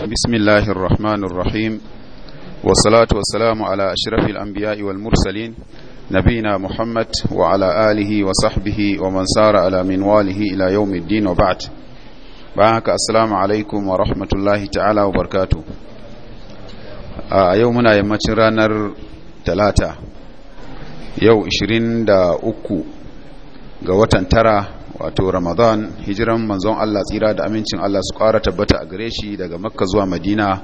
بسم الله الرحمن الرحيم والصلاة والسلام على أشرف الأنبياء والمرسلين نبينا محمد وعلى آله وصحبه ومن سار على منواله إلى يوم الدين وبعد بارك السلام عليكم ورحمة الله تعالى وبركاته يومنا يمتن رانر ثلاثة يو 23 ga watan tara wato ramadan hijiran manzon Allah tsira da amincin Allah su ƙara tabbata a gare shi daga makka zuwa madina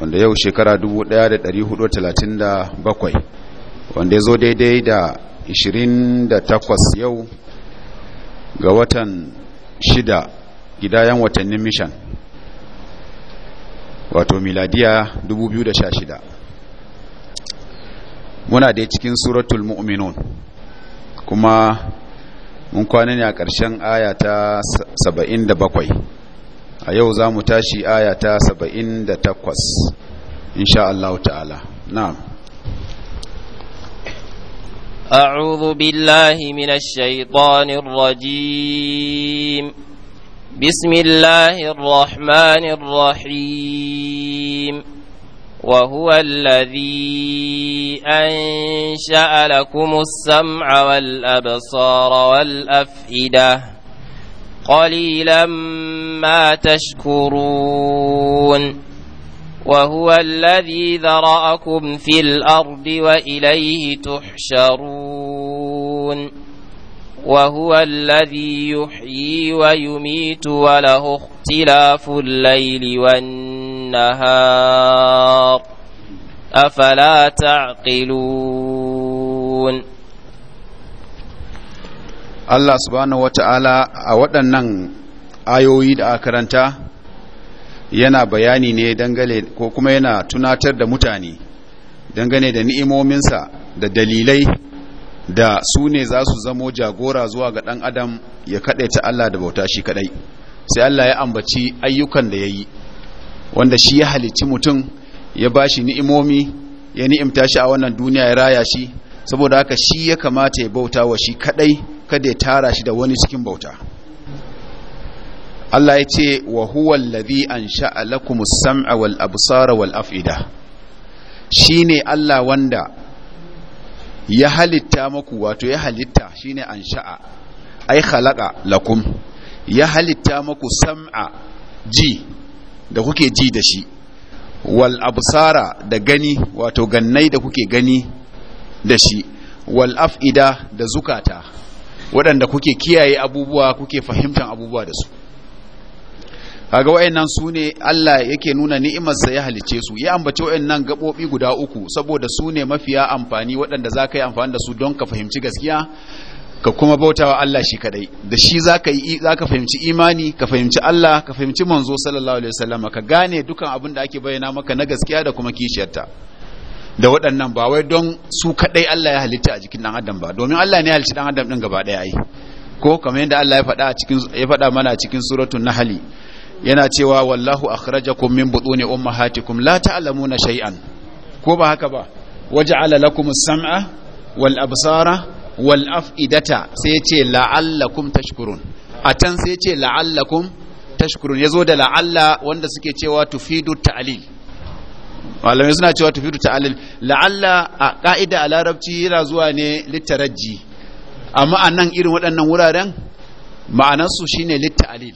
wanda yau shekara 1437 wanda ya zo daidai da 28 yau ga watan shida gidayen watannin mishan wato miladiya 2016 muna dai cikin suratul mu'minun kuma mun kwana ne a ƙarshen aya ta bakwai, a yau za mu tashi aya ta in insha Allah ta'ala na'am أعوذ بالله من الشيطان الرجيم بسم الله الرحمن الرحيم وهو الذي أنشأ لكم السمع والأبصار والأفئدة قليلا ما تشكرون وهو الذي ذرأكم في الأرض وإليه تحشرون وهو الذي يحيي ويميت وله اختلاف الليل والنهار النهار أفلا تعقلون الله سبحانه وتعالى أودنا ayoyi da aka karanta yana bayani ne dangane ko kuma yana tunatar da mutane dangane da ni'imominsa da dalilai da su ne za su zamo jagora zuwa ga ɗan adam ya kaɗaita Allah da bauta shi kaɗai sai Allah ya ambaci ayyukan da ya yi wanda shi ya halicci mutum ya ba shi ni'imomi ya ni'imta shi a wannan duniya ya raya shi saboda haka shi ya kamata ya bauta wa shi kadai kada ya tara shi da wani cikin bauta Allah ya ce wa huwa allazi ansha'a lakumus sam'a wal absara wal af'ida shine Allah wanda ya halitta maku wato ya halitta shine ansha'a ai khalaqa lakum ya halitta maku sam'a ji da kuke ji da shi wal absara da gani wato gannai da kuke gani da shi wal af'ida da zukata waɗanda kuke kiyaye abubuwa kuke fahimtar abubuwa da su kaga wayannan su ne Allah yake nuna ni'imarsa ya halice su ya ambace wayannan gabobi guda uku saboda su ne mafiya amfani waɗanda za ka yi amfani da su don ka fahimci gaskiya ka kuma bautawa Allah shi kadai da shi zaka yi zaka fahimci imani ka fahimci Allah ka fahimci manzo sallallahu alaihi wasallam ka gane dukan abin da ake bayyana maka na gaskiya da kuma kishiyarta da waɗannan ba wai don su kadai Allah ya halitta a jikin dan adam ba domin Allah ne ya halitta dan adam din gaba daya ai ko kamar yadda Allah ya faɗa a cikin ya faɗa mana a cikin suratul nahl yana cewa wallahu akhrajakum min butuni ummahatikum la ta'lamuna shay'an ko ba haka ba waja'ala as sam'a wal absara wal af'idata sai ya ce la'allakum tashkurun a can sai ya ce la'allakum tashkurun yazo da la'alla wanda suke cewa tufidu ta'lil malamai suna cewa tufidu ta'lil la'alla a ka'ida a larabci yana zuwa ne littaraji amma a nan irin waɗannan wuraren ma'anarsu shine litta'lil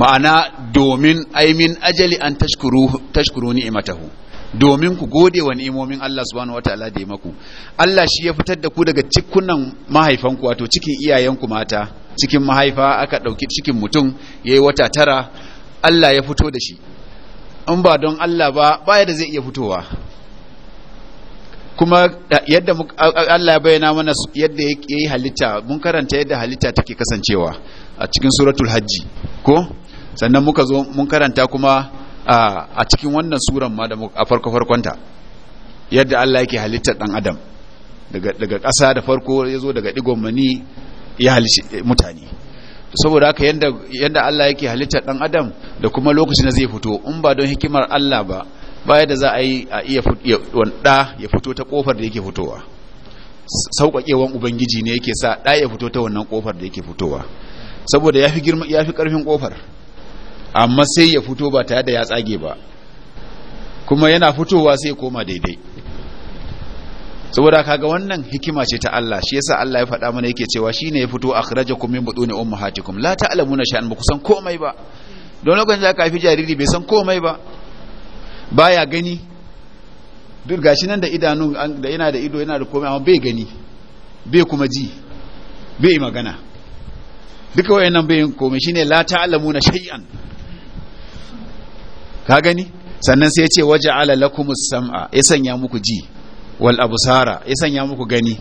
ma'ana domin aimin ajali an tashkuru tashkuru ni'imatahu domin ku gode wa ni'imomin Allah subhanahu wataala da ya maku Allah shi ya fitar da ku daga cikunan mahaifanku wato cikin iyayenku mata cikin mahaifa aka dauki cikin mutum yayi wata tara Allah ya fito da shi in ba don Allah ba baya da zai iya fitowa kuma yadda Allah ya bayyana mana yadda yayi halitta mun karanta yadda halitta take kasancewa a cikin suratul hajji ko sannan muka zo mun karanta kuma a cikin wannan suran ma da a farko farkonta yadda Allah yake halittar dan adam daga ƙasa da farko ya daga digon mani ya halice eh, mutane saboda haka yadda Allah yake halittar dan adam da kuma lokacin da zai fito in ba don hikimar Allah ba baya da za a yi a iya wanda ya fito ta kofar da yake fitowa sauƙaƙewan ubangiji ne yake sa ɗa ya fito ta wannan kofar da yake fitowa saboda ya fi ƙarfin kofar amma sai ya fito ba tare da ya tsage ba kuma yana fitowa sai koma daidai saboda kaga wannan hikima ce ta Allah shi yasa Allah ya faɗa mana yake cewa shine ya fito akhrajakum min buduni ummahatikum la ta'lamuna sha'an ba kusan komai ba don lokacin da ka fi jariri bai san komai ba baya gani duk gashi nan da idanu da yana da ido yana da komai amma bai gani bai kuma ji bai magana duka wayannan bai komai shine la ta'lamuna shay'an ka gani sannan sai ya ce waje ala lakumus sam'a ya sanya muku ji wal absara ya sanya muku gani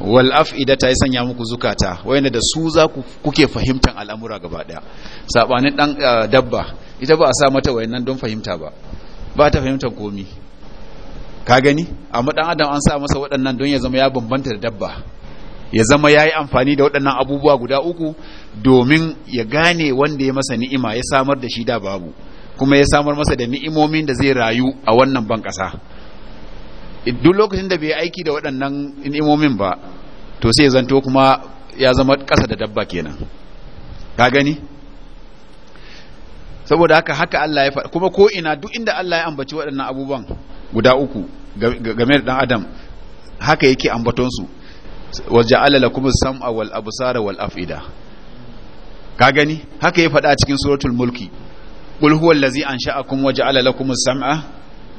wal af'idata ya sanya muku zukata wayanda da su za ku kuke fahimtar al'amura gaba daya sabanin dan dabba ita ba a sa mata wayannan don fahimta ba ba ta fahimtar komi ka gani amma dan adam an sa masa waɗannan don ya zama ya bambanta da dabba ya zama ya yi amfani da waɗannan abubuwa guda uku domin ya gane wanda ya masa ni'ima ya samar da shi da babu kuma ya samar masa da ni'imomin da zai rayu a wannan ban ƙasa duk lokacin da bai aiki da waɗannan ni'imomin ba to sai zanto kuma ya zama ƙasa da dabba kenan ka gani saboda haka haka Allah ya faɗa kuma ko ina duk inda Allah ya ambaci waɗannan abubuwan guda uku game da ɗan adam haka yake ambaton su waja'ala lakum sam'a wal absara wal af'ida ka gani haka ya faɗa cikin suratul mulki qul huwa allazi ansha'akum wa ja'ala lakum as-sam'a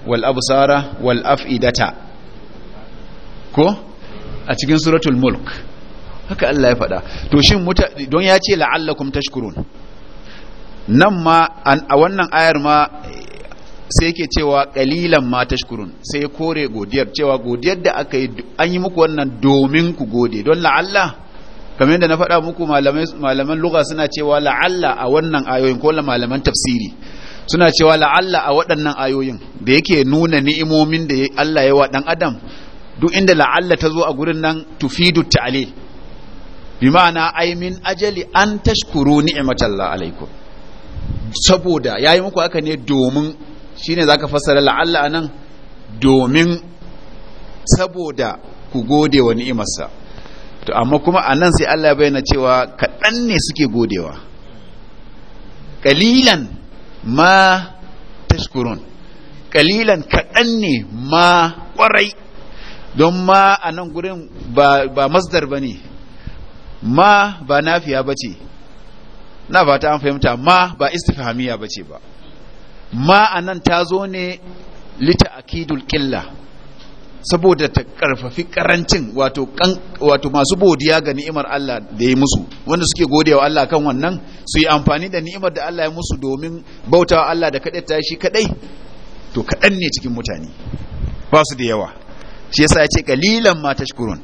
wal absara wal af'idata ko a cikin suratul mulk haka Allah ya faɗa to shin don ya ce la'allakum tashkurun nan ma a wannan ayar ma sai yake cewa kalilan ma tashkurun sai kore godiyar cewa godiyar da aka yi an yi muku wannan domin ku gode don la'alla kamar yadda na faɗa muku malaman lugha suna cewa la'alla a wannan ayoyin ko malaman tafsiri suna cewa la'alla a waɗannan ayoyin da yake nuna ni'imomin da Allah ya wa ɗan adam duk inda la'alla ta zo a gurin nan tufidu ta'ale bi ma'ana ai min ajali an tashkuru ni'matallah alaikum saboda yayi muku haka ne domin shine zaka fassara la'alla anan domin saboda ku gode wa ni'imarsa to amma kuma a nan sai Allah bayyana cewa kaɗan ne suke godewa ƙalilan ma tashkurun ƙalilan kaɗan ne ma ƙwarai don ma a nan gurin ba ba masdar ba ne ma ba nafiya ba ce na fata an fahimta ma ba istifhamiya ba ce ba ma a nan ta zo ne lita akidul killa. saboda ta karfafi karancin wato masu godiya ga ni'imar Allah da ya musu wanda suke wa Allah kan wannan su yi amfani da ni'imar da Allah ya musu domin bautawa Allah da kadai ta shi kaɗai to kaɗan ne cikin mutane ba su da yawa shi yasa ya ce kalilan ma tashkurun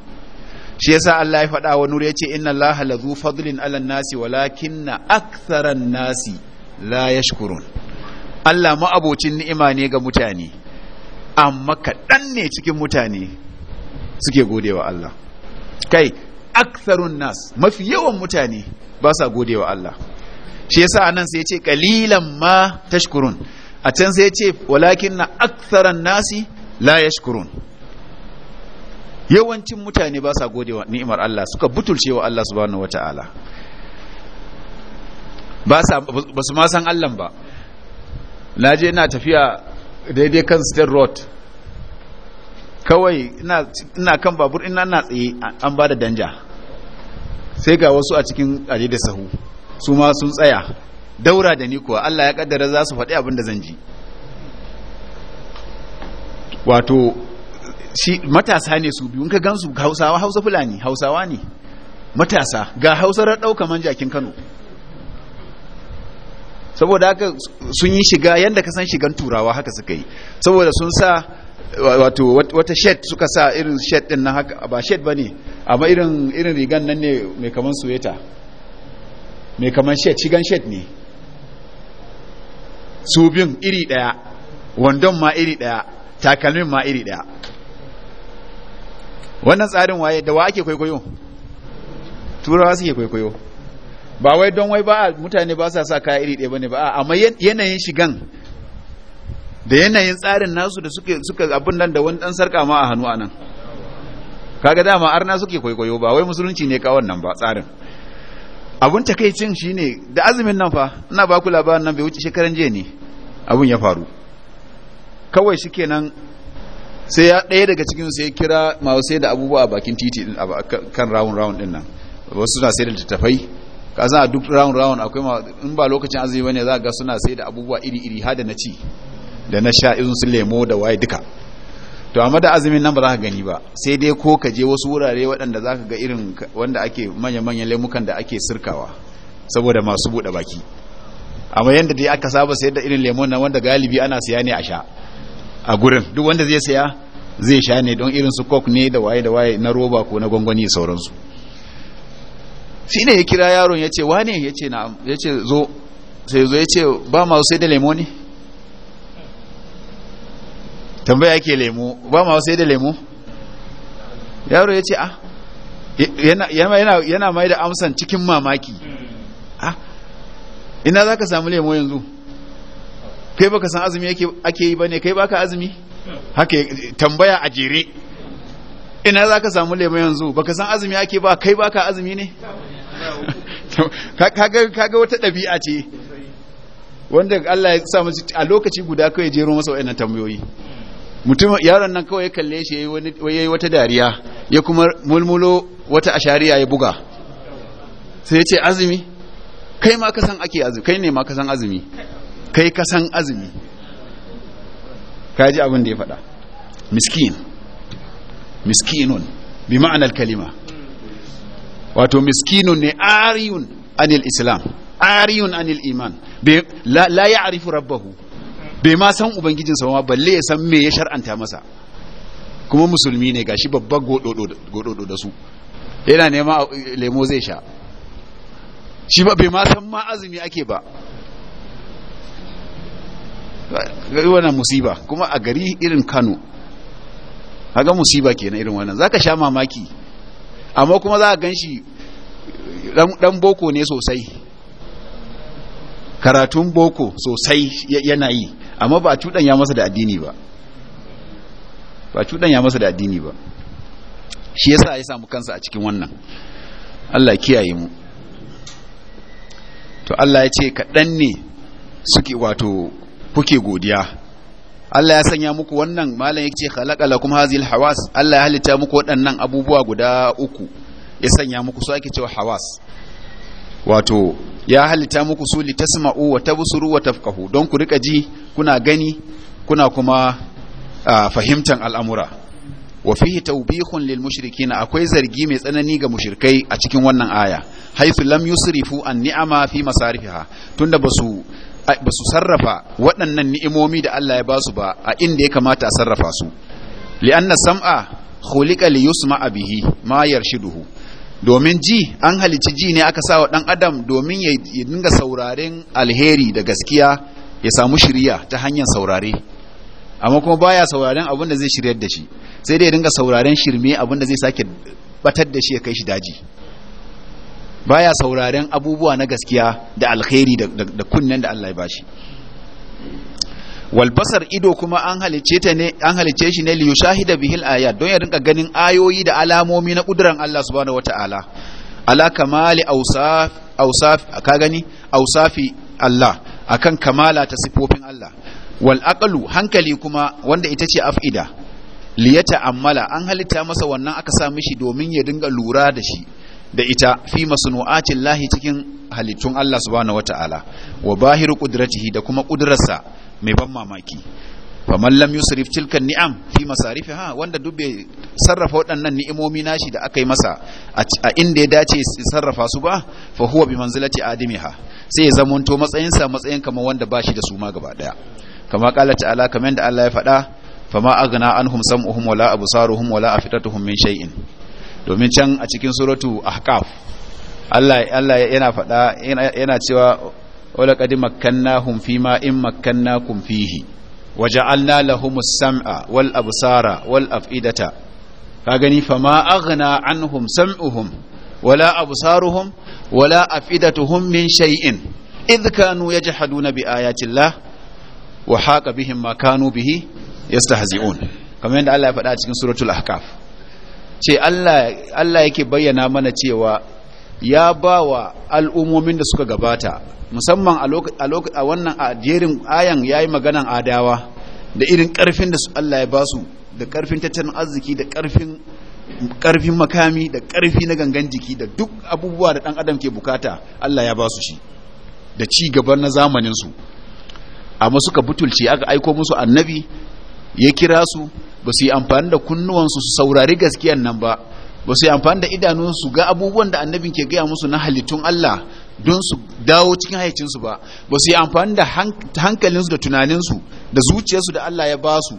shi yasa Allah ya faɗa wa nur ya ce inna Allah zu fadlin ala nasi walakinna aktharan nasi la yashkurun Allah ma abocin ni'ima ne ga mutane amma kaɗan ne cikin mutane suke gode wa Allah kai aktharun nas mafi yawan mutane ba sa gode wa Allah shi yasa anan sai ya ce ƙalilan ma tashkurun a can sai ya ce walakin na aktharan nasi la yashkurun yawancin mutane ba sa gode wa ni'imar Allah suka butulce wa Allah subhanahu wataala ba su ma san Allah ba na je ina tafiya daidai kan state road kawai ina kan babur ina na tsaye an ba da danja sai ga wasu a cikin ari da sahu su ma sun tsaya daura da ni kuwa Allah ya kaddara za su faɗi abin da zan ji wato shi matasa ne su biyu ka gansu hausawa hausa fulani hausawa ne matasa ga Hausarar ɗauka man jakin kano saboda haka sun yi shiga yadda ka san shigan turawa haka suka yi saboda sun sa wato wata shed suka sa irin shed din na haka ba shed ba ne amma irin irin rigan nan ne mai kaman suweta mai kaman shed shigan shed ne su biyun iri daya wandon ma iri daya takalmin ma iri daya wannan tsarin waye da wa ake kwaikwayo turawa suke kwaikwayo ba wai don wai ba mutane ba sa sa kaya iri ɗaya ba ne ba amma yanayin shigan da yanayin tsarin nasu da suke suka abin nan da wani ɗan sarka ma a hannu a nan kaga dama arna suke kwaikwayo ba wai musulunci ne kawon nan ba tsarin abun shi ne da azumin nan fa ina ba ku labarin nan bai wuce shekaran jiya ne Abin ya faru kawai kenan sai ya ɗaya daga cikin sai kira masu sai da abubuwa bakin titi din kan rawun rawun din nan wasu na sai da littattafai ka san a duk round round akwai ma in ba lokacin azumi bane za ga suna sai da abubuwa iri iri hada na ci da na sha izun su lemo da waye duka to amma da azumin nan ba za ka gani ba sai dai ko ka je wasu wurare waɗanda za ka ga irin wanda ake manya-manyan lemukan da ake sirkawa saboda masu buɗe baki amma yadda dai aka saba sayar da irin lemon nan wanda galibi ana siya ne a sha a gurin duk wanda zai siya zai sha ne don irin su coke ne da waye da waye na roba ko na gwangwani sauransu shi ne ya kira yaron ya ce wane ya ce na ya ce zo sai zo ya ce ba ma sai da lemo ne tambaya ke lemo ba ma sai da lemo yaro ya ce ah yana mai da amsan cikin mamaki ah ina za ka samu lemo yanzu kai baka san azumi ake yi ba ne kai baka azumi haka tambaya a jere ina za ka samu lemo yanzu baka san azumi ake ba kai baka azumi ne kaga wata ɗabi'a ce wanda Allah ya sa musu a lokaci guda kawai jero masa wayannan tambayoyi mutum yaron nan kawai ya kalle shi yayi wata dariya ya kuma mulmulo wata ashariya ya buga sai ya ce azumi kai ma ka san ake azumi kai ne ma ka san azumi kai ka san azumi kaji abin da ya faɗa miskin miskinun bi ma'anar kalima wato miskinu ne ariyun anil islam ariyun anil iman la ya arifu rabbahu bai ma san ubangijinsa ma balle ya san me ya shar'anta masa kuma musulmi ne gashi babban gododo da su yana nema eh, lemo zai sha shi ba bai ma san ma azumi ake ba gari wannan musiba kuma a gari irin kano haga musiba kenan irin wannan zaka sha mamaki amma kuma za a gan shi dan boko ne sosai karatun boko sosai yana yi amma ba a ya masa da addini ba ba a ya masa da addini ba shi yasa ya samu kansa a cikin wannan Allah kiyaye mu to Allah ya ce kaɗan ne suke wato kuke godiya Allah ya sanya muku wannan malam yake khalaqa lakum hazil hawas Allah ya halitta muku waɗannan abubuwa guda uku ya sanya muku su ake cewa hawas wato ya halitta muku su tasma'u wa tabsuru wa tafqahu don ku rika ji kuna gani kuna kuma fahimtan al'amura wa fihi tawbihun lil mushrikina akwai zargi mai tsanani ga mushrikai a cikin wannan aya haythu lam yusrifu an ni'ama fi masarifiha tunda basu ba su sarrafa waɗannan ni'imomi da Allah ya ba su ba a inda ya kamata a sarrafa su li'anna sam'a khuliqa li yusma'a bihi ma yarshiduhu domin ji an halici ji ne aka sawa ɗan adam domin ya dinga sauraren alheri da gaskiya ya samu shiriya ta hanyar saurare amma kuma baya sauraren abin da zai shiryar da shi sai dai ya dinga sauraren shirme abin da zai sake batar da shi ya kai shi daji baya sauraren abubuwa na gaskiya da alkhairi da kunnen da Allah ya bashi walbasar ido kuma an halice shi ne li yushahida bihil ayat don ya rinka ganin ayoyi da alamomi na kuduran Allah subhanahu wataala ala kamali awsaf awsaf ka gani awsafi Allah akan kamala ta sifofin Allah wal aqlu hankali kuma wanda ita ce af'ida liyata ammala an halitta masa wannan aka sa mishi domin ya dinga lura da shi da ita fi masnu'atin lahi cikin halittun Allah subhanahu wata'ala wa bahiru qudratihi da kuma kudrarsa mai ban mamaki faman lam yusrif tilka ni'am fi masarifiha wanda duk bai sarrafa waɗannan ni'imomi nashi da aka yi masa a inda ya dace sarrafa su ba fa huwa bi manzilati adimiha sai ya zamanto matsayin sa matsayin kamar wanda bashi da su ma gaba daya kama qala ta'ala kamar da Allah ya faɗa fama aghna anhum sam'uhum wala absaruhum wala afitatuhum min shay'in domin can a cikin suratu ahqaf Allah Allah yana faɗa yana cewa wala qad makkannahum fima in makkannakum fihi waja'alna lahumus sam'a wal absara wal af'idata ka gani fama aghna anhum sam'uhum wala absaruhum wala af'idatuhum min shay'in idh kanu yajhaduna bi ayati llah wa haqa bihim ma kanu bihi yastahzi'un kamar yadda Allah ya faɗa a cikin suratul ahqaf ce Allah yake bayyana mana cewa ya ba wa al'ummomin da suka gabata musamman a wannan jerin ayan ya yi maganan adawa da irin ƙarfin da Allah ya ba su da ƙarfin tattalin arziki da ƙarfin makami da ƙarfi na gangan jiki da duk abubuwa da ɗan adam ke bukata Allah ya ba su shi da ci gaba na zamaninsu amma suka butulce aka aiko musu annabi ya kira su ba su yi amfani da kunnuwansu su saurari gaskiyan nan ba ba su yi amfani da idanunsu ga abubuwan da annabin ke gaya musu na halittun Allah don su dawo cikin haicinsu ba ba su yi amfani da hankalinsu da tunaninsu da zuciyarsu da Allah ya ba su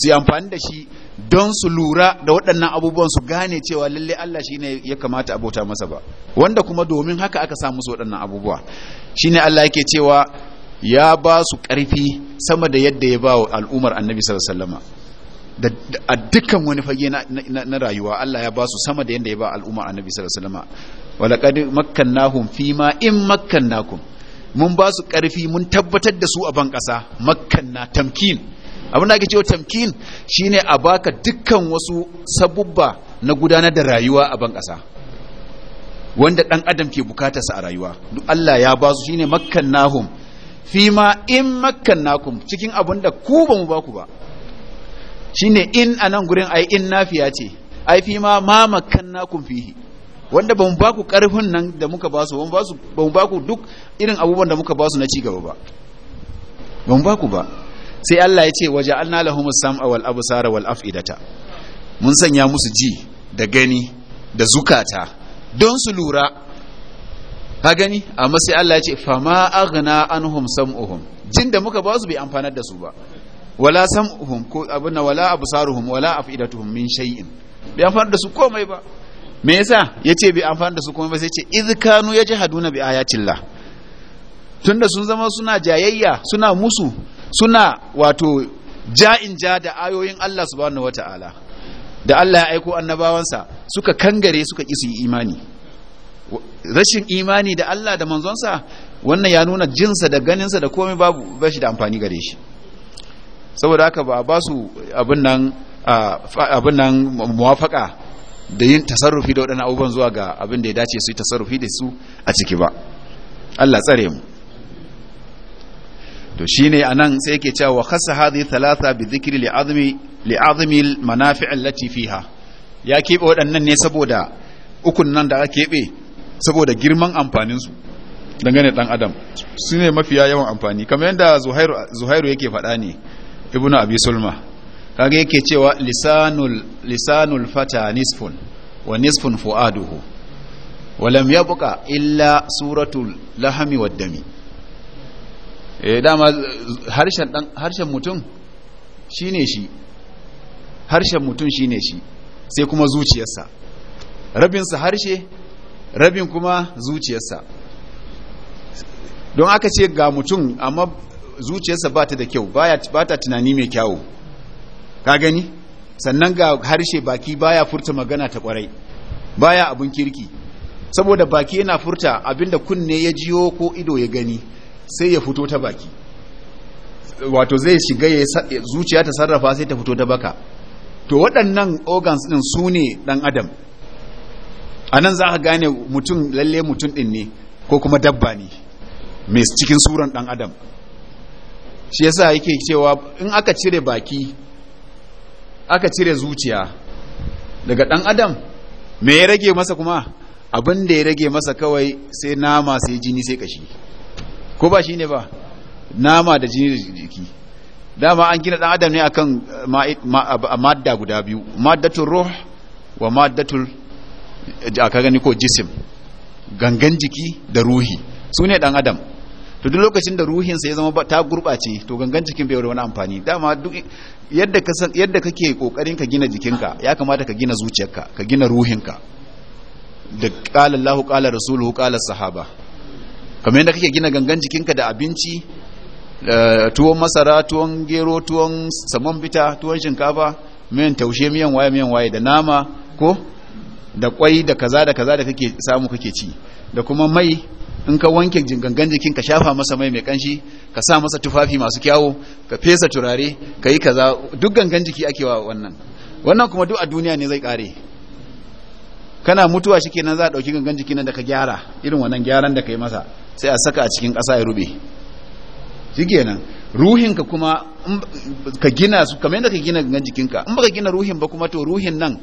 su yi amfani da shi don su lura da waɗannan abubuwan su gane cewa lalle Allah shi ne ya kamata a bauta masa ba wanda kuma domin haka aka samu su waɗannan abubuwa shi ne Allah yake cewa ya ba su ƙarfi sama da yadda ya ba wa al'ummar annabi sallallahu alaihi a dukkan wani fage na rayuwa Allah ya ba su sama da yadda ya ba al'umma annabi sallallahu alaihi wasallam walaqad makkannahum ma in makkannakum mun ba su karfi mun tabbatar da su a ban kasa makkanna tamkin abin da ake cewa tamkin shine a baka dukkan wasu sabubba na gudanar da rayuwa a ban kasa wanda dan adam ke bukatarsa a rayuwa Allah ya ba su shine makkannahum ma in makkannakum cikin abin da ku ba mu ba ku ba shine in a nan gurin ai in nafiya ce ai fi ma ma kun fihi wanda ba mu ba ku karfin nan da muka ba su ba mu ba ku duk irin abubuwan da muka ba su na cigaba ba ba mu ba ku ba sai Allah ya ce waje an humus sam'a wal absara wal af'idata mun sanya musu ji da gani da zukata don su lura ka gani amma sai Allah ya ce fama aghna anhum sam'uhum jin da muka ba su bai amfanar da su ba wala sam'uhum ko abuna wala absaruhum wala afidatuhum min shay'in bai amfani da su komai ba me yasa yace bai amfani da su komai ba sai ce iz kanu yajhaduna bi ayatillah tunda sun zama suna jayayya suna musu suna wato ja'in ja da ayoyin Allah subhanahu wataala da Allah ya aiko annabawansa suka kangare suka ki yi imani rashin imani da Allah da manzonsa wannan ya nuna jinsa da ganinsa da komai babu bashi da amfani gare shi saboda haka ba ba su abin nan abin muwafaka da yin tasarrufi da waɗannan abubuwan zuwa ga abin da ya dace su yi tasarrufi da su a ciki ba Allah tsare mu to shi a anan sai yake cewa wa kasa hadhihi thalatha bi dhikri li azmi li azmi al manafi' allati fiha ya kebe waɗannan ne saboda ukun nan da aka keɓe saboda girman amfanin su dangane dan adam su ne mafiya yawan amfani kamar yadda zuhairu zuhairu yake faɗa ne ibn abi sulma kage yake cewa lisanul lisanul fata nisfun wa nisfun fuaduhu wa lam yabqa illa suratul lahmi wad dami eh dama harshen dan harshen mutum shine shi harshen mutum shine shi sai kuma zuciyarsa rabinsa harshe rabin kuma zuciyarsa don aka ce ga mutum amma zuciyarsa ba ta da kyau ba ta tunani mai kyawu ka gani sannan ga harshe baki baya furta magana ta kwarai baya abin kirki saboda baki yana furta abinda kunne ya jiyo ko ido ya gani sai ya fito ta baki wato zai shiga ya zuciya ta sarrafa sai ta fito ta baka to waɗannan organs ɗin su ne ɗan adam a nan za ka gane mutum lalle mutum ɗin ne ko kuma dabba ne mai cikin suran ɗan adam shi yasa yake cewa in aka cire baki aka cire zuciya daga dan adam me ya rage masa kuma abin da ya rage masa kawai sai nama sai jini sai kashi ko ba shi ne ba nama da jini da jiki dama an gina dan adam ne akan eh, madda guda biyu maddatul ruh wa maddatul aka gani ko jisim gangan jiki da ruhi su ne dan adam to duk lokacin da ruhinsa ya zama ta gurɓace to gangan jikin bai da wani amfani dama duk yadda ka yadda kake kokarin ka gina jikinka ya kamata ka gina zuciyarka ka gina ruhinka da qala Allahu qala rasuluhu qala sahaba kamar yadda kake gina gangan jikinka da abinci tuwon masara tuwon gero tuwon saman bita tuwon shinkafa miyan taushe miyan waye miyan waye da nama ko da kwai da kaza da kaza da kake samu kake ci da kuma mai in ka wanke gangan jikin ka shafa masa mai mai kanshi ka sa masa tufafi masu kyawo ka fesa turare ka yi kaza duk gangan jiki ake wa wannan wannan kuma duk a duniya ne zai kare kana mutuwa shi kenan za a ɗauki gangan jiki nan da ka gyara irin wannan gyaran da ka yi masa sai a saka a cikin ƙasa ya rube shi kenan ka kuma ka gina su kamar yadda ka gina gangan jikin ka. in baka gina ruhin ba kuma to ruhin nan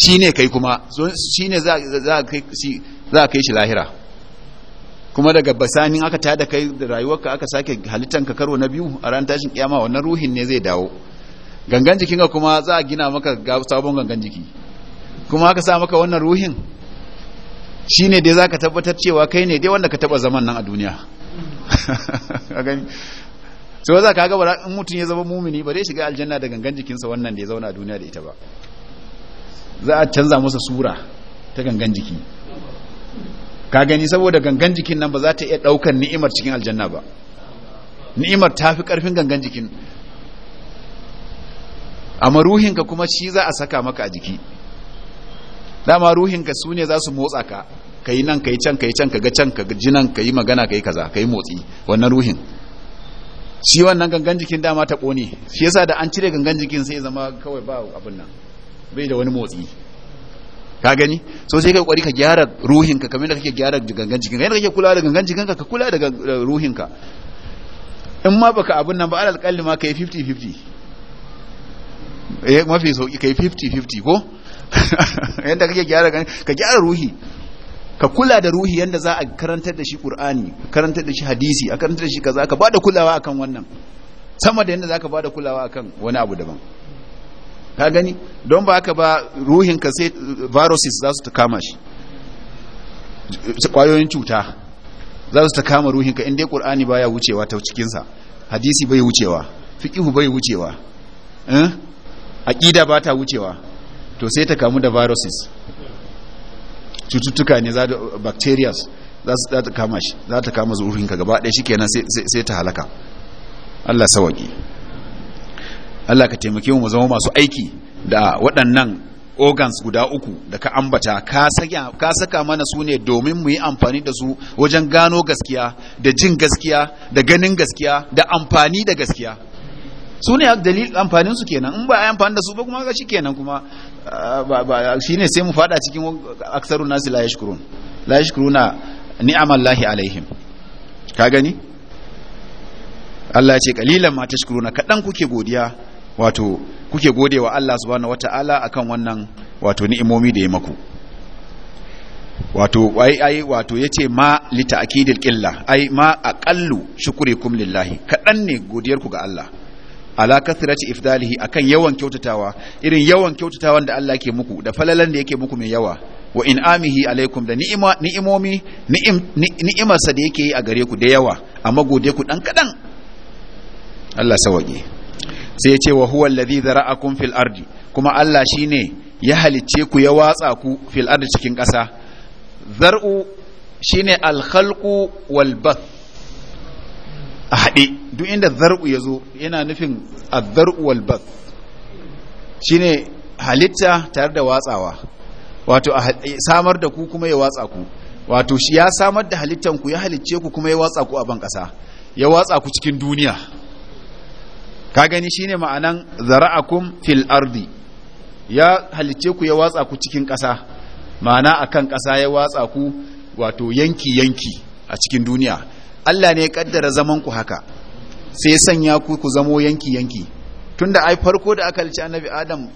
shine kai kuma shine za za kai shi lahira kuma daga basanin aka ta da kai da rayuwarka aka sake halittanka karo na biyu a ran tashin kiyama wannan ruhin ne zai dawo gangan jikinka kuma za a gina maka sabon gangan jiki kuma aka sa maka wannan ruhin shi ne dai za ka tabbatar cewa kai ne dai wanda ka taba zaman nan a duniya gani, so za ka gaba in mutum ya zama mumini ba zai shiga aljanna da gangan jikinsa wannan da ya zauna a duniya da ita ba za a canza masa sura ta gangan jiki ka gani saboda gangan jikin nan ba za ta iya ɗaukan ni'imar cikin aljanna ba ni'imar ta fi ƙarfin gangan jikin amma ruhinka kuma shi za a saka maka a jiki dama ruhinka su ne za su motsa ka ka yi nan ka yi can ka yi can ka ga can ka ji nan ka yi magana ka yi kaza ka yi motsi wannan ruhin shi wannan gangan jikin dama ta ƙone shi yasa da an cire gangan jikin sai zama kawai ba abin nan bai da wani motsi ka gani so sai kai kokari ka gyara ruhinka kamar da kake gyara gangan jikinka yana kake kula da gangan jikinka ka kula da ruhinka in ma baka abun nan ba alal kalli ma kai 50 50 eh mafi sauki kai 50 50 ko yadda kake gyara gani ka gyara ruhi ka kula da ruhi yadda za a karantar da shi qur'ani karantar da shi hadisi a karantar da shi kaza ka bada kulawa akan wannan sama da yadda za ka bada kulawa akan wani abu daban ka gani don ba ka ba ruhinka sai viruses za su ta kama shi kwayoyin cuta za su ta kama ruhinka inda ƙur'ani baya wucewa ta cikinsa hadisi bai wucewa fiƙihu bai wucewa eh? aƙida ba ta wucewa to sai ta kamu da viruses cututtuka ne za da bacteria za ta kama shi za ta kama ruhinka gaba ɗaya shi kenan sai ta halaka Allah sawaki Allah ka taimake mu zama masu aiki da waɗannan organs guda uku da ka ambata ka saka mana su ne domin mu yi amfani da su wajen gano gaskiya da jin gaskiya da ganin gaskiya da amfani da gaskiya su ne dalil amfanin su kenan in ba a amfani da su ba kuma ga shi kenan kuma ah, shi ne sai mu fada cikin aksarun nasi la yashkurun la yashkuruna lahi alaihim ka gani Allah ya ce kalilan ma tashkuruna kadan kuke godiya wato kuke gode wa Allah subhanahu wataala akan wannan wato ni'imomi da ya maku wato ai ai wato yace ma li ta'kidil qilla ai ma aqallu shukrukum lillahi kadan ne godiyar ku ga Allah ala kathrati ifdalihi akan yawan kyautatawa irin yawan kyautatawan da Allah yake muku da falalan da yake muku mai yawa wa in'amihi alaikum da ni'ima ni'imomi ni'im ni'imarsa da yake yi a gare ku da yawa amma gode ku dan kadan Allah sawage sai ya ce wa huwa alladhi zara'akum fil ardi kuma Allah shine ya halicce ku ya watsa ku fil ardi cikin ƙasa zar'u shine al khalqu wal bath a haɗe duk inda zar'u ya zo yana nufin zar'u wal bath shine halitta tare da watsawa wato samar da ku kuma ya watsa ku wato shi ya samar da halittanku ya halicce ku kuma ya watsa ku a ban ƙasa ya watsa ku cikin duniya ka gani shine ma'anan zara'akum fil ardi ya halice ku ya watsa ku cikin ƙasa ma'ana akan ƙasa ya watsa ku wato yanki yanki a cikin duniya Allah ne ya kaddara zaman ku haka sai sanya ku ku zamo yanki yanki tunda ai farko da aka halice annabi Adam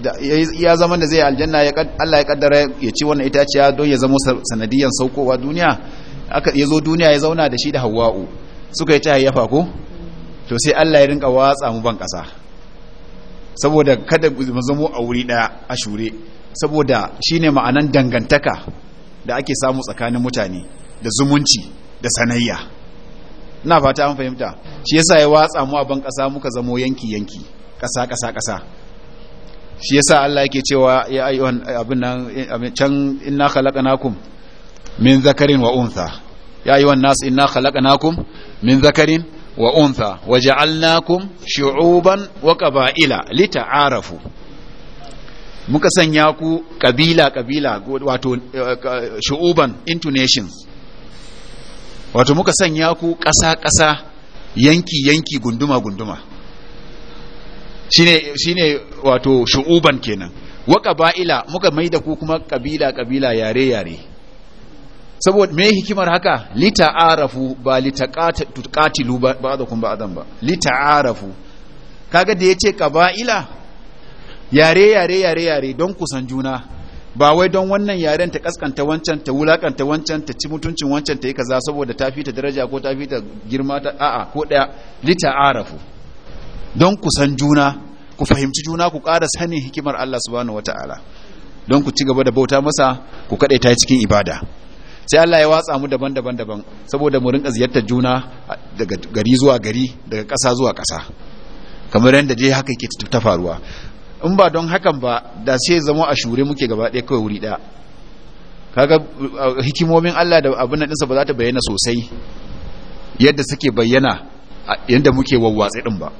da ya zama da zai aljanna ya Allah ya kaddara ya ci wannan itaciya don ya zamo sanadiyan saukowa duniya aka yazo duniya ya zauna da shi da Hawwa'u suka yi ta hayyafa ko to sai Allah ya rinka watsa mu ban kasa saboda kada mu zamo a wuri daya a shure saboda shine ma'anan dangantaka da ake samu tsakanin mutane da zumunci da sanayya ina fata an fahimta shi yasa ya watsa mu a ban kasa muka zamo yanki yanki kasa kasa kasa shi yasa Allah yake cewa ya ayyuhan abin nan eh, can inna khalaqnakum min zakarin wa untha ya ayyuhan nas inna khalaqnakum min zakarin wa untha wa ja'alnakum shu'uban wa qaba'ila lita'arafu muka sanya ku kabila kabila wato eh, shu'uban into nations wato muka sanya ku ƙasa ƙasa yanki yanki gunduma gunduma shine shine wato shu'uban kenan wa qaba'ila muka maida ku kuma kabila kabila yare yare saboda me hikimar haka lita'arafu ba ba ba'dakum ba'dan ba lita'arafu kaga da yace qaba'ila yare yare yare yare don kusan juna ba wai don wannan yaren ta kaskanta wancan ta wulakanta wancan ta ci mutuncin wancan ta yi kaza saboda ta fita daraja ko ta fita girma ta a'a ko daya lita'arafu don kusan juna ku fahimci juna ku ƙara sanin hikimar Allah subhanahu wataala don ku ci gaba da bauta masa ku ta yi cikin ibada sai Allah ya watsa mu daban-daban daban saboda mu rinka ziyartar juna daga gari zuwa gari daga ƙasa zuwa ƙasa kamar yadda dai haka yake ta faruwa in ba don hakan ba da sai zama a shure muke gaba ɗaya kawai wuri ɗaya kaga uh, hikimomin Allah da abin nan ba za ta bayyana sosai yadda suke bayyana yadda muke wawwatsi din ba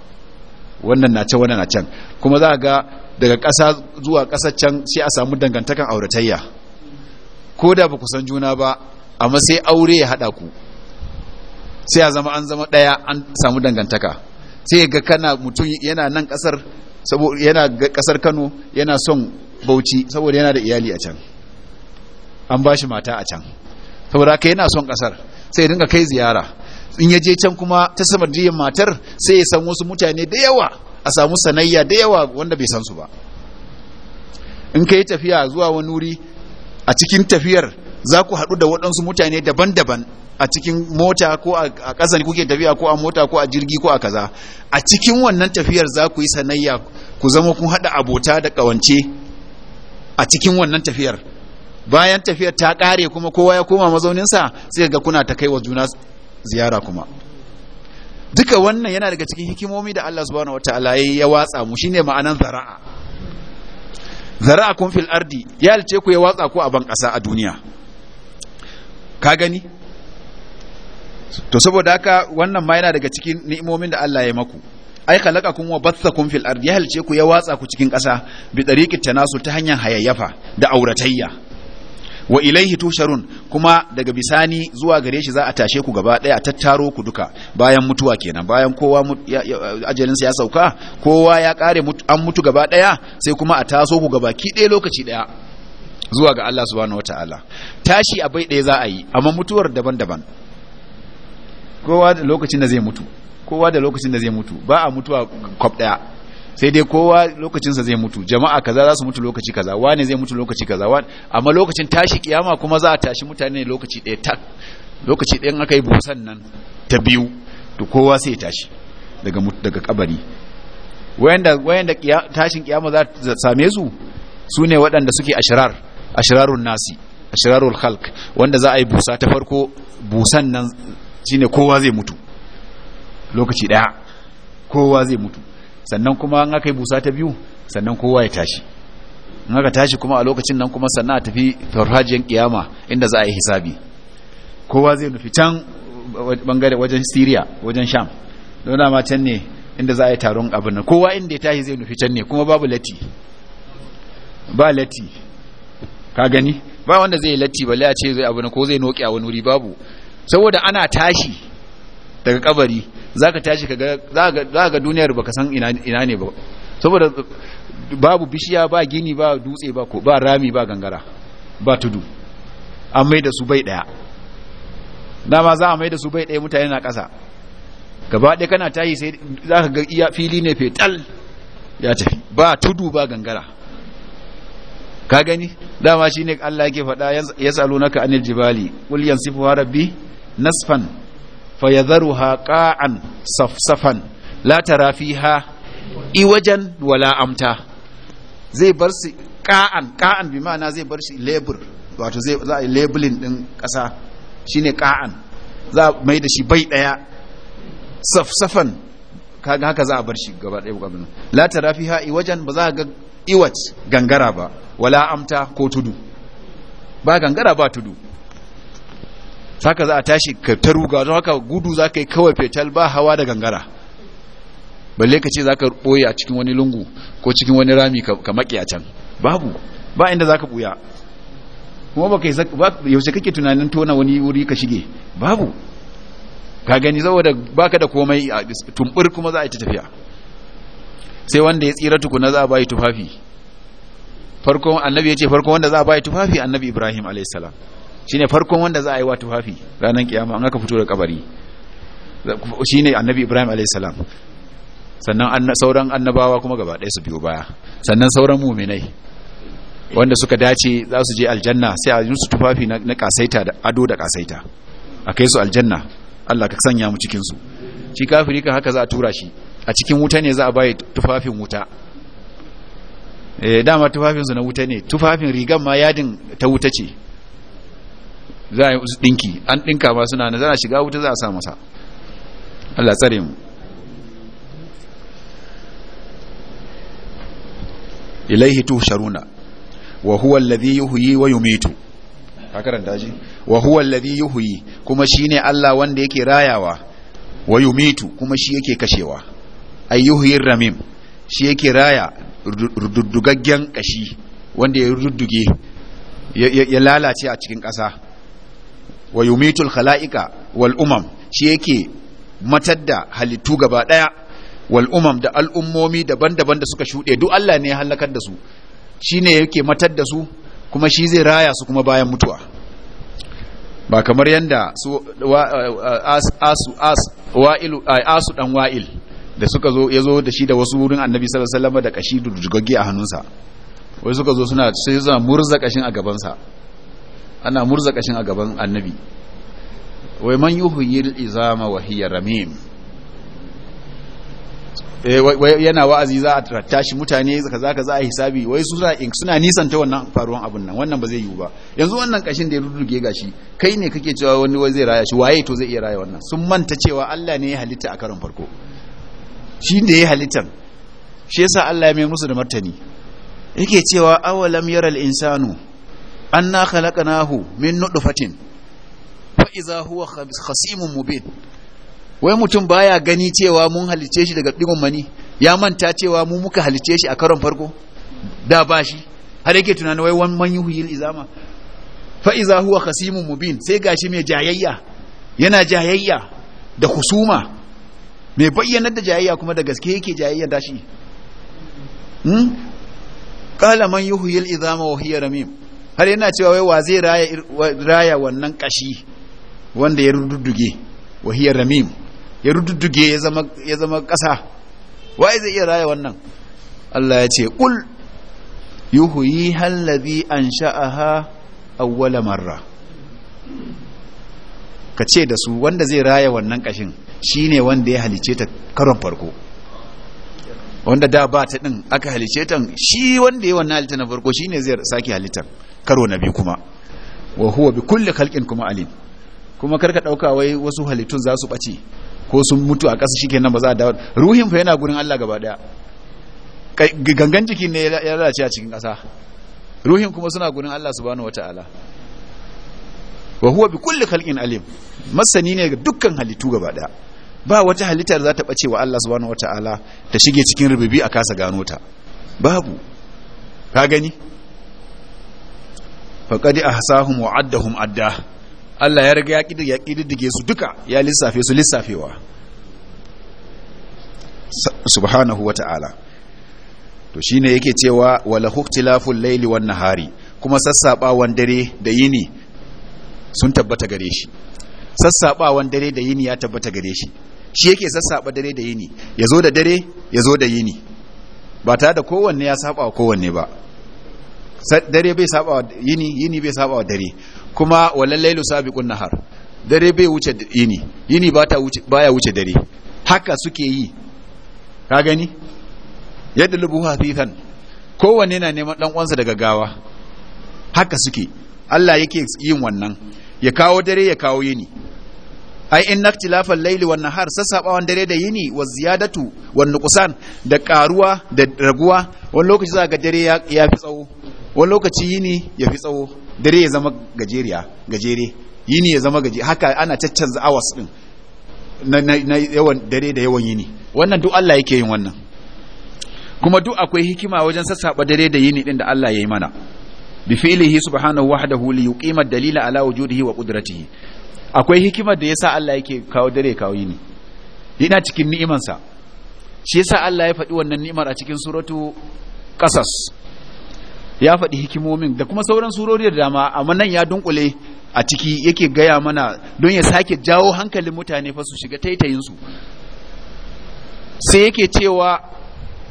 wannan na can wannan na can kuma za ga daga ƙasa zuwa ƙasa can sai a samu dangantakan auratayya ko da ba ku san juna ba amma sai aure ya haɗa ku sai ya zama an zama ɗaya an samu dangantaka sai ga kana mutum yana nan ƙasar saboda yana ƙasar kano yana son bauchi saboda yana da iyali a can an ba shi mata a can saboda haka yana son ƙasar sai ya dinga kai ziyara in ya je can kuma ta samadiyar matar sai ya san wasu mutane da yawa a samu sanayya da yawa wanda bai san su ba in ka yi tafiya zuwa wani wuri a cikin tafiyar za ku haɗu da waɗansu mutane daban-daban a cikin mota ko a ƙasa kuke tafiya ko a mota ko a jirgi ko a kaza a cikin wannan tafiyar za ku yi sanayya ku zama kun haɗa abota da ƙawance a cikin wannan tafiyar bayan tafiyar ta ƙare kuma kowa ya koma mazauninsa sai ga kuna ta kai wa juna ziyara kuma duka wannan yana daga cikin hikimomi da Allah subhanahu wataala ya watsa mu shine ma'anan zara'a zara'akun fil ardi ya halice ku ya watsa ku a ban ƙasa a duniya ka gani to saboda haka wannan ma yana daga cikin ni'imomin da Allah ya maku ai khalaqakum wa bathakum fil ardi ya halice ku ya watsa ku cikin ƙasa bi tariqit tanasul ta hanyar hayayyafa da auratayya wa ilaihi tusharun kuma daga bisani zuwa gare shi za a tashe ku gaba daya a tattaro ku duka bayan mutuwa kenan bayan kowa ajalinsa ya sauka kowa ya kare an mutu gaba daya sai kuma a taso ku gaba ki daya lokaci daya zuwa ga Allah subhanahu wataala tashi a bai daya za a yi amma mutuwar daban-daban kowa da lokacin da zai mutu kowa da lokacin da zai mutu ba a mutuwa kwab daya sai dai kowa lokacinsa zai mutu jama'a kaza za su mutu lokaci kaza wane zai mutu lokaci kaza amma lokacin tashi kiyama kuma za a tashi mutane lokaci ɗaya tak lokaci ɗayan aka yi busan nan ta biyu to kowa sai ya tashi daga daga kabari wayanda wayanda tashin kiyama za ta same su sune waɗanda suke ashrar ashrarun nasi ashrarul khalq wanda za a yi busa ta farko busan nan shine kowa zai mutu lokaci ɗaya kowa zai mutu sannan kuma an aka yi busa ta biyu sannan kowa ya tashi in aka tashi kuma a lokacin nan kuma sannan a tafi farfajiyar kiyama inda za a yi hisabi kowa zai nufi can bangare wajen syria wajen sham don ma can ne inda za a yi taron abin nan kowa inda ya tashi zai nufi can ne kuma babu latti ba latti ka gani ba wanda zai latti balle a ce zai abin ko zai noki a wani wuri babu saboda ana tashi daga kabari zaka tashi kaga zaka ga duniyar baka san ina ina ne ba saboda babu bishiya ba gini ba dutse ba ko ba rami ba gangara ba tudu an mai da su bai daya dama za a mai da su bai daya mutane na ƙasa gaba ɗaya kana tashi sai zaka ga iya fili ne fetal ya ce ba tudu ba gangara ka gani dama shine Allah yake faɗa yasalunaka anil jibali qul yansifu rabbi nasfan fayazaruha qa'an safsafan la tara fiha iwajan wala amta zai bar su qa'an bi ma'ana zai bar shi label wato zai za a yi labeling din kasa shine za a mai da shi bai ɗaya safsafan kaga haka za a bar shi gaba daya gaba la tara fiha iwajan ba za ga iwat gangara ba wala amta ko tudu ba gangara ba tudu saka za a tashi ka ta ruga don haka gudu za ka yi kawai fetal ba hawa da gangara balle ka ce za ka ɓoye a cikin wani lungu ko cikin wani rami ka maƙi a can babu ba inda za ka ɓuya kuma ba ka yaushe kake tunanin tona wani wuri ka shige babu ka gani saboda ka da komai a tumbur kuma za a yi ta tafiya sai wanda ya tsira tukuna za a bayi tufafi farko annabi ya ce farko wanda za a bayi tufafi annabi ibrahim alaihissalam shine farkon wanda za a yi wa tufafi ranar kiyama an aka fito da kabari shine annabi ibrahim alayhi salam sannan sauran annabawa kuma gaba ɗaya su biyo baya sannan sauran muminai wanda suka dace za su je aljanna sai a yi su tufafi na kasaita da ado da kasaita a kai su aljanna Allah ka sanya mu cikin su shi kafiri kan haka za a tura shi a cikin wuta ne za a bayi tufafin wuta eh dama tufafin su na wuta ne tufafin rigan ma yadin ta wuta ce za a yi usu dinki an dinka ba suna na za a shiga wuta za a sa masa Allah tsare mu ilaihi sharuna wa huwa alladhi yuhyi wa yumitu ka karanta shi wa huwa alladhi yuhyi kuma shine Allah wanda yake rayawa wa yumitu kuma shi yake kashewa ay yuhyi ramim shi yake raya rududdugaggen kashi wanda ya rudduge ya lalace a cikin ƙasa wa yumitul khala'ika wal umam shi yake matar da halittu gaba daya wal umam da al'ummomi daban-daban da suka shuɗe duk Allah ne ya halakar da su shine yake matar da su kuma shi zai raya su kuma bayan mutuwa ba kamar yanda su asu as wa'ilu asu dan wa'il da suka zo yazo da shi da wasu wurin annabi sallallahu alaihi wasallam da kashi a hannunsa wai suka zo suna sai suna murza kashin a gabansa ana murza kashin a gaban annabi wai man yuhyil izama wa hiya ramim eh, yana wa'azi za a tashi mutane kaza kaza a hisabi wai suna nisanta wannan faruwan abin nan wannan ba zai yiwu ba yanzu wannan kashin da ya rurruge gashi kai ne kake cewa wani wai zai raya shi waye to zai iya raya wannan sun manta cewa Allah ne ya halitta a karon farko shi da ya halittan shi yasa Allah ya mai musu da martani yake cewa awalam yaral insanu anna khalaqnahu min nutfatin fa iza huwa khasimun mubin wai mutum baya gani cewa mun halice shi daga digon mani ya manta cewa mu muka halice shi a karon farko da ba shi har yake tunanin wai wani man yuhyil izama fa iza huwa khasimun mubin sai gashi mai jayayya yana jayayya da husuma mai bayyanar da jayayya kuma da gaske yake jayayya da shi hmm? qala man yuhyil izama wa hiya ramim har yana cewa wai wa zai raya wannan kashi wanda ya rududduge wahiyar ramim ya rududduge ya zama kasa wa zai iya raya wannan Allah ya ce yi yuhuyi hallabi an sha'aha awwala marra ka ce da su wanda zai raya wannan kashin ne wanda ya halice ta karon farko wanda da ba ta din aka halice ta shi wanda ya wannan halitta na farko shi ne zai sake halittar karo na biyu kuma wa huwa bi kulli khalqin kuma alim kuma karka dauka wai wasu halittun za su bace ko sun mutu a ƙasa shikenan ba za a dawo ruhin fa yana gurin Allah gaba daya gangan jiki ne ya lalace a cikin ƙasa ruhin kuma suna gurin Allah subhanahu wataala wa huwa bi kulli khalqin alim masani ne ga dukkan halittu gaba daya ba wata halitta da za ta bace wa Allah subhanahu wataala ta shige cikin rububi a kasa gano ta babu ka gani faqad ahsahum wa addahum adda Allah ya riga ya kididdige su duka ya lissafe su lissafewa subhanahu wa ta'ala to shine yake cewa wala huktilaful laili wan nahari kuma sassabawan dare da yini sun tabbata gare shi sassabawan dare da yini ya tabbata gare shi shi yake sassaba dare da yini yazo da dare yazo da yini ba ta da kowanne ya saba wa kowanne ba dare bai saba wa yini yini bai saba wa dare kuma walal lailu sabiqun nahar dare bai wuce yini yini ba ta wuce baya wuce dare haka suke yi ka gani yadlubu hafithan kowanne na neman dan uwansa daga gawa haka suke Allah yake yin wannan ya kawo dare ya kawo yini ai in naktilafal laili wan nahar sassabawan dare da yini wa ziyadatu wan nuqsan da karuwa da raguwa wani lokaci za ga dare ya fi tsawo wani lokaci yini ya fi tsawo dare ya zama gajeriya gajere yini ya zama gajeriya haka ana caccan hours din na, na yawan dare da yawan yini wannan duk Allah yake yin wannan kuma duk akwai hikima wajen sassaɓa dare da yini ɗin da Allah ya yi mana bi fi'ilihi subhanahu wahdahu li yuqima dalila ala wujudihi wa qudratihi akwai hikima da yasa Allah yake kawo dare kawo yini yana cikin ni'imansa shi yasa Allah ya faɗi wannan ni'imar a cikin suratu qasas ya faɗi hikimomin da kuma sauran surori da dama amma nan ya dunkule a ciki yake gaya mana don ya sake jawo hankalin mutane fa su shiga taitayinsu sai yake cewa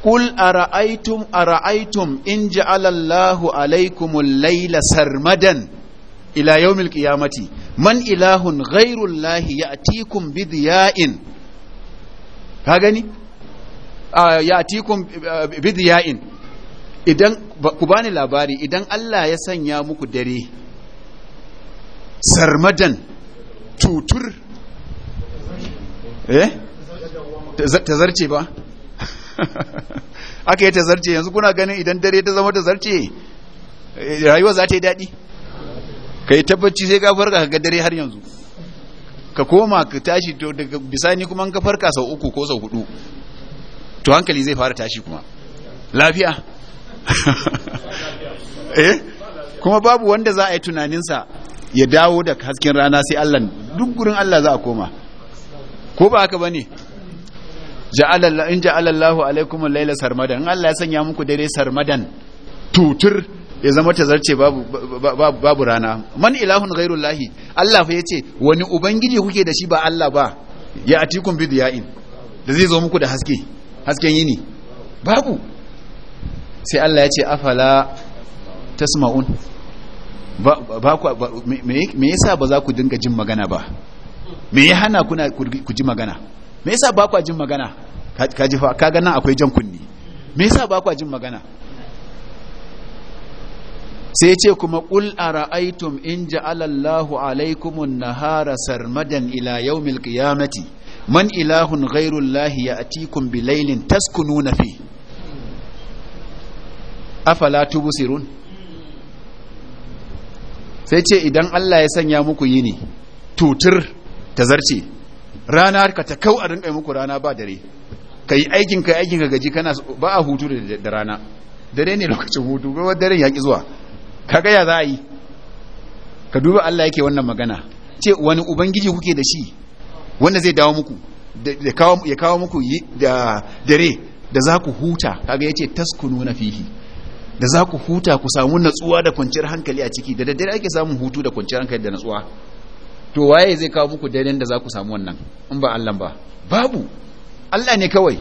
kul ara'aytum ara'aytum in ja'ala Allahu alaykumul layla sarmadan ila yawmil qiyamati man ilahun ghairu Allahi ya'tikum bi diya'in ka gani ah, ya'tikum eh, bi diya'in idan ku bani labari idan Allah ya sanya muku dare sarmadan tutur eh zarce ba aka yi ta zarce. yanzu kuna ganin idan dare ta zama ta zarce eh, rayuwa za ta yi daɗi ka yi tabbaci sai ka farka ka dare har yanzu ka koma ka tashi daga bisani kuma ka farka sau uku ko sau hudu to hankali zai fara tashi kuma lafiya eh kuma babu wanda za a yi tunaninsa ya dawo da hasken rana sai Allah duk gurin Allah za a koma ko ba haka bane ne in ja'alallahu alaikum al-laila sarmadan in Allah ya sanya muku dare sarmadan tutur ya zama tazarce babu babu, rana man ilahun ghairullahi Allah fa yace wani ubangiji kuke da shi ba Allah ba ya atikum bidiya'in da zai zo muku da haske hasken yini babu sai Allah ya ce afala tasma'un ba ku me yasa ba za ku dinga jin magana ba me ya hana kuna ku ji magana me yasa ba ku jin magana ka ji fa kaga nan akwai jan kunni me yasa ba ku jin magana sai ce kuma qul ara'aytum in ja'ala Allahu alaykumun nahara sarmadan ila yawmil qiyamati man ilahun ghairu Allah ya'tikum bilailin taskununa fi afala tubusirun sai ce idan Allah ya sanya muku yini tutur ta zarce rana ka ta kau a rinka muku rana ba dare yi aikin ka aikin ka gaji kana ba a hutu da rana dare ne lokacin hutu ba dare ya ki zuwa Ka ya za a yi ka duba Allah yake wannan magana ce wani ubangiji kuke da shi wanda zai dawo muku ya kawo muku da dare da za ku huta kaga yace taskunu na fihi da za ku huta ku samu natsuwa da kwanciyar hankali a ciki da daddare ake samun hutu da kwanciyar hankali da natsuwa to waye zai kawo muku daren da za ku samu wannan in ba Allah ba babu Allah ne kawai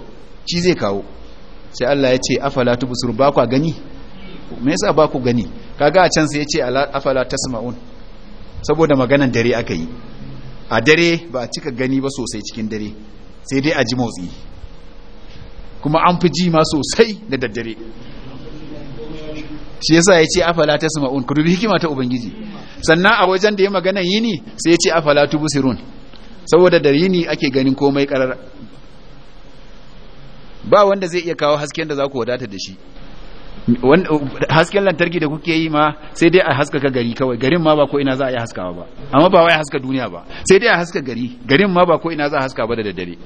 shi zai kawo sai Allah ya ce afala busur ba ku gani me yasa ba ku gani kaga a can sai ya ce afala tasma'un saboda maganan dare aka yi a dare ba a cika gani ba sosai cikin dare sai dai a ji motsi kuma an fi ji ma sosai da daddare shi yasa ya ce afala tasma'un ku dubi hikima ta ubangiji sannan a wajen da ya magana yini sai ya ce afala ta Busirun saboda da yini ake ganin komai karar ba wanda zai iya kawo hasken da za ku wadata da shi hasken lantarki da kuke yi ma sai dai a haskaka gari kawai garin ma ba ko ina za a yi haskawa ba amma ba wai haska duniya ba sai dai a haska gari garin ma ba ko ina za a haska ba da daddare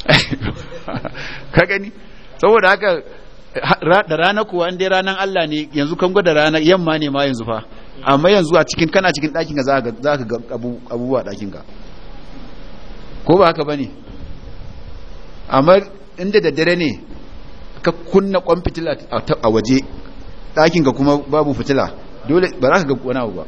ka gani saboda haka da rana kuwa inda ranan Allah ne yanzu kan gwada rana yamma ne ma yanzu fa amma yanzu a cikin kana cikin ɗakin ka za ka ga abubuwa ɗakin ka ko ba haka ba ne? amma inda da dare ne ka kunna kwan fitila a waje ɗakin ka kuma babu fitila dole ba za ka ga wani abu ba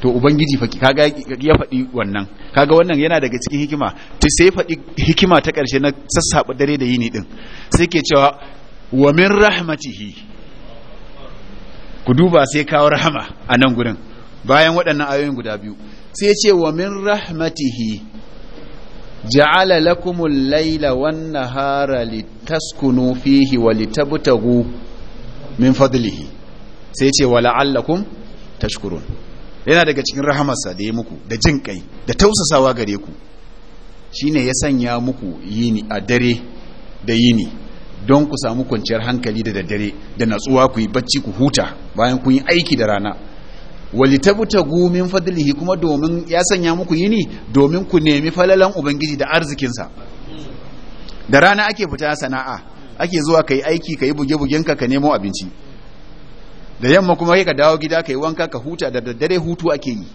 to ubangiji kaga ya faɗi wannan kaga wannan yana daga cikin hikima to sai faɗi hikima ta ƙarshe na sassaɓa dare da yini ɗin. sai ke cewa wa min rahmatihi ku duba sai kawo rahama a nan gurin bayan waɗannan ayoyin guda biyu sai ce wa min rahmatihi ja'ala lakumul laila wan nahara litaskunu fihi wa litabtagu min fadlihi sai ce wa la'allakum tashkurun yana daga cikin rahamarsa da ya muku da jin kai da tausasawa gare ku shine ya sanya muku yini a dare da yini don ku samu kwanciyar hankali da daddare da natsuwa ku yi bacci ku huta bayan kun yi aiki da rana buta gumin fadlihi kuma domin ya sanya muku yini domin ku nemi falalan ubangiji da arzikinsa da rana ake fita sana'a ake zuwa ka yi aiki ka yi buge-bugenka ka nemo abinci da yamma kuma kai ka dawo gida ka yi wanka ka huta da daddare hutu ake yi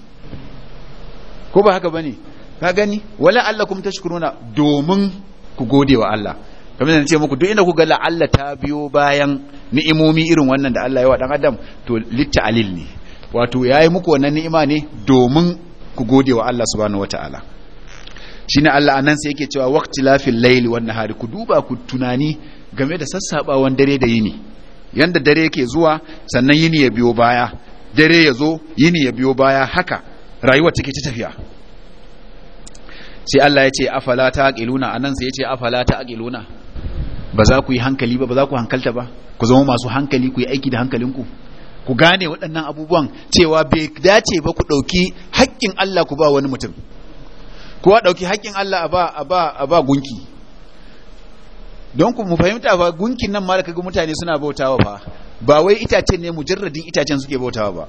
ko ba haka bane ka gani wala allakum tashkuruna domin ku gode wa Allah kamar da ce muku duk inda ku ga allah ta biyo bayan ni'imomi irin wannan da Allah ya wa dan adam to litta'alil ne wato yayi muku wannan ni'ima ne domin ku gode wa Allah subhanahu wataala shine Allah anan sai yake cewa waqtilafil layli wan nahari ku duba ku tunani game da sassabawan dare da yini yanda dare yake zuwa sannan yini ya biyo baya dare ya zo yini ya biyo baya haka rayuwa take ta tafiya sai Allah ya ce afala ta aqiluna anan sai ya ce afala ta aqiluna ba za ku yi hankali ba ba za ku hankalta ba ku zama masu hankali ku yi aiki da hankalinku ku gane waɗannan abubuwan cewa bai dace ba ku ɗauki haƙƙin Allah ku ba wani mutum ku ɗauki haƙƙin Allah a ba a ba a ba gunki don ku mu fahimta fa gunkin nan ma da kaga mutane suna bautawa fa ba wai itace ne mujarradin itacen suke bautawa ba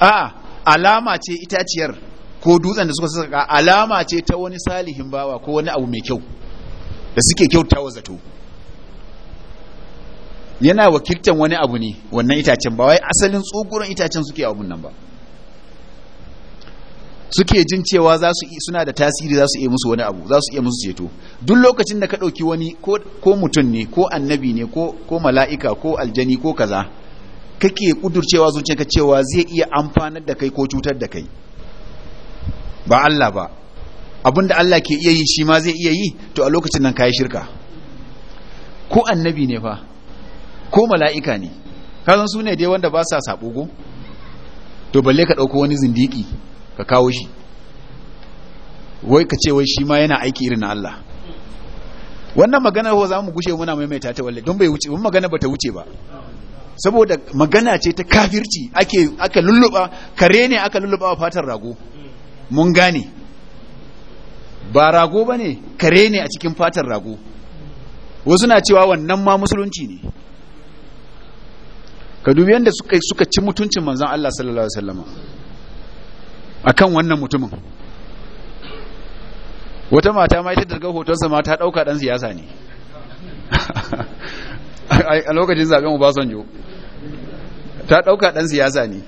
a alama ce itaciyar ko dutsen da suka saka alama ce ta wani salihin bawa ko wani abu mai kyau da suke kyautawa zato yana wakiltan wani abu ne wannan itacen ba wai asalin tsoguran itacen suke abun nan ba suke jin cewa za su suna da tasiri za su iya musu wani abu za su iya musu ceto duk lokacin da ka ɗauki wani ko mutum ne ko annabi ne ko mala'ika ko aljani ko kaza kake kudurcewa zuciyarka cewa zai iya amfanar da kai ko cutar da kai ba Allah ba da Allah ke iya yi shi ma zai iya yi to a lokacin nan kayi shirka ko annabi ne fa ko mala'ika ne kazan su ne dai wanda ba sa sabo go to balle ka ɗauko wani zindiki ka kawo shi wai ka ce wai shi ma yana aiki irin na Allah wannan magana ko za mu gushe muna maimaita ta walle don bai wuce mun magana bata wuce ba saboda magana ce ta kafirci ake aka lulluba kare ne aka lulluba fatar rago mun gane ba rago bane kare ne a cikin fatar rago wasu na cewa wannan ma musulunci ne ka dubi yadda suka ci mutuncin manzon Allah sallallahu alaihi wasallam akan wannan mutumin wata mata ma ita daga hotonsa ma ta ɗauka ɗan siyasa ne a lokacin zaben obasanjo ta ɗauka ɗan siyasa ne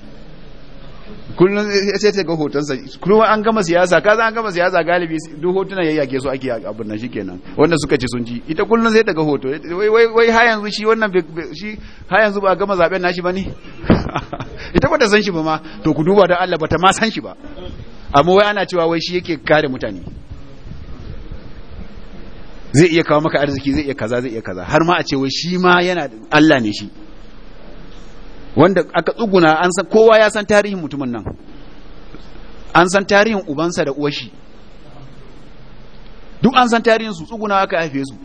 kullum sai ta ga hotonsa kuma an gama siyasa ka an gama siyasa galibi duk hotunan yayyake su ake abin nan shikenan wanda suka ci sun ji ita kullum sai ta ga hoto wai wai wai ha yanzu shi wannan shi ha yanzu ba gama zaben nashi bane ita ba ta san shi ba ma to ku duba da Allah ba ta ma san shi ba amma wai ana cewa wai shi yake kare mutane zai iya kawo maka arziki zai iya kaza zai iya kaza har ma a ce wai shi ma yana Allah ne shi wanda aka tsuguna an san kowa ya san tarihin mutumin nan an san tarihin ubansa da uwashi duk an san tarihin su tsuguna aka haife su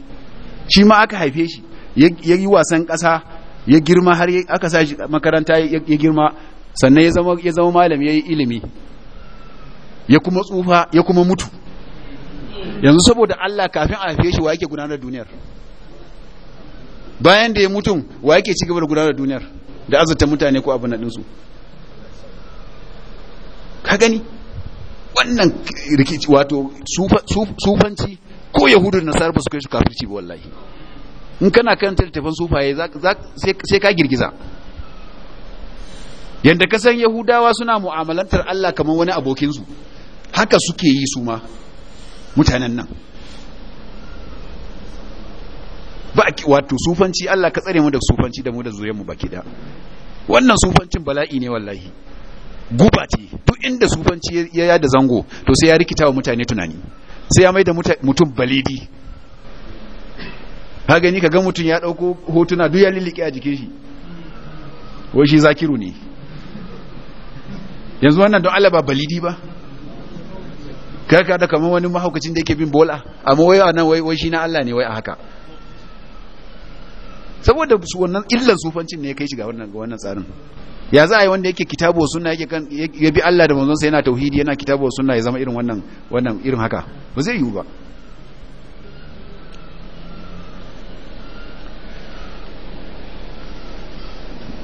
shi ma aka haife shi ya yi wasan ƙasa ya girma har aka sa makaranta ya girma sannan ya zama malam ya yi ilimi ya kuma tsufa ya kuma mutu yanzu saboda Allah kafin a haife shi wa yake gudanar da duniyar bayan da ya mutum wa yake cigaba da gudanar da duniyar da azurta mutane ko abin ɗinsu ka gani wannan rikici wato sufanci ko yahudu da nasarar ba su kai su kafirci ba wallahi in kana karanta littafin sufaye sai ka girgiza yadda ka san yahudawa suna mu'amalantar allah kamar wani abokinsu haka suke yi su ma mutanen nan ba wato sufanci Allah ka tsare mu da sufanci da mu da zuriyar mu baki da wannan sufancin bala'i ne wallahi guba ce duk inda sufanci ya yada zango to sai ya rikita wa mutane tunani sai ya maida mutum balidi ka gani ka ga mutum ya dauko hotuna duk ya lilike a jikin shi wai shi zakiru ne yanzu wannan don Allah ba balidi ba kaka da kamar wani mahaukacin da yake bin bola amma wai nan wai shi na Allah ne wai a haka saboda su wannan illan sufancin ne ya kai shi ga wannan ga wannan tsarin ya za a yi wanda yake kitabu sunna yake kan ya bi Allah da manzonsa yana tauhidi yana kitabu sunna ya zama irin wannan wannan irin haka ba zai yiwu ba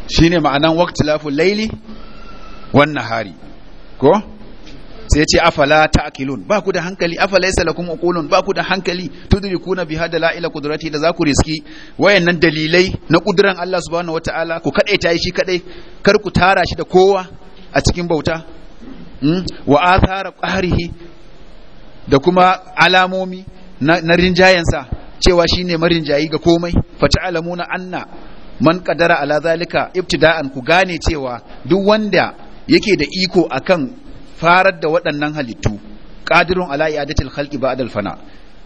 shine ma'anan waqtilafu layli wan nahari ko sai ya ce afala ta Akilun ba ku da hankali afala isa lakum uqulun ba ku da hankali kuna bi hada la ila qudrati da za ku riski wayannan dalilai na kuduran Allah subhanahu wataala ku kadai yi shi kadai kar ku tara shi da kowa a cikin bauta hmm? wa athara qahrihi da kuma alamomi na rinjayensa cewa shine marinjayi ga komai fata'alamuna anna man kadara ala zalika ibtida'an ku gane cewa duk wanda yake da iko akan farar da waɗannan halittu ƙadirin ala iyadatul khalqi ba'da fana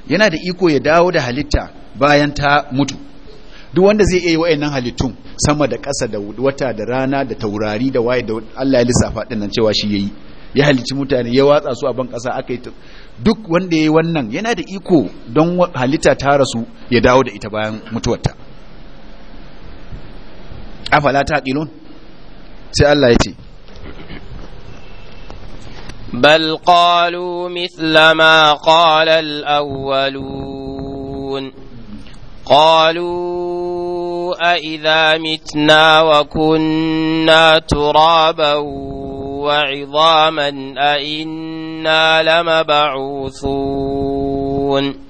yana da iko ya dawo da halitta bayan ta mutu duk wanda zai iya yi wa'annan halittun sama da ƙasa da wata da rana da taurari da waye da Allah ya lissafa nan cewa shi yayi ya halicci mutane ya watsa su a ban ƙasa akai duk wanda yayi wannan yana da iko don halitta ta rasu ya dawo da ita bayan mutuwarta afala ta sai Allah ya ce بل قالوا مثل ما قال الأولون قالوا أئذا متنا وكنا ترابا وعظاما أئنا لمبعوثون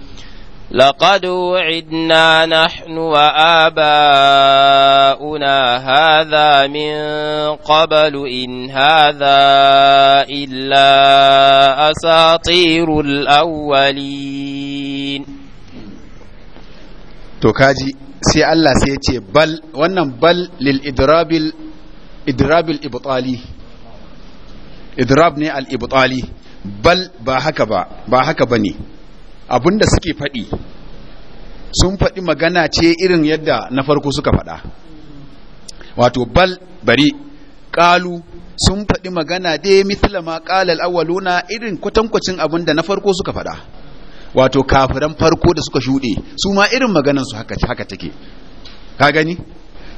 لقد وعدنا نحن واباؤنا هذا من قبل ان هذا الا اساطير الاولين to kaji sai Allah sai ya ce bal wannan bal lil idrab ne al ibtali bal ba haka ba ba haka bane abinda suke faɗi sun faɗi magana ce irin yadda na farko suka faɗa wato bal bari ƙalu sun faɗi magana dai mitla ma ƙalal awwaluna irin kwatankwacin abin da na farko suka faɗa wato kafiran farko da suka shuɗe su ma irin maganan su haka take ka gani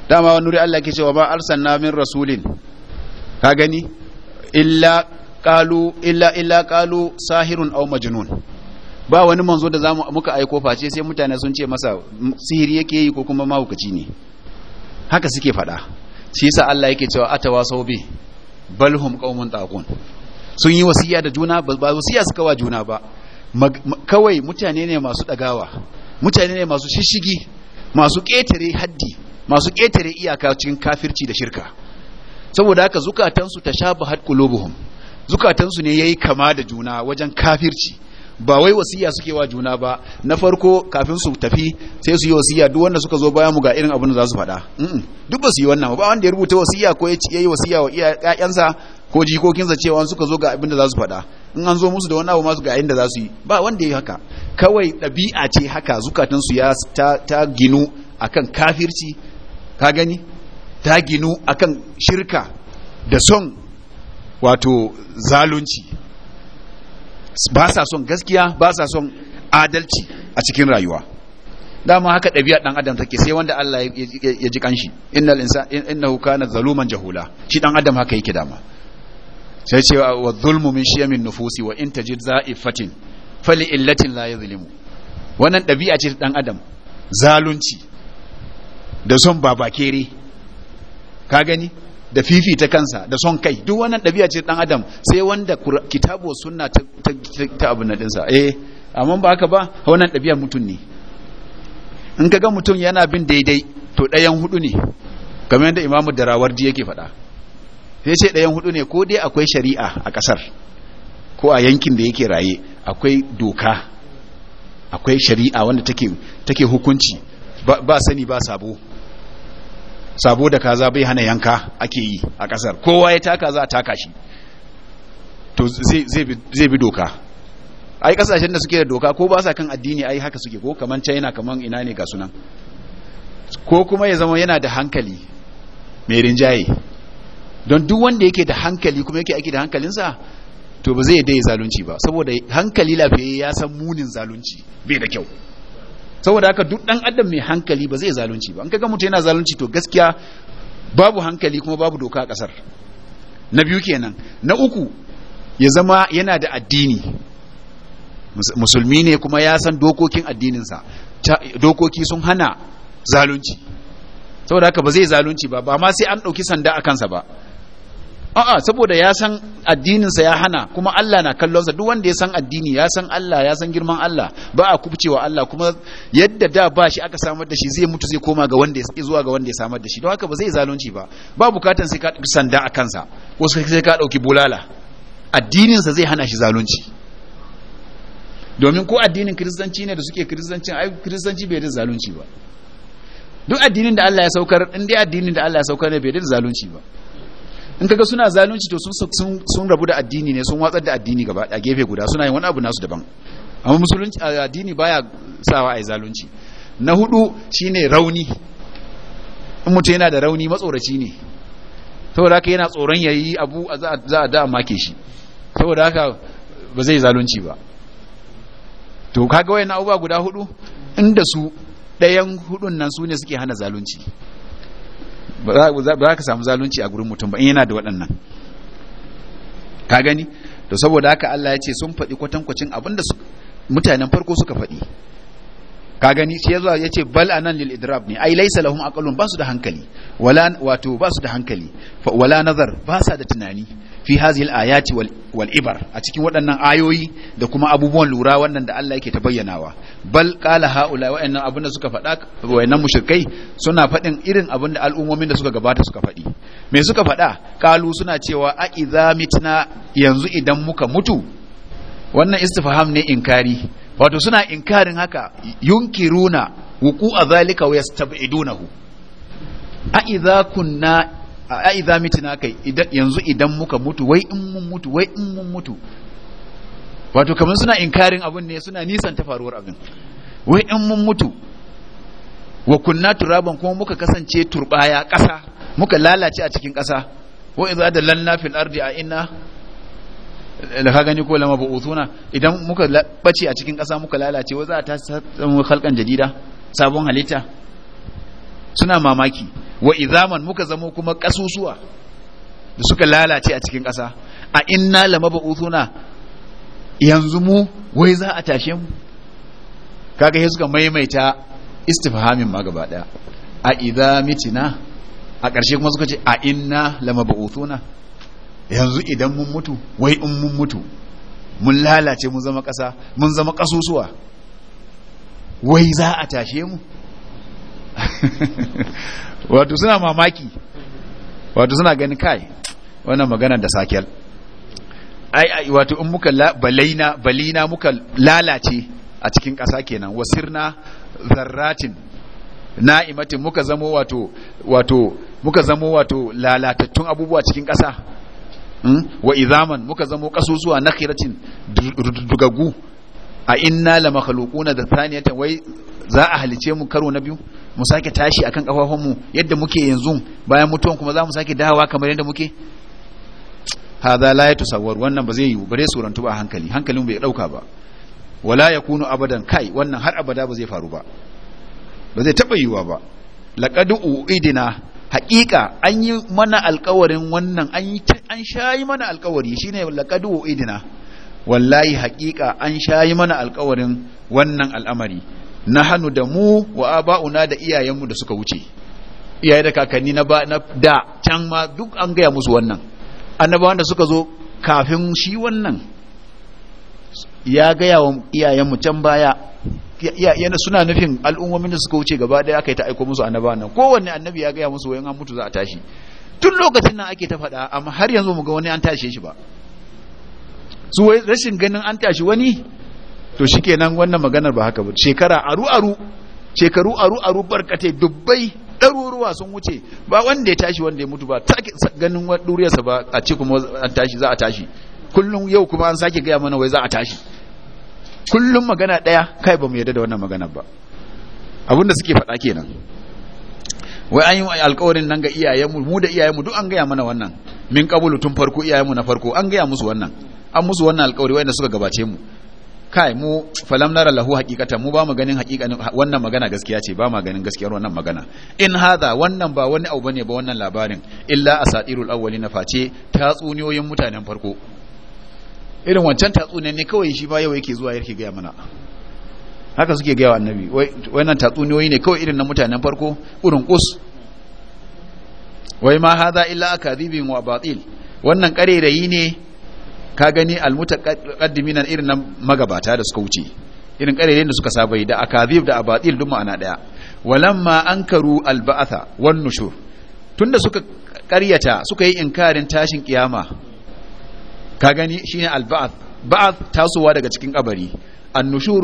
dama wani nuri Allah ke cewa ba arsalna min rasulin ka gani illa Kalu illa illa sahirun au majnun ba wani manzo da zamu muka aiko face sai mutane sun ce masa sihiri yake yi ko kuma mahaukaci ne haka suke faɗa shi yasa Allah yake cewa atawasau bi balhum qaumun taqun sun yi wasiya da juna ba wasiya suka wa juna ba kawai mutane ne masu dagawa mutane ne masu shishigi masu ƙetare haddi masu ƙetare iyaka cikin kafirci da shirka saboda haka zukatansu ta sha bahat qulubuhum zukatansu ne yayi kama da juna wajen kafirci ba wai wasiya suke wa juna ba na farko kafin su tafi sai su yi wasiya duk wanda suka zo baya mu ga irin abin da za su faɗa duk ba su yi wannan ba wanda ya rubuta wasiya ko ya yi wasiya wa ƴaƴansa ko jikokinsa cewa suka zo ga abin da za su faɗa in an zo musu da wani abu masu ga inda za su yi ba wanda ya haka kawai ɗabi'a ce haka zukatan su ya ta, ta ginu akan kafirci ka gani ta ginu akan shirka da son wato zalunci ba sa son gaskiya ba sa son adalci a cikin rayuwa dama haka ɗabi'a ɗan adam take sai wanda Allah ya ji kanshi innal insan innahu kana zaluman jahula shi dan adam haka yake dama sai ce wa zulmu min shiyamin nufusi wa in za'ifatin fali illatin la yuzlimu wannan ɗabi'a ce ta dan adam zalunci da son babakere ka gani da fifi ta kansa da son kai duk wannan ɗabi'a ce ɗan adam sai wanda kitabu sunna ta ta abin nan ɗinsa eh amma ba haka ba wannan ɗabi'a mutum ne in ka ga mutum yana bin daidai to ɗayan hudu ne kamar yadda imamu darawardi yake faɗa sai ce ɗayan hudu ne ko dai akwai shari'a a ƙasar ko a yankin da yake raye akwai doka akwai shari'a wanda take hukunci ba sani ba sabo Saboda da kaza bai hana yanka ake yi a kasar kowa ya taka za a taka shi to zai bi doka ai kasashen da suke da doka ko ba sa kan addini ai haka suke ko kaman china kaman ina ne ga sunan ko kuma ya zama yana da hankali mai rinjaye don duk wanda yake da hankali kuma yake aiki da hankalinsa to ba zai dai zalunci ba saboda hankali lafiyayye ya san munin zalunci bai da kyau saboda haka duk dan adam mai hankali ba zai zalunci ba an kaga mutum yana zalunci to gaskiya babu hankali kuma babu doka a kasar na biyu kenan na uku ya zama yana da addini musulmi ne kuma ya san dokokin addininsa dokoki sun hana zalunci saboda haka ba zai zalunci ba ba ma sai an ɗauki sanda a kansa ba a'a saboda ya san addininsa ya hana kuma Allah na kallonsa duk wanda ya san addini ya san Allah ya san girman Allah ba a kubcewa Allah kuma yadda da ba shi aka samar da shi zai mutu zai koma ga wanda ya zuwa ga wanda ya samar da shi don haka ba zai zalunci ba ba bukatan sai ka sanda a kansa ko sai ka dauki bulala addininsa zai hana shi zalunci domin ko addinin kiristanci ne da suke kiristancin ai kiristanci bai da zalunci ba duk addinin da Allah ya saukar in dai addinin da Allah ya saukar ne bai da zalunci ba in kaga suna zalunci to sun sun rabu da addini ne sun watsar da addini gaba a gefe guda suna yin wani abu nasu daban amma musulunci addini baya sawa ai zalunci na hudu shine rauni in mutum yana da rauni matsoraci ne saboda haka yana tsoron yayi abu za a da make shi saboda haka ba zai zalunci ba to kaga wayannan abubuwa guda hudu inda su ɗayan hudun nan su ne suke hana zalunci ba za ka samu zalunci a gurin mutum ba in yana da waɗannan ka gani to saboda haka Allah ya ce sun faɗi kwatankwacin abin mutanen farko suka faɗi ka gani sai ya ce bal anan lil idrab ne ai laysa lahum aqlun basu da hankali wala wato basu da hankali wala nazar basa da tunani fi hazil ayati wal ibar a cikin waɗannan ayoyi da kuma abubuwan lura wannan da Allah yake ta bayyanawa bal qala haula wa'annan abin da suka faɗa wa'annan mushrikai suna faɗin irin abinda al'ummomin da suka gabata suka faɗi me suka faɗa qalu suna cewa a idza mitna yanzu idan muka mutu wannan istifham ne inkari wato suna inkarin haka yunkiruna a zalika wa yastab'idunahu a idza kunna a idza mitina kai yanzu idan muka mutu wai in mun mutu wai in mun mutu wato kamar suna inkarin abin ne suna nisan ta faruwar abin wai in mun mutu wa kunna turaban kuma muka kasance turbaya ƙasa muka lalace a cikin ƙasa wa idza da fil ardi a inna da ka gani ko lama ba idan muka bace a cikin ƙasa muka lalace wa za a tasamu halkan jadida sabon halitta suna mamaki wa izaman muka zamo kuma ƙasusuwa da suka lalace a cikin ƙasa a inna lama ba yanzu mu wai za a tashe mu kaga sai suka maimaita istifhamin ma gaba daya a idza mitina a ƙarshe kuma suka ce a inna lama ba yanzu idan mun mutu wai in mun mutu mun lalace mun zama ƙasa mun zama ƙasusuwa wai za a tashe mu wato suna mamaki wato suna ganin kai wannan magana da sakel ai wato in muka balaina balina muka lalace a cikin ƙasa kenan wasirna zarratin na'imatin muka zamo wato wato muka zamo wato lalatattun abubuwa cikin ƙasa Hmm? wa izaman muka zamo kasusuwa na khiratin dugagu a inna la makhluquna da thaniyatan wai za a halice mu karo na biyu mu sake tashi akan mu yadda muke yanzu bayan mutuwan kuma za mu sake dawowa kamar yadda muke hadha la yatasawwar wannan ba zai yi bare surantu ba hankali hankalin bai dauka ba wala yakunu abadan kai wannan har abada ba zai faru ba ba zai taba yiwa ba laqad uidina haƙiƙa an yi mana alƙawarin wannan an shayi mana alƙawari shine laqad idina wallahi haƙiƙa an shayi mana alƙawarin wannan al'amari na hannu da mu wa aba'una da iyayenmu da suka wuce iyaye da kakanni na da can ma duk an gaya musu wannan annabawan da suka zo kafin shi wannan ya gaya wa iyayenmu can baya yana suna nufin al'ummomin da suka wuce gaba ɗaya aka yi ta aiko musu annabawan nan kowanne annabi ya gaya musu wayan an mutu za a tashi tun lokacin nan ake ta faɗa amma har yanzu mu ga wani an tashe shi ba su rashin ganin an tashi wani to shikenan wannan maganar ba haka ba shekara aru aru shekaru aru aru barkate dubbai ɗaruruwa sun wuce ba wanda ya tashi wanda ya mutu ba ta ganin duriyarsa ba a ce kuma an tashi za a tashi kullum yau kuma an sake gaya mana wai za a tashi kullum magana ɗaya kai ba mu yarda da wannan magana ba da suke faɗa kenan wai an yi alkawarin nan ga iyayenmu mu da iyayenmu duk an gaya mana wannan min kabulu tun farko iyayenmu na farko an gaya musu wannan an musu wannan alkawari wanda suka gabace mu kai mu falam nara lahu haqiqatan mu ba mu ganin haqiqanin wannan magana gaskiya ce ba mu ganin gaskiyar wannan magana in hadha wannan ba wani abu bane ba wannan labarin illa asatirul na face tatsuniyoyin mutanen farko irin wancan tatsuniyar ne kawai shi ba yau yake zuwa yake gaya mana haka suke gaya wa annabi wannan tatsuniyoyi ne kawai irin na mutanen farko irin kus wai ma haza illa akadibin wa batil wannan karerayi ne ka gani almutaqaddimin irin na magabata da suka wuce irin karerayin da suka saba da akadib da abatil duk ma'ana daya walamma ankaru alba'atha wan nushur tunda suka karyata suka yi inkarin tashin kiyama ka gani shine al-ba'th tasowa daga cikin kabari annushur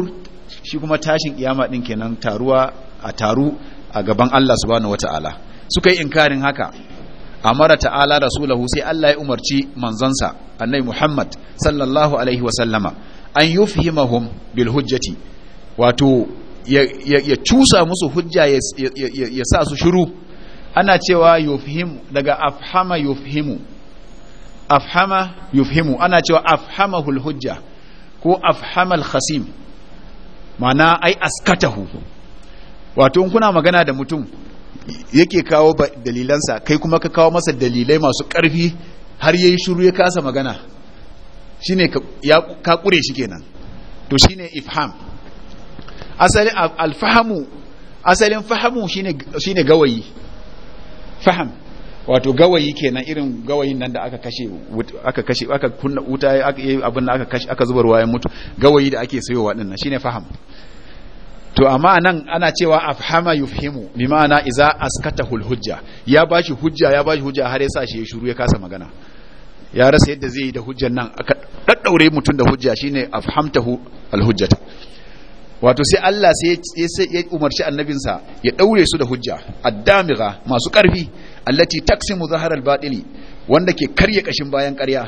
shi kuma tashin kiyama din kenan taruwa a taru a gaban Allah subhanahu wataala suka yi inkarin haka amara ta'ala rasulahu sai Allah ya umarci manzansa annabi Muhammad sallallahu alaihi wa sallama an yufhimahum bil hujjati wato ya cusa musu hujja ya sa su shiru ana cewa yufhim daga afhama yufhimu afhama yufhimu ana cewa afhama hujja ko afhamal khasim mana ai askatahu wato in kuna magana da mutum yake kawo dalilansa kai kuma ka kawo masa dalilai masu ƙarfi har yayi shiru ya kasa magana shine ka kure shi kenan to shine ifham asalin alfahamu asalin fahamu shine shine gawayi faham wato gawayi kenan irin gawayin nan da aka kashe aka kashe aka kunna wuta aka yi abin da aka kashe aka zubar wayan mutu gawayi da ake sayowa din nan shine faham to amma nan ana cewa afhama yufhimu bi ma'ana iza askatahu hujja ya bashi hujja ya bashi hujja har ya sa shi ya shiru ya kasa magana ya rasa yadda zai yi da hujjan nan aka daddaure mutum da hujja shine afhamtahu alhujjata wato sai Allah sai ya umarci annabinsa ya daure su da hujja addamiga masu karfi allati taksimu zaharar baɗili wanda ke karya ƙashin bayan ƙarya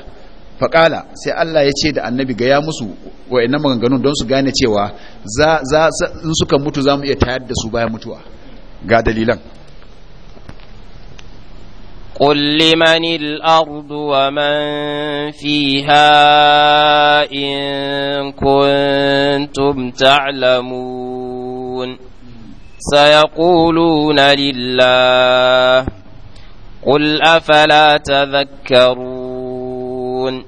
faƙala sai Allah ya ce da annabi gaya musu wa'annan maganganun don su gane cewa za in suka mutu za mu iya tayar da su bayan mutuwa ga dalilan قل لمن الأرض ومن فيها إن كنتم تعلمون سيقولون لله قل أفلا تذكرون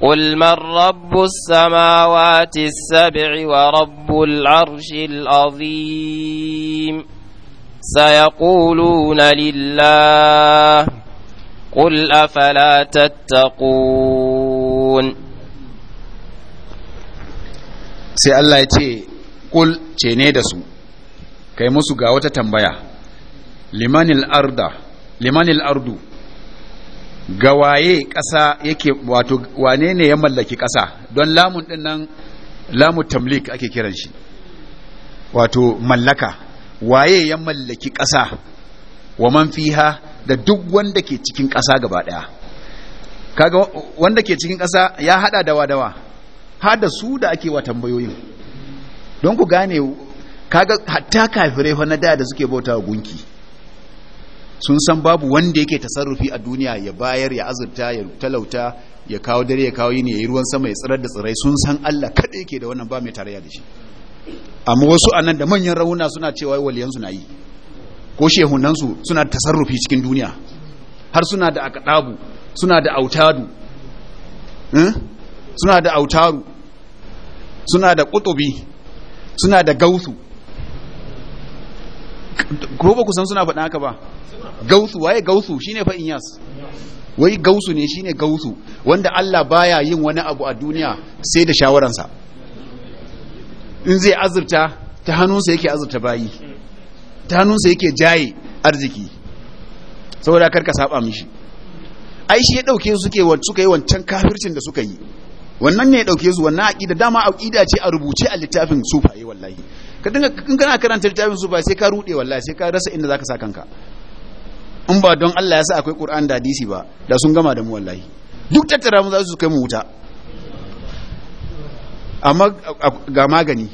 قل من رب السماوات السبع ورب العرش العظيم سيقولون لله قل أفلا تتقون سي الله يتي قل kul ce ne da su kai musu ga wata Liman ardu ga waye ƙasa yake wato wane ne ya mallaki ƙasa don lamun ɗin nan lamun tamlik ake kiran shi wato mallaka waye ya mallaki ƙasa wa man fiha da duk wanda ke cikin ƙasa gaba ɗaya kaga wanda ke cikin ƙasa ya hada dawa dawa da su da ake wa tambayoyin don ku gane kaga hatta kafirai fa na da da suke bauta gunki sun san babu wanda yake tasarrufi a duniya ya bayar ya azurta ya talauta ya kawo dare ya kawo yini ya yi ruwan sama ya tsirar da tsirai sun san Allah kada yake da wannan ba mai tarayya da shi amma wasu anan da manyan rauna suna cewa waliyansu na yi ko shehunansu suna tasarrufi cikin duniya har suna da akadabu suna da autadu eh? suna da autaru suna da kutubi suna da gausu ko ba ku san suna faɗa haka ba gausu waye gausu shine fa inyas wai gausu ne shine gausu wanda Allah baya yin wani abu a duniya sai da shawaransa in zai azurta ta hannunsa yake azurta bayi ta hannunsa yake jaye arziki saboda karka saba mishi ai shi ya dauke su suke suka yi wancan kafircin da suka yi wannan ne ya dauke su wannan aqida dama aqida ce a rubuce a littafin sufaye wallahi ka dinga in kana karanta littafin sufaye sai ka rude wallahi sai ka rasa inda zaka sa kanka in ba don Allah ya sa akwai Qur'an da hadisi ba da sun gama da mu wallahi duk tattara mu za su kai mu wuta amma ga magani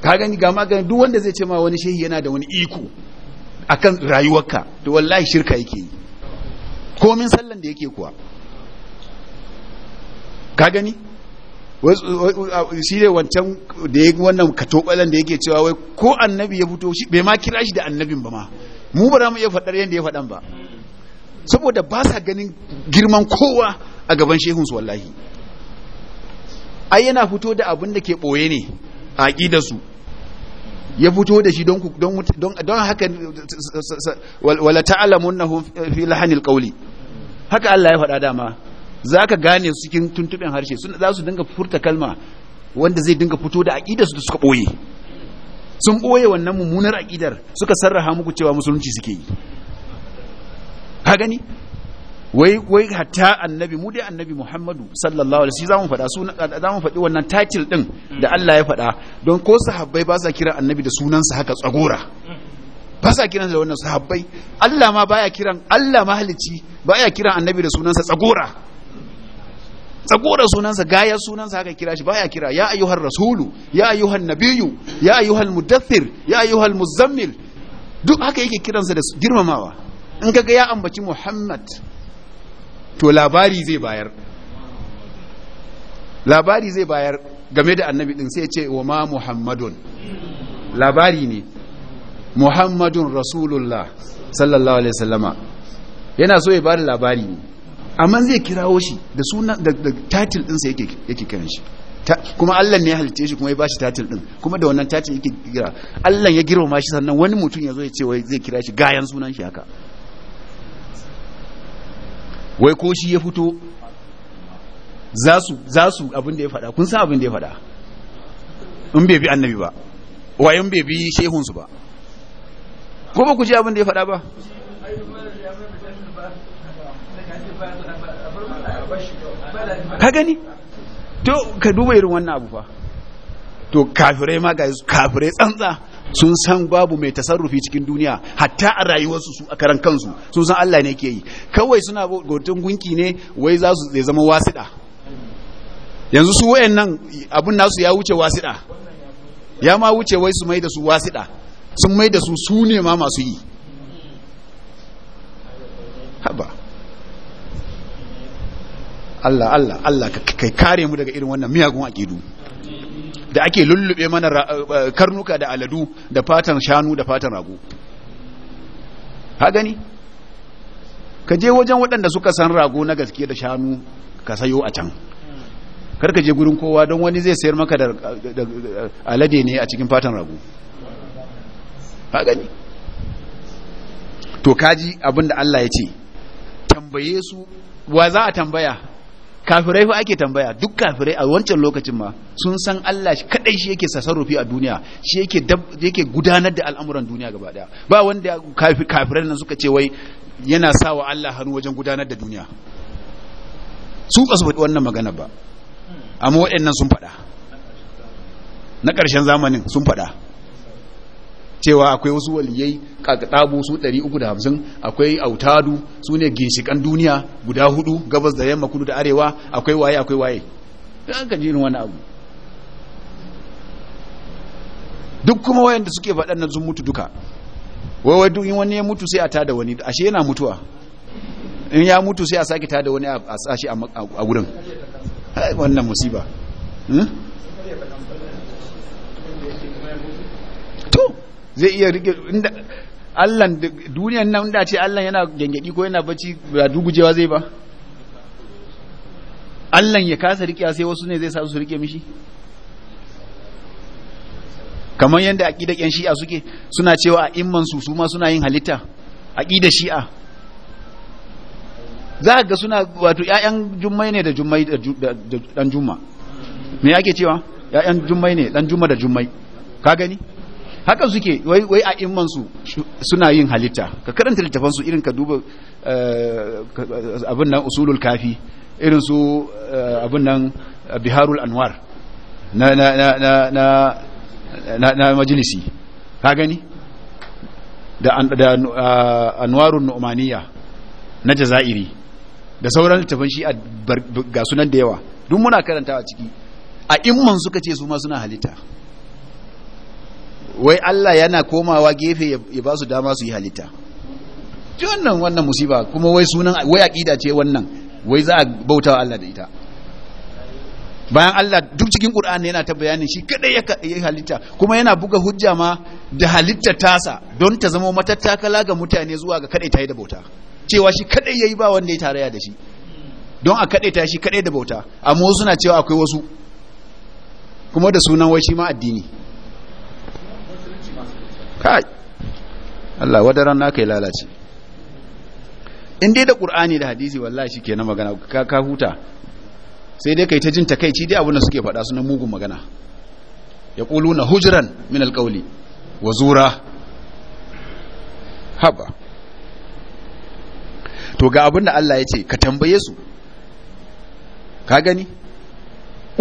ka gani ga magani duk wanda zai ce ma wani shehi yana da wani iko akan rayuwarka to wallahi shirka yake yi komin sallan da yake kuwa ka gani shi ne wancan da ya wannan katobalan da yake cewa wai ko annabi ya fito shi bai ma kira shi da annabin ba ma mu ba za mu iya faɗar yadda ya faɗan ba saboda ba sa ganin girman kowa a gaban shehunsu wallahi ai yana fito da abin da ke ɓoye ne a aƙidarsu ya fito da shi don haka wala munna fi lahanil qawli haka Allah ya faɗa dama za ka gane cikin tuntuɓin harshe za su dinga furta kalma wanda zai dinga fito da aƙidarsu da suka ɓoye sun ɓoye wannan mummunar aƙidar suka sarraha muku cewa musulunci suke yi ha gani wai wai hatta annabi mu dai annabi Muhammadu sallallahu alaihi wasallam faɗa su mu faɗi wannan title ɗin da Allah ya faɗa don ko sahabbai ba sa kiran annabi da sunansa haka tsagora ba sa kiran da wannan sahabbai Allah ma baya kiran Allah mahalici baya kiran annabi da sunansa tsagora tsagora sunansa gaya sunansa haka kira shi baya kira ya ayyuhar rasulu ya ayyuhar nabiyu ya ayyuhar mudaththir ya ayyuhar muzammil duk haka yake kiransa da girmamawa in kaga ya ambaci muhammad to labari zai bayar labari zai bayar game da annabi din sai ce wa ma muhammadun labari ne muhammadun rasulullah sallallahu alaihi wasallama yana so ya bada labari ne amma zai kirawo shi da suna da title ɗinsa yake kiran shi kuma allan ne ya halitta shi kuma ya bashi title ɗin kuma da wannan title yake kira Allan ya girma shi sannan wani mutum ya zo ya ce wai zai kira shi gayan sunan shi haka wai ko shi ya fito za su abinda abin da ya faɗa kun san abin da ya faɗa in bai bi annabi ba wayan in bai bi shehunsu ba ko ba ku ji abin da ya faɗa ba ka gani to ka duba irin wannan abu fa to kafirai ma ga kafirai tsantsa sun san babu mai tasarrufi cikin duniya hatta a rayuwarsu su a karan kansu sun san Allah ne ke yi kawai suna gotun gunki ne wai za su zai zama wasiɗa yanzu su wayan nan abun nasu ya wuce wasiɗa ya ma wuce wai su mai da su wasiɗa sun mai da su su ne ma masu yi haba Allah Allah Allah kai kare mu daga irin wannan miyagun aqidu da ake lullube mana eh, eh, karnuka da aladu da fatan shanu da fatan rago ha gani ka je wajen waɗanda suka san rago na gaske da shanu ka sayo a can kar ka je gurin kowa don wani zai sayar maka da alade ne a cikin fatan rago ha gani to kaji abinda Allah ya ce tambaye su wa za a tambaya kafirai fa ake tambaya duk kafirai a wancan lokacin ma sun san Allah shi kadai shi yake sasarrufi a duniya shi yake yake gudanar da al'amuran duniya gaba daya ba wanda kafirai nan suka ce wai yana sawa Allah hannu wajen gudanar da duniya su ba su faɗi wannan magana ba amma waɗannan sun faɗa na ƙarshen zamanin sun faɗa cewa akwai wasu waliyai kakadabu su 350 akwai autadu su ne ginshikan duniya guda hudu gabas da yamma kudu da arewa akwai waye akwai waye an ka jirin wani abu duk kuma da suke na sun mutu duka wai wai duk in wani ya mutu sai a tada wani ashe yana mutuwa in ya mutu sai a sake tada wani a sashi a gurin wannan musiba hmm? zai iya rike Allah duniyan nan inda ce Allah yana gengedi ko yana bacci ba dugujewa zai ba Allah ya kasa rike sai wasu ne zai sa su rike mishi kamar yadda aqidar yan shi'a suke suna cewa a imman su su ma suna yin halitta aqidar shi'a za ga suna wato ƴaƴan jummai ne da jummai da dan jumma me yake cewa ƴaƴan jummai ne dan jumma da jummai ka gani haka suke wai wai a imman su suna yin halitta ka karanta littafan su irin ka duba eh, abin nan usulul kafi irin su eh, abin nan biharul anwar na na na na na na majalisi ka gani da eh, anwarun nu'maniya na jazairi da sauran littafan shi ga sunan da yawa duk muna karanta a ciki a imman suka ce su ma suna halitta wai Allah yana komawa gefe ya ba su dama su yi halitta ji wannan wannan musiba kuma wai sunan wai aqida ce wannan wai za a bauta Allah da ita bayan Allah duk cikin Qur'ani yana ta bayanin shi kadai ya yi halitta kuma yana buga hujja ma da halitta tasa don ta zama matattakala ga mutane zuwa ga kadai ta yi da bauta cewa shi kadai yayi ba wanda ya tarayya da shi don a kadai ta shi kadai da bauta amma wasu na cewa akwai wasu kuma da sunan wai shi ma addini kai Allah wadaran naka ya lalace in dai da qur'ani da hadisi wallahi ke na magana ka ka huta sai dai kai ta jin takeici dai abun da suke faɗa sunan mugun magana yaquluna hujran min alqawli wa zura haba to ga abin da Allah ya ce ka tambaye su ka gani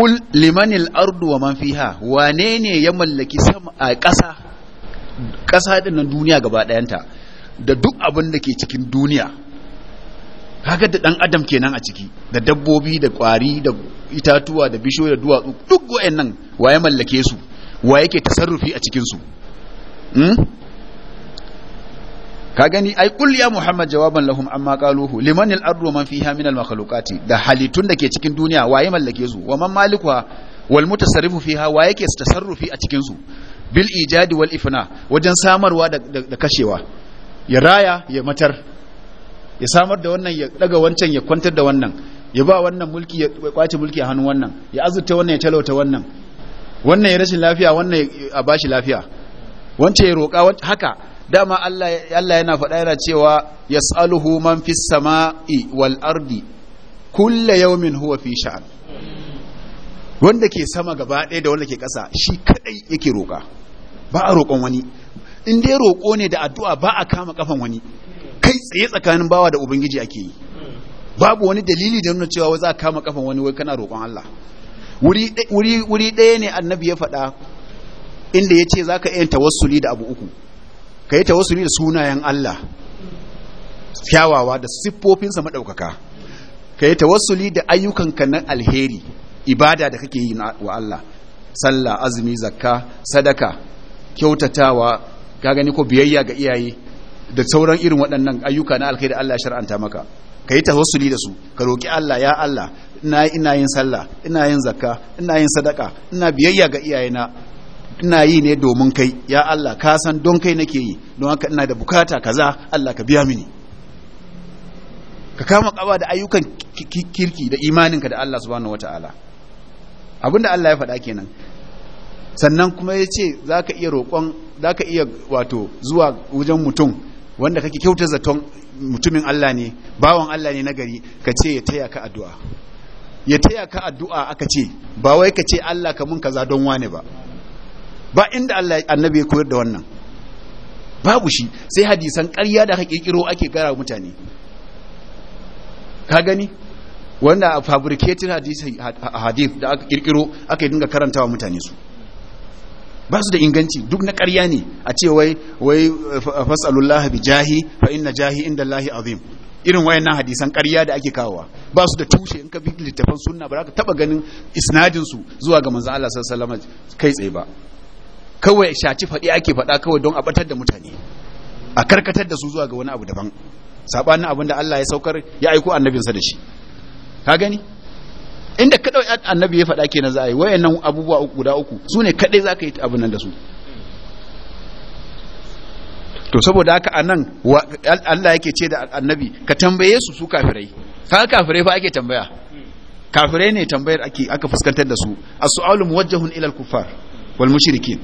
ul limanil ardu wa man fiha wane ne ya mallaki sama a ƙasa ƙasa din duniya gaba ɗayanta da duk abin da ke cikin duniya kaga da ɗan adam kenan a ciki da dabbobi da ƙwari da itatuwa da bishiyoyi da duwatsu duk wa waye mallake su wa ke tasarrufi a cikin su hmm? ka gani ai kul ya muhammad jawaban lahum amma qaluhu liman al-ardu man fiha min al-makhluqati da halittun da ke cikin duniya waye mallake su wa man malikuha wal mutasarrifu fiha wa yake tasarrufi a cikin su bil ijadi wal ifna wajen samarwa da kashewa ya raya ya matar ya samar da wannan ya daga wancan ya kwantar da wannan ya ba wannan mulki ya kwace mulki a hannun wannan ya azurta wannan ya talauta wannan wannan ya rashin lafiya wannan ya bashi lafiya wancan ya roƙa haka dama Allah Allah yana faɗa yana cewa yas'aluhu man fis sama'i wal ardi kulla yawmin huwa fi sha'an wanda ke sama gaba ɗaya da wanda ke ƙasa shi kadai yake roƙa ba a roƙon wani in dai roƙo ne da addu'a ba a kama kafan wani kai tsaye tsakanin bawa da ubangiji ake yi babu wani dalili da nuna cewa za a kama kafan wani wai kana roƙon Allah wuri ɗaya ne annabi ya faɗa inda ya ce za ka yi tawassuli da abu uku ka yi tawassuli da sunayen Allah kyawawa da siffofinsa maɗaukaka ka yi tawassuli da ayyukanka na alheri ibada da kake yi wa Allah sallah azumi zakka sadaka kyautatawa ka gani ko biyayya ga iyaye da sauran irin waɗannan ayyuka na alkhairi Allah ya shar'anta maka ka yi tawassuli da su ka roki Allah ya Allah ina ina yin sallah ina yin zakka ina yin sadaka ina biyayya ga iyayena ina yi ne domin kai ya Allah ka san don kai nake yi don haka ina da bukata kaza Allah ka biya mini ka kama kaba da ayyukan kirki da imaninka da Allah subhanahu wataala abinda Allah ya faɗa kenan sannan kuma ya ce za ka iya roƙon za ka iya wato zuwa wajen mutum wanda kake kyauta zaton mutumin Allah ne bawan Allah ne nagari ka ce ya taya ka addu'a ya taya ka addu'a aka ce ba wai ka ce Allah ka mun kaza don wane ba ba inda Allah annabi ya koyar da wannan babu shi sai hadisan karya da aka kirkiro ake gara mutane ka gani wanda a fabricated hadith da aka kirkiro aka dinga wa mutane su ba su da inganci duk na ƙarya ne a ce wai wai eh, fasalullah bi jahi fa inna jahi inda lahi azim irin wayannan hadisan ƙarya da ake kawowa ba su da tushe in ka bi littafan sunna ba za ka taba ganin isnadin su zuwa ga manzon Allah sallallahu alaihi wasallam kai tsaye ba kawai shaci faɗi ake faɗa kawai don a batar da mutane a karkatar da su zuwa ga wani abu daban sabanin abin da Allah ya saukar ya aiko annabinsa da shi ka gani inda ka dau annabi ya faɗa kenan za a yi wayannan abubuwa uku guda uku su ne kadai za ka yi abin nan da su to saboda haka anan Allah yake ce da annabi ka tambaye su su kafirai ka kafirai fa ake tambaya kafirai ne tambayar ake aka fuskantar da su as-su'alu muwajjahun ila al-kuffar wal mushrikin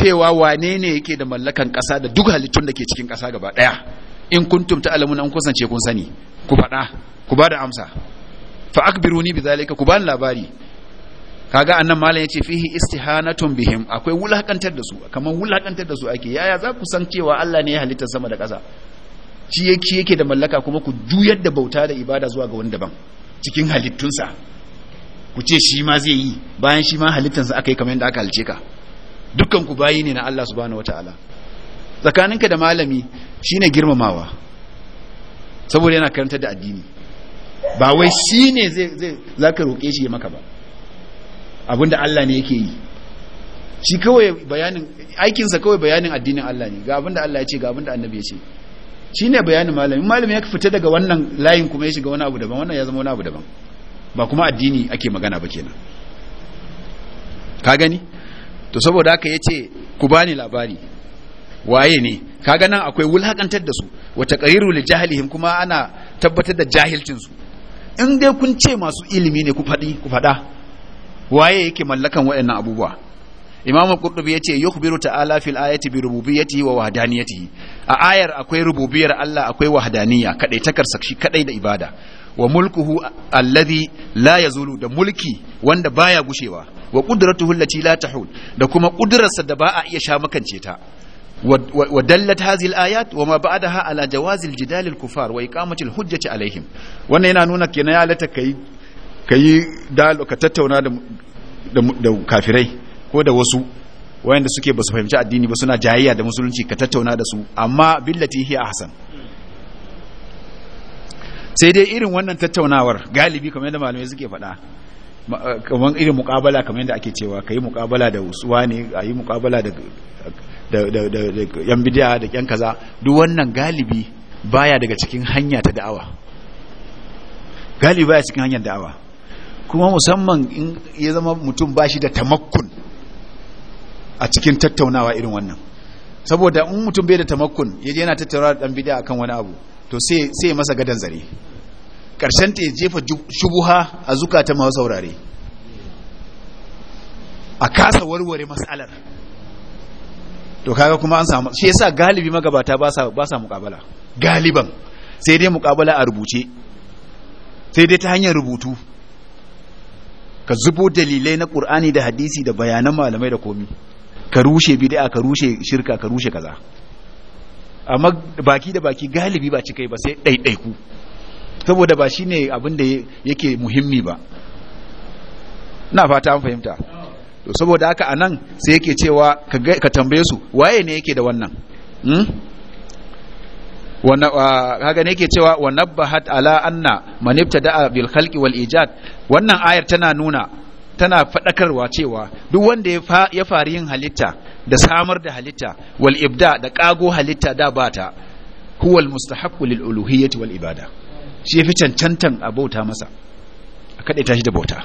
cewa wane ne yake da mallakan kasa da duk halittun da ke cikin kasa gaba ɗaya in kuntum ta'lamun an kusance kun sani ku faɗa ku ba da amsa fa akbiruni zalika ku bani labari kaga annan malam yace fihi istihanatun bihim akwai wulakantar da su kamar wulakantar da su ake yaya za ku san cewa Allah ne ya halitta sama da ƙasa shi yake yake da mallaka kuma ku juyar da bauta da ibada zuwa ga wani daban cikin halittunsa ku ce shi ma zai yi bayan shi ma sa aka yi kamar yadda aka halice ka dukkan ku bayi ne na Allah subhanahu wataala tsakaninka da malami shine girmamawa saboda yana karantar da addini ba wai shi ne za ka roƙe shi ya maka ba abinda Allah ne yake yi shi kawai bayanin aikinsa kawai bayanin addinin Allah ne ga abinda Allah ya ce ga abinda annabi ya ce shi ne bayanin malami malami ya fita daga wannan layin kuma ya shiga wani abu daban wannan ya zama wani abu daban ba kuma addini ake magana ba kenan ka gani to saboda haka ya ce ku bani labari waye ne kaga nan akwai wulhakantar da su wata qariru li jahilihim kuma ana tabbatar da jahilcin su in dai kun ce masu ilimi ne ku faɗi ku faɗa waye yake mallakan waɗannan abubuwa imamu qurtubi yace yukhbiru ta'ala fil ayati bi rububiyyati wa wahdaniyyati a ayar akwai rububiyar Allah akwai wahdaniyya kadai takar sakshi kadai da ibada wa mulkuhu alladhi la yazulu da mulki wanda baya gushewa wa qudratuhu allati la tahul da kuma kudrarsa da ba a iya sha makance ta ودلت هذه الآيات وما بعدها على kufar wai الكفار وإقامة الحجة عليهم وانا yana nuna kenan ya lata kai kai dalo ka tattauna da kafirai ko da wasu wayanda suke basu fahimci addini ba suna jayayya da musulunci ka tattauna da su amma billati a ahsan sai dai irin wannan tattaunawar galibi kamar yadda malamai suke faɗa eh, kamar irin mukabala kamar yadda ake cewa ka yi mukabala da usuwa ne a yi mukabala da da yan bidiya da yan kaza duk wannan galibi baya daga cikin hanya ta da'awa galibi baya cikin hanyar da'awa kuma musamman in ya zama mutum bashi da tamakkun a cikin tattaunawa irin wannan saboda in mutum bai da tamakkun yaje yana tattaunawa da dan bidiya akan wani abu to sai sai masa gadan zare karshen ta jefa shubuha a ta ma saurare a kasa warware mas'alar. to kaga kuma an samu shi yasa galibi magabata ba sa ba sa muƙabala galiban sai dai muƙabala a rubuce sai dai ta hanyar rubutu ka zubo dalilai na qur'ani da hadisi da bayanan malamai da komi ka rushe bid'a ka rushe shirka ka rushe kaza amma baki da baki galibi ba cikai ba sai ɗaiɗaiku saboda ba shine abin da yake muhimmi ba na fata an fahimta to saboda haka anan sai yake cewa ka tambaye su waye ne yake da wannan haka hmm? ah, ne yake cewa wa ala anna manifta da bil khalqi wal ijad wannan ayar tana nuna tana fadakarwa cewa duk wanda ya fari yin halitta da samar da halitta wal ibda da kago halitta da bata ta al mustahaqqu lil uluhiyyati wal ibada shi yafi cancantan bauta masa a kaɗe tashi da bauta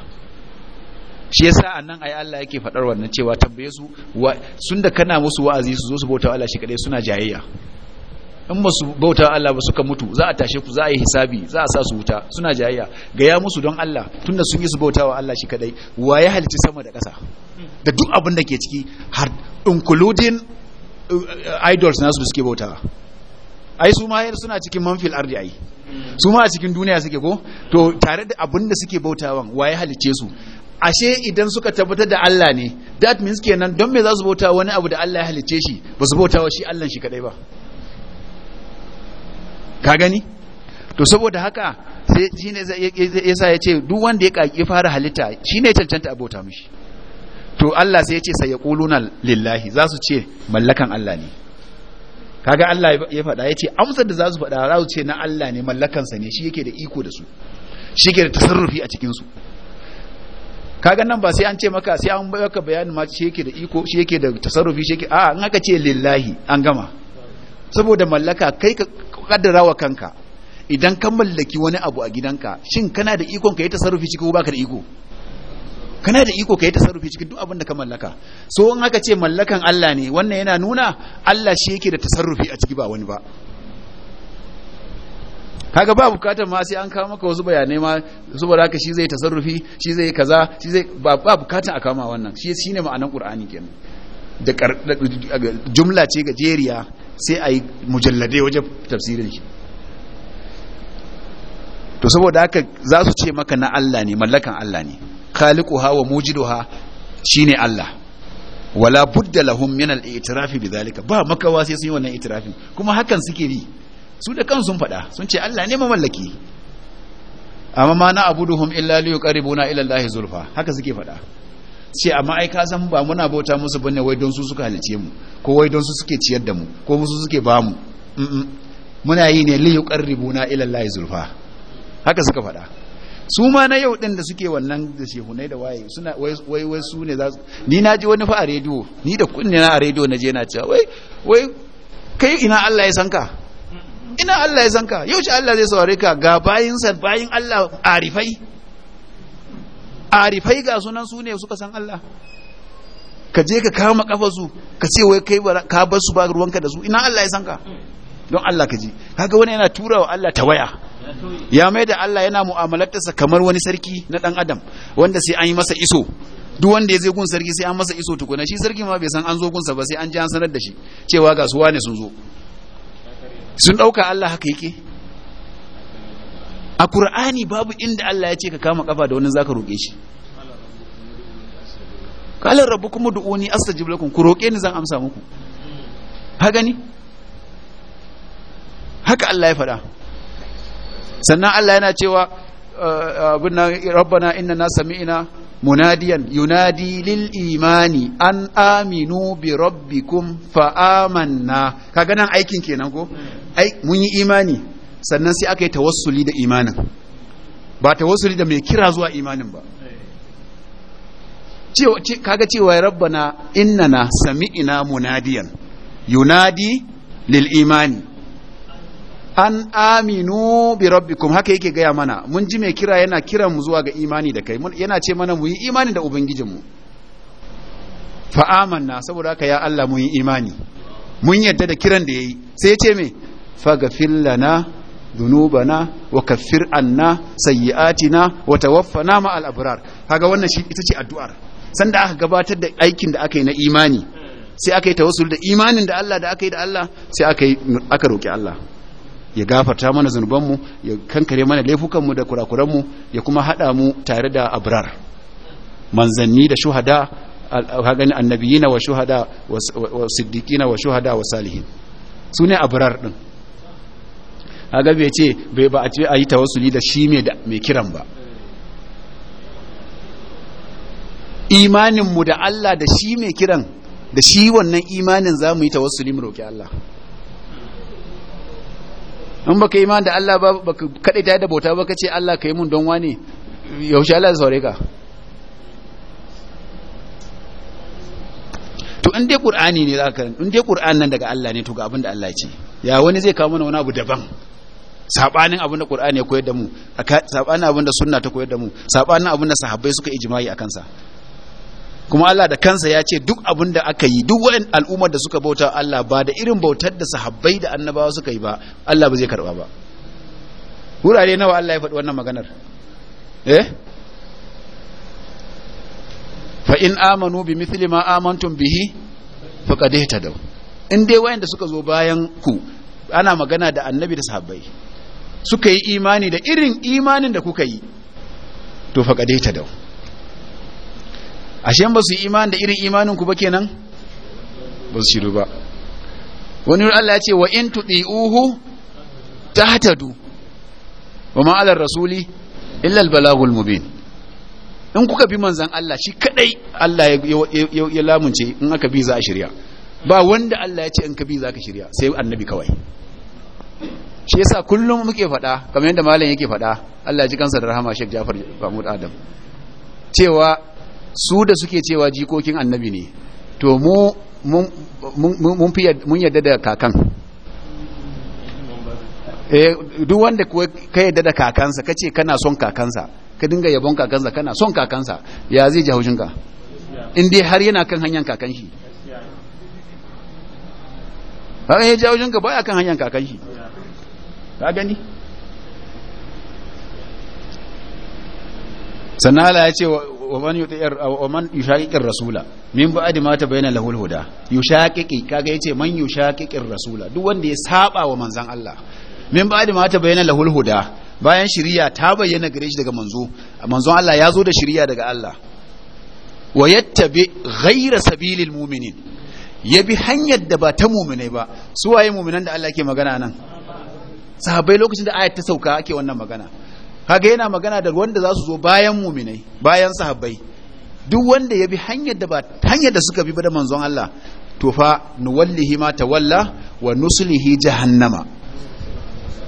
shi yasa anan ai Allah yake fadar wannan cewa tambaye su sun da kana musu wa'azi su zo su bauta Allah shi kadai suna jayayya in ba su bauta Allah ba suka mutu za a tashe ku za a yi hisabi za a sa su wuta suna jayayya gaya musu don Allah tunda sun yi su bauta wa Allah shi kadai wa ya halitta sama da ƙasa da duk abin da ke ciki har including uh, idols nasu da suke bautawa ai su ma yar suna cikin manfil ardi ai su ma a cikin duniya suke ko to tare da abin da suke bautawan wa ya halice su ashe idan suka tabbatar da Allah ne that means kenan don me za su bauta wani abu da Allah ya halicce shi ba su bauta wa shi Allah shi kadai ba ka gani to saboda haka sai shine yasa yace duk wanda ya kaki fara halitta shine cancanta abota mishi to Allah sai yace sayaquluna lillahi za su ce mallakan Allah ne kaga Allah ya faɗa yace amsar da za su faɗa za su ce na Allah ne mallakansa ne shi yake da iko da su shi yake da tasarrufi a cikin su kaga nan ba sai an ce maka sai an baka bayanin ma shi yake da iko shi yake da tasarrufi shi yake a an aka ce lillahi an gama saboda mallaka kai ka kaddara wa kanka idan ka mallaki wani abu a gidanka shin kana da ikon ka yi tasarrufi ciki ko baka da iko kana da iko ka yi tasarrufi cikin duk abin da ka mallaka so in aka ce mallakan Allah ne wannan yana nuna Allah shi yake da tasarrufi a ciki ba wani ba kaga ba bukatar ma sai an kawo maka wasu bayanai ma saboda haka shi zai tasarrufi shi zai kaza shi zai ba bukatar a kama wannan shi shine ma'anar qur'ani kenan da jumla ce gajeriya sai a yi mujalladai wajen tafsirin shi to saboda haka za su ce maka na Allah ne mallakan Allah ne khaliquha wa mujiduha shine Allah wala budda lahum min al-i'tirafi ba makawa sai sun yi wannan i'tirafin kuma hakan suke bi su da kan sun faɗa sun ce Allah ne mamallaki amma ma na abuduhum illa li yuqaribuna ila Allah zulfa haka suke faɗa ce amma ai ka san ba muna bauta musu bane wai don su suka halice mu ko wai don su suke ciyar da mu ko musu suke ba mu muna yi ne li yuqaribuna ila Allah zulfa haka suka faɗa su ma na yau din da suke wannan da shehunai da waye suna wai wai su ne za su ni naji wani fa a rediyo ni da kunne na a rediyo je na cewa wai wai kai ina Allah ya san ka ina Allah ya san ka yau Allah zai saurare ka ga bayinsa bayin Allah arifai arifai ga sunan su ne suka san Allah ka je ka kama kafa su ka ce wai kai ka bar su ba ruwanka da su ina Allah ya san ka don Allah ka ji kaga wani yana tura wa Allah ta waya ya mai da Allah yana sa kamar wani sarki na dan adam wanda sai an yi masa iso duk wanda ya zai gun sarki sai an masa iso tukuna shi sarki ma bai san an zo gunsa ba sai an ji an sanar da shi cewa ga su wane sun zo sun ɗauka Allah haka yake a ƙur'ani babu inda Allah ya ce ka kama ƙafa da wani za ka roƙe shi kalar rabu kuma du'uni astajib lakum ku roƙe ni zan amsa muku ha gani haka Allah ya faɗa sannan Allah yana cewa abin rabbana inna na sami'ina munadiyan yunadi lil imani an aminu bi rabbikum fa amanna kaga nan aikin kenan ko mun yi imani sannan sai aka yi tawassuli da imanin ba tawassuli da mai kira zuwa imanin ba cewa kaga cewa rabbana innana sami'ina munadiyan yunadi lil imani an aminu bi rabbikum haka yake gaya mana mun ji mai kira yana kiran mu zuwa ga imani da kai yana ce mana mu yi imani da ubangijinmu fa amanna saboda haka ya Allah mun yi imani mun yadda da kiran da yayi sai ya ce me faghfir lana dhunubana wa kaffir anna sayyi'atina wa tawaffana ma al abrar kaga wannan shi ita ce addu'ar sanda aka gabatar da aikin da aka yi na imani sai aka yi tawassul da imanin da Allah da aka yi da Allah sai aka yi aka roki Allah ya gafarta mana zunuban mu ya kankare mana laifukan mu da mu ya kuma haɗa mu tare da abrar manzanni da shuhada hagani annabiyina wa shuhada wa siddiqina wa shuhada wa salihin su ne abrar din haga bai ce bai ba a ce a yi tawassuli da shi mai kiran ba imaninmu da Allah da shi mai kiran da shi wannan imanin za mu yi tawassuli mu roƙi Allah in baka yi da Allah ba baka ta da bauta ba ce Allah kai mun don wani yaushe Allah saurare ka to in dai qur'ani ne zaka in dai qur'an nan daga Allah ne to ga abin da Allah ya ce ya wani zai kawo mana wani abu daban sabanin abin da qur'ani ya koyar da mu sabanin abin da sunna ta koyar da mu sabanin abin da sahabbai suka ijma'i akan sa kuma Allah da kansa ya ce duk abin da aka yi duk wa'in al'ummar da suka bauta Allah ba da irin bautar da sahabbai da annabawa suka yi ba Allah ba zai karba ba wurare nawa Allah ya faɗi wannan maganar eh fa in amanu bi mithli ma amantum bihi faqad ihtadaw in dai da suka zo bayan ku ana magana da annabi da sahabbai suka yi imani da irin imanin da kuka yi to faqad ihtadaw ashe ba su imani da irin imanin ku ba kenan ba su shiru ba wani Allah ya ce wa in ta tahtadu wa ma ala rasuli illal al balagul mubin in kuka bi manzan Allah shi kadai Allah ya lamunce in aka bi za a shirya ba wanda Allah ya ce in ka bi za ka shirya sai annabi kawai shi yasa kullum muke faɗa kamar yadda malam yake faɗa Allah ya ji kansa da rahama Sheikh Jafar Mahmud Adam cewa su da suke cewa jikokin annabi ne to mu mun yadda da kakan eh, duk wanda ka yadda da kakansa ka ce kana son kakansa ka dinga yabon kakansa kana son kakansa ya zai ji haushinka in dai har yana kan hanyar kakan shi har ya ji haushinka baya kan hanyar kakan shi ka gani sannan ya ce ومن يطيع yuti'ir wa man yushaqiqir rasula min ba'di ma tabayyana lahul huda yushaqiqi kaga yace man yushaqiqir rasula duk wanda ya saba wa manzon Allah min ba'di ma bayan shiriya ta bayyana gare shi daga manzo manzon Allah ya zo da shiriya daga Allah wa yattabi ghayra sabilil mu'minin ya bi hanyar da ba ta mu'minai ba su waye mu'minan da Allah ke magana nan sahabbai lokacin da ayat ta sauka ake wannan magana kaga yana magana da wanda za su zo bayan muminai bayan sahabbai duk wanda ya bi hanyar da ba hanyar da suka bi da manzon Allah to fa nuwallihi ma tawalla wa nuslihi jahannama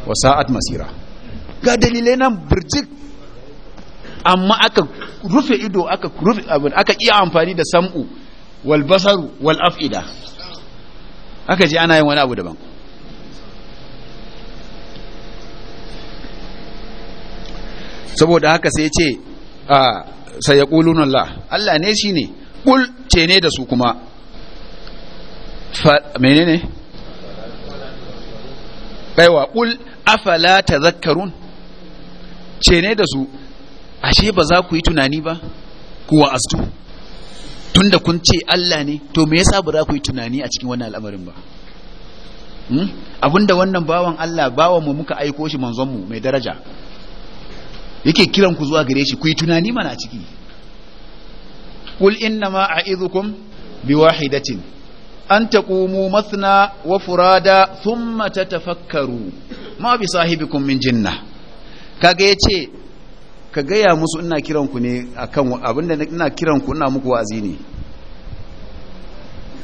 wa sa'at masira ga dalilai nan birjik amma aka rufe ido aka rufe abin aka iya amfani da sam'u wal basaru wal af'ida aka ji ana yin wani abu daban saboda haka sai ce a sai ya ƙulun Allah Allah ne shi ne ƙul ce ne da su kuma ne baiwa ƙul afala ta zakarun ce ne da su ashe ba za ku yi tunani ba kuwa astu tunda kun ce Allah ne to me yasa ba za ku yi tunani a cikin wannan al'amarin ba hmm? abinda wannan bawan Allah bawan mu muka aiko shi manzon mu mai daraja yake kiran ku zuwa gare shi ku yi tunani mana a ciki kul inna ma bi wahidatin an taqumu mathna wa furada thumma tafakkaru. ma bi sahibikum min jinna kaga yace ka gaya musu ina kiran ku ne akan abinda ina kiran ku ina muku wazi ne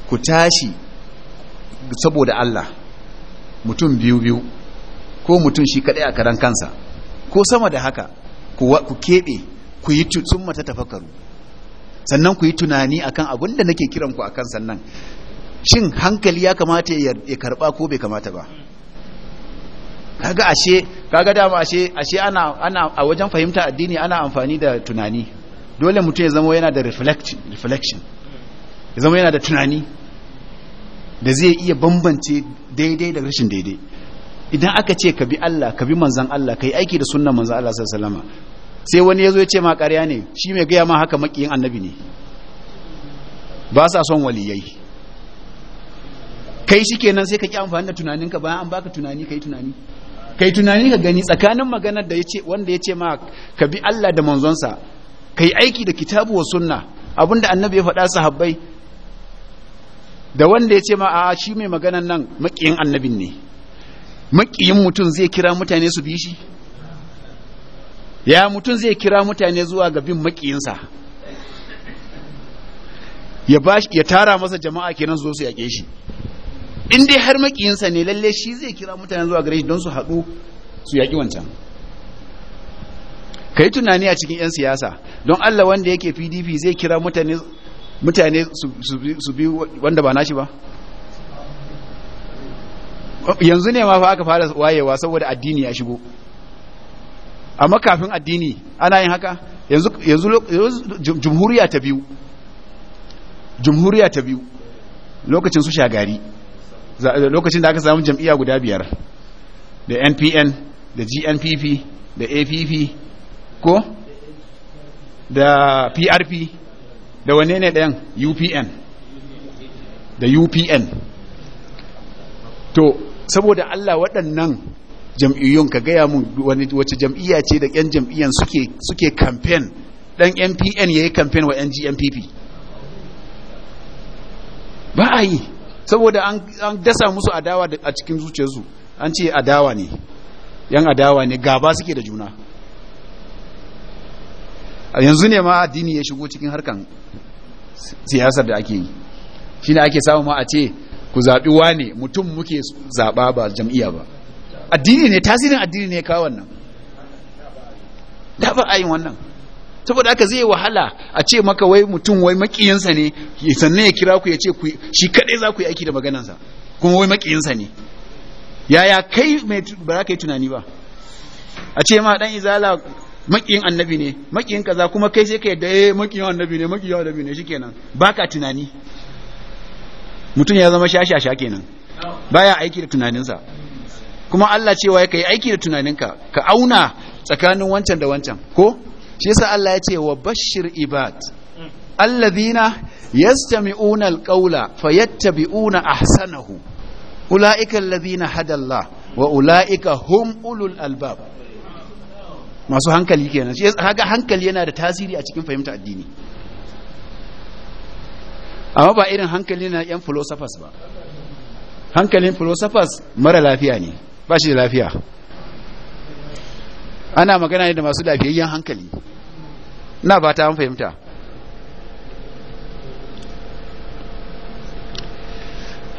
ku tashi saboda Allah mutum biyu biyu ko mutum shi kaɗai a karan kansa ko sama da haka ku keɓe ku yi sun mata tafakaru sannan ku yi tunani akan abin da nake kiran ku akan sannan shin hankali ya kamata ya karba ko bai kamata ba kaga ashe kaga dama ashe ashe ana ana a wajen fahimta addini ana amfani da tunani dole mutum ya zama yana da reflection ya zama yana da tunani da zai iya bambance daidai da rashin daidai idan aka ce ka bi Allah ka bi manzan Allah ka yi aiki da sunnan manzan Allah sai wani ya zo ya ce ma ƙarya ne shi mai gaya ma haka makiyin annabi ne ba sa son waliyai kai shi kenan sai ka ki amfani da tunaninka bayan an baka tunani kai tunani kai tunani ka gani tsakanin maganar da yace wanda ce ma ka bi Allah da manzonsa kai aiki da kitabu wa sunna abinda annabi ya faɗa sahabbai da wanda ya ce ma a shi mai maganar nan makiyin annabin ne makiyin mutum zai kira mutane su bi shi ya mutum zai kira mutane zuwa ga bin makiyinsa ya ya tara masa jama'a kenan zo su yake shi in dai har makiyinsa ne lalle shi zai kira mutane zuwa gare shi don su haɗu su yaƙi wancan ka yi tunani a cikin 'yan siyasa don allah wanda yake pdp zai kira mutane su bi wanda ba nashi ba yanzu ne ma fa aka fara wayewa saboda addini ya shigo amma kafin addini ana yin haka yanzu jumhuriya ta biyu jumhuriya ta biyu lokacin su shagari lokacin da aka samu jam'iyya guda biyar da npn da gnpp da app ko da prp da wane ne ɗayan upn da upn to saboda Allah waɗannan jam'iyyun ka gaya mun wani wace jam'iyya ce da ƴan jam'iyyan suke suke campaign dan MPN yayi campaign wa NGMPP ba a yi saboda an dasa musu adawa a cikin zuciyarsu an ce adawa ne yan adawa ne gaba suke da juna a yanzu ne ma addini ya shigo cikin harkan siyasar da ake yi shi ne ake samu ma a ce ku zaɓi wane mutum muke zaɓa ba jam'iyya ba addini ne tasirin addini ne kawo wannan da ayin wannan saboda haka zai wahala a ce maka wai mutum wai makiyinsa ne sannan ya kira ku ya ce shi kaɗai za ku yi aiki da maganansa kuma wai makiyinsa ne yaya kai ba za ka yi tunani ba a ce ma dan izala makiyin annabi ne makiyin kaza kuma kai sai ka yadda eh makiyin annabi ne makiyin annabi ne shikenan baka tunani mutum ya zama shashasha kenan baya aiki da tunaninsa kuma Allah cewa ya kai aiki da tunaninka ka auna tsakanin wancan da wancan ko shi yasa Allah ya ce wa bashir ibad alladhina yastami'una alqawla fayattabi'una ahsanahu ulaika alladhina hada Allah wa ulaika hum ulul albab masu hankali kenan haka hankali yana da tasiri a cikin fahimtar addini amma ba irin hankali na yan philosophers ba hankalin philosophers mara lafiya ne ba shi da lafiya ana magana ne da masu lafiyayyen hankali na ba ta fahimta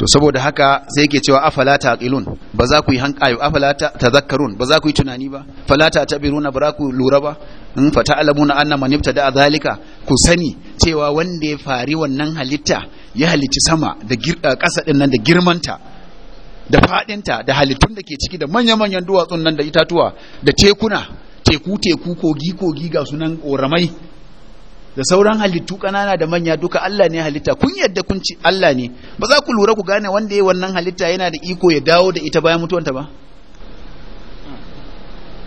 to saboda haka sai yake cewa afalata aqilun ba za ku yi hankali afalata tazakkarun ba za ku yi tunani ba falata tabiruna ba za ku lura ba in hmm, fata alamuna anna man da zalika ku sani cewa wanda ya fari wannan halitta ya halicci sama da ƙasa din nan da girmanta da fadinta da halittun da ke ciki da manya-manyan duwatsun nan da itatuwa da tekuna teku teku kogi kogi ga sunan koramai da sauran halittu kanana da manya duka Allah ne halitta kun yadda kun ci Allah ne ba za ku lura ku gane wanda ya wannan halitta yana da iko ya dawo da ita bayan mutuwanta ba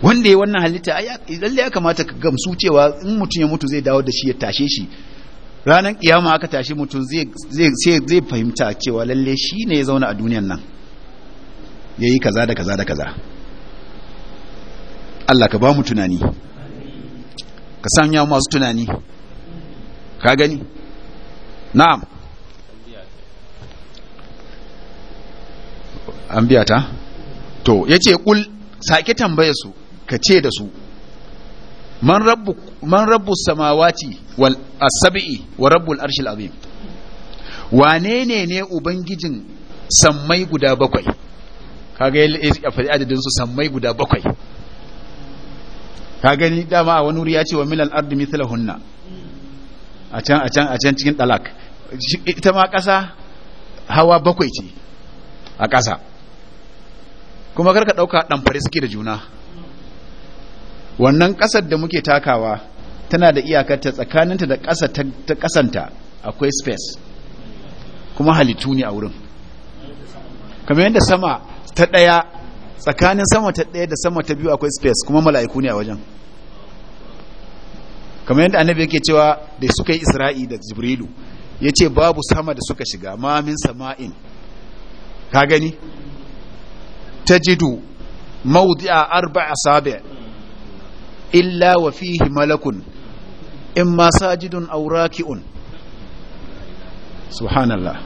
wanda ya wannan halitta lalle ya kamata ka gamsu cewa in mutum ya mutu zai dawo da shi ya tashe shi ranar kiyama aka tashe mutum zai fahimta cewa lalle shi ne ya zauna a duniyan nan ya yi kaza da kaza da kaza Allah ka ba mu tunani ka sanya masu tunani ka gani na'am an biya ta to ya ce kul. sake tambaye su ka ce da su man rabbu samawati wal asabi'i wa rabbul arshil azim wane ne ne ubangijin sammai guda bakwai kaga ya fadi adadin su sammai guda bakwai ka gani dama a wani wuri ya ce wa milal ardi mithlahunna a can a can a can cikin dalak ita ma kasa hawa bakwai ce a kasa. kuma karka ɗauka fare suke da juna wannan ƙasar da muke takawa tana da iyakarta tsakaninta da ƙasa ta ƙasanta akwai space kuma halittu ne a wurin kamar yadda sama ta ɗaya tsakanin sama ta ɗaya da sama ta biyu akwai space kuma mala'iku ne a wajen kamar yadda annabi yake cewa da suka yi isra'i da jibrilu ya ce babu sama da suka shiga mamin sama'in ka gani ta jidu maudi'a arba'a sabi' illa wa fihi malakun in ma sajidun aw raki'un subhanallah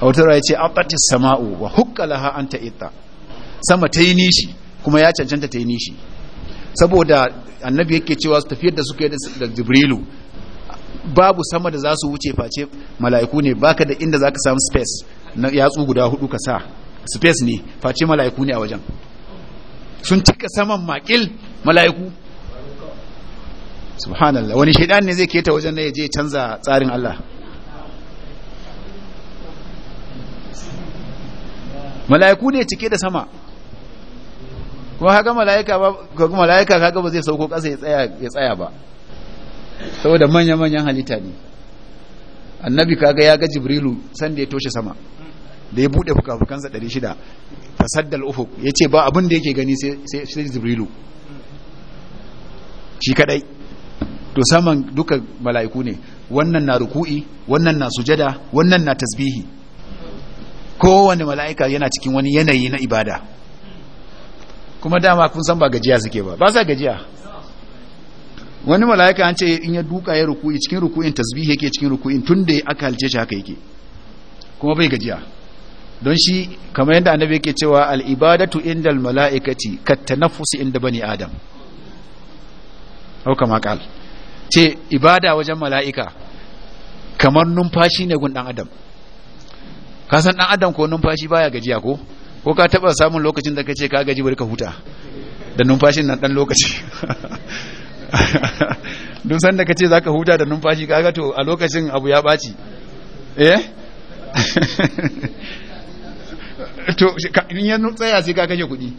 autura yace aqati sama'u wa hukkalaha anta itta sama ta yi nishi kuma ya cancanta ta yi nishi saboda annabi yake cewa su tafiyar da suka da jibrilu babu sama da za su wuce face mala'iku ne baka da inda za ka samu space yatsu guda hudu kasa sa space ne face mala'iku ne a wajen sun cika saman makil mala'iku subhanallah wani shaidan ne zai keta wajen ya je canza tsarin Allah mala'iku ne cike da sama kuma haka mala'ika ba kuma mala'ika ba zai sauko ƙasa ya tsaya ya tsaya ba saboda manyan manyan halitta ne annabi kaga ya ga jibrilu sanda ya toshe sama da ya bude fukafukansa 600 fasaddal ufuq yace ba abin da yake gani sai sai jibrilu shi kadai to saman duka mala'iku ne wannan na ruku'i wannan na sujada wannan na tasbihi kowane mala'ika yana cikin wani yanayi na ibada kuma dama kun san ba gajiya suke ba ba sa gajiya wani mala'ika an ce in ya duka ya ruku'i cikin ruku'in tasbihi yake cikin ruku'in tun da aka halce shi haka yake kuma bai gajiya don shi kamar yadda annabi yake cewa al-ibadatu indal mala'ikati kat tanaffusi inda bani adam au kama qal ce ibada wajen mala'ika kamar numfashi ne gun dan adam ka san dan adam ko numfashi baya gajiya ko ko ka taba samun lokacin da kace ka gaji bari ka huta da numfashin nan dan lokaci duk ce kace zaka huta da numfashi kaga to a lokacin abu ya baci eh to in ya tsaya sai ka kashe kuɗi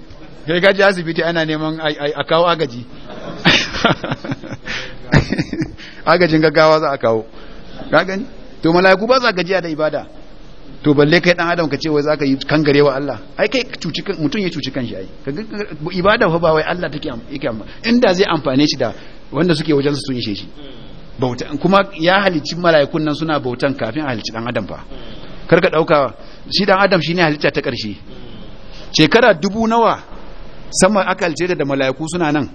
kai ka ji asibiti ana neman a kawo agaji agajin gaggawa za a kawo gagani to mala'iku ba za gajiya da ibada to balle kai dan adam ka ce wai za ka yi kangare wa Allah ai kai cuci kan mutum ya cuci shi ai ibada fa ba wai Allah take yake amma inda zai amfane shi da wanda suke wajen su sun yi shi bauta kuma ya halicci mala'ikun nan suna bautan kafin a halicci dan adam fa kar ka dauka shi dan adam shine halitta ta karshe shekara dubu nawa sama aka alce da mala'iku suna nan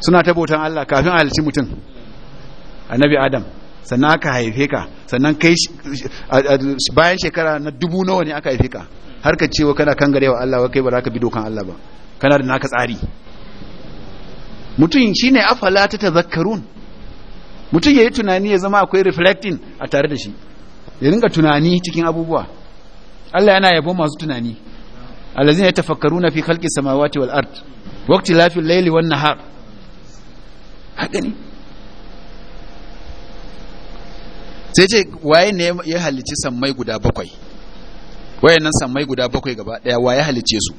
suna ta bautan Allah kafin a halci mutum annabi adam sannan aka haife ka sannan kai bayan shekara na dubu nawa ne aka haife ka har ka cewa kana kan garewa Allah wa kai ba za ka bi dokan Allah ba kana da naka tsari mutum ne afala ta tazakkarun mutum yi tunani ya zama akwai reflecting a tare da shi ya ringa tunani cikin abubuwa Allah yana yabo masu tunani allazina yatafakkaruna fi khalqis samawati wal ard waqti lafi layli wan nahar haka ne sai ce waye ne ya halicci sammai guda bakwai Waye nan sammai guda bakwai gaba daya waye halicce su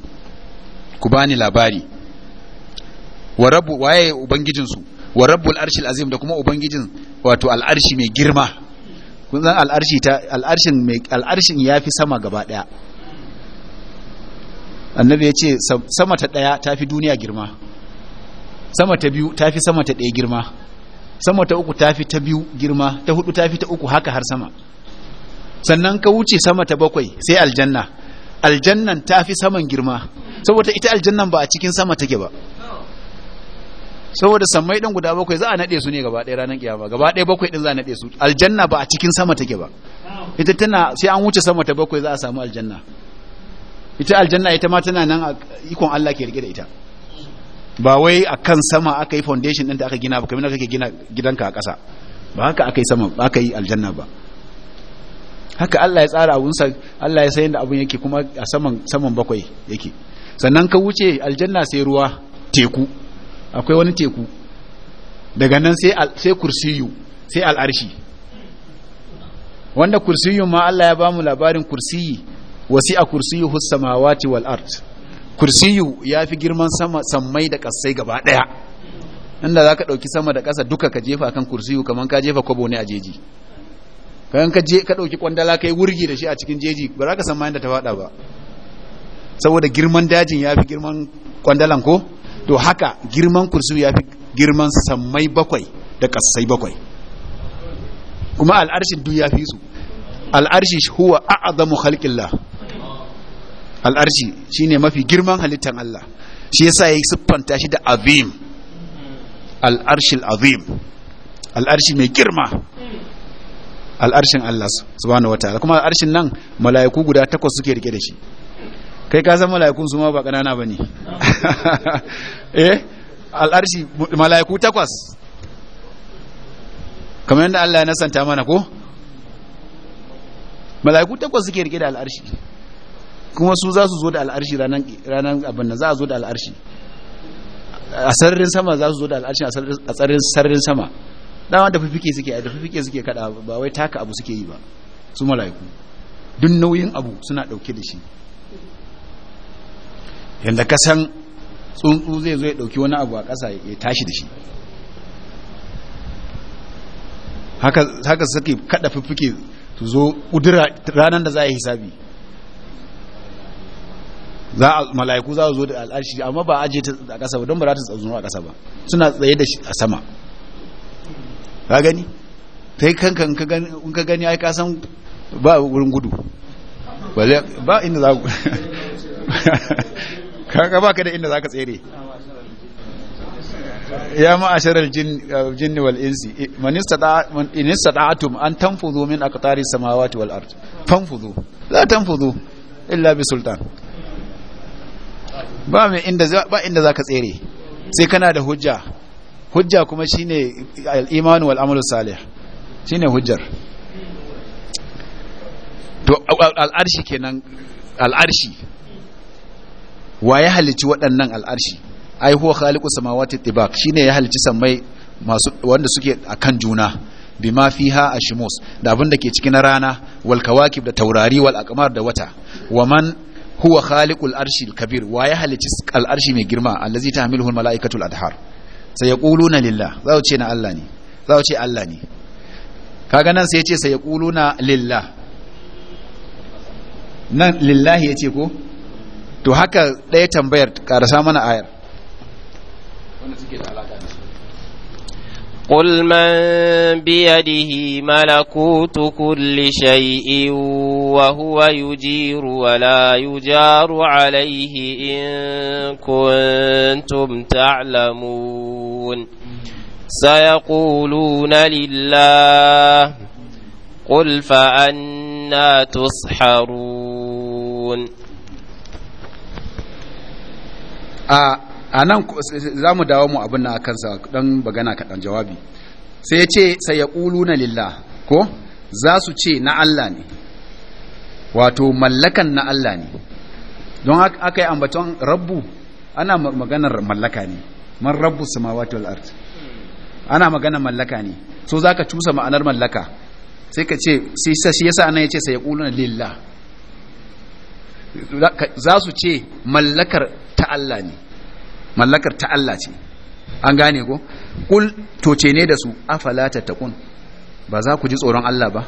ku bani labari wa rabbu waye ubangijin su wa rabbul arshil azim da kuma ubangijin wato al'arshi mai girma kun san al'arshi ta al'arshin mai al'arshin yafi sama gaba daya annabi ya ce sama ta daya tafi duniya girma sama ta biyu ta fi sama ta ɗaya girma sama ta uku ta fi ta biyu girma ta hudu ta fi ta uku haka har sama sannan ka wuce sama ta bakwai sai aljanna aljannan ta fi saman girma saboda ita aljannan ba a cikin sama take ba saboda sammai ɗin guda bakwai za a naɗe su ne gaba ɗaya ranar kiyama gaba ɗaya bakwai ɗin za a naɗe su aljanna ba a cikin sama take ba ita tana sai an wuce sama ta bakwai za a samu aljanna ita aljanna ita ma tana nan ikon Allah ke rike da ita ba wai a kan sama aka yi foundation ɗin da aka gina ba kamar kake gina gidanka a ƙasa ba haka aka yi sama ba aka yi aljanna ba haka Allah ya tsara abunsa Allah ya sayin da abun yake kuma a saman saman bakwai yake sannan ka wuce aljanna sai ruwa teku akwai wani teku daga nan sai kursiyu sai al'arshi wanda kursiyu ma Allah ya bamu labarin kursiyi wasi'a kursiyuhu samawati wal ard kursiyu ya fi girman sama sammai da kasai gaba daya inda za ka ɗauki sama da ƙasa duka ka jefa kan kursiyu kamar ka jefa kwabo ne a jeji kan ka je ka ɗauki kwandala ka yi wurgi da shi a cikin jeji ba za ka san mayan da ta faɗa ba saboda girman dajin ya fi girman kwandalan ko to haka girman kursiyu ya fi girman sammai bakwai da ƙassai bakwai kuma al'arshin duk ya fi su al'arshi huwa a'azamu khalqillah al'arshi ne mafi girman halittar Allah shi yasa ya yi siffanta shi da azim al'arshin azim al'arshi mai girma al'arshin Allah su bane wata kuma al'arshin nan mala'iku guda takwas suke rike da shi kai ka san mala'ikun su ma ba kanana ba eh al'arshi mala'iku takwas kamar yadda Allah ya nasanta mana ko mala'iku takwas suke rike da al'arshi kuma su za su zo da al'arshi ranar abin nan za a zo da al'arshi a sararin sama za su zo da al'arshi a sararin sama dama da fifike suke a da fifike suke kada ba wai taka abu suke yi ba su mala'iku duk nauyin abu suna dauke da shi yadda ka san tsuntsu zai zo ya dauki wani abu a ƙasa ya tashi da shi haka suke kada fifike su zo ƙudura ranar da za a yi hisabi za a mala'iku za su zo da al'arshi amma ba aje ta a ƙasa ba don ba za ta tsazunu a ƙasa ba suna tsaye da shi a sama ka gani kai kanka in ka gani ai ka san ba wurin gudu ba inda za ka ka ba ka da inda za ka tsere ya ma'asharar uh, jinni wal insi in istata'atum an tanfudu min aqtari samawati wal ard tanfudu la tanfudu illa bi sultan ba mai inda ba inda zaka tsere sai kana da hujja hujja kuma shine al imanu wal amalu salih shine hujjar to al'arshi kenan al'arshi wa ya halici waɗannan al'arshi ai huwa khaliqu samawati tibaq shine ya halici sammai masu wanda suke akan juna bima fiha ashmus da abin da ke cikin rana wal kawakib da taurari wal aqmar da wata waman huwa khaliqul arshil kabir wa ya halici al'arshi mai girma allazi tahmiluhu malaikatul adhar sai yaquluna lillah za ce na Allah ne za ce Allah ne kaga nan sai ya ce sai yaquluna lillah nan lillahi yace ko to haka ɗaya tambayar karasa mana ayar wanda suke da alaka da قل من بيده ملكوت كل شيء وهو يجير ولا يجار عليه إن كنتم تعلمون سيقولون لله قل فأنا تسحرون آه a nan za mu dawo mu abin na kansa don bagana kaɗan jawabi sai ya ce sai ya ƙulu na lilla, ko za su ce na Allah ne wato mallakan na Allah ne don aka yi ambaton rabbu ana maganar mallaka ne man rabbu samawati wato ard ana maganar mallaka ne so ka cusa ma'anar mallaka sai ka ce sai shi yasa ya ce sai ya ƙulu na lilla, za su ce mallakar ta Allah ne mallakar ta Allah ce an gane ko kul to ne da su afala tattaqun ba za ku ji tsoron Allah ba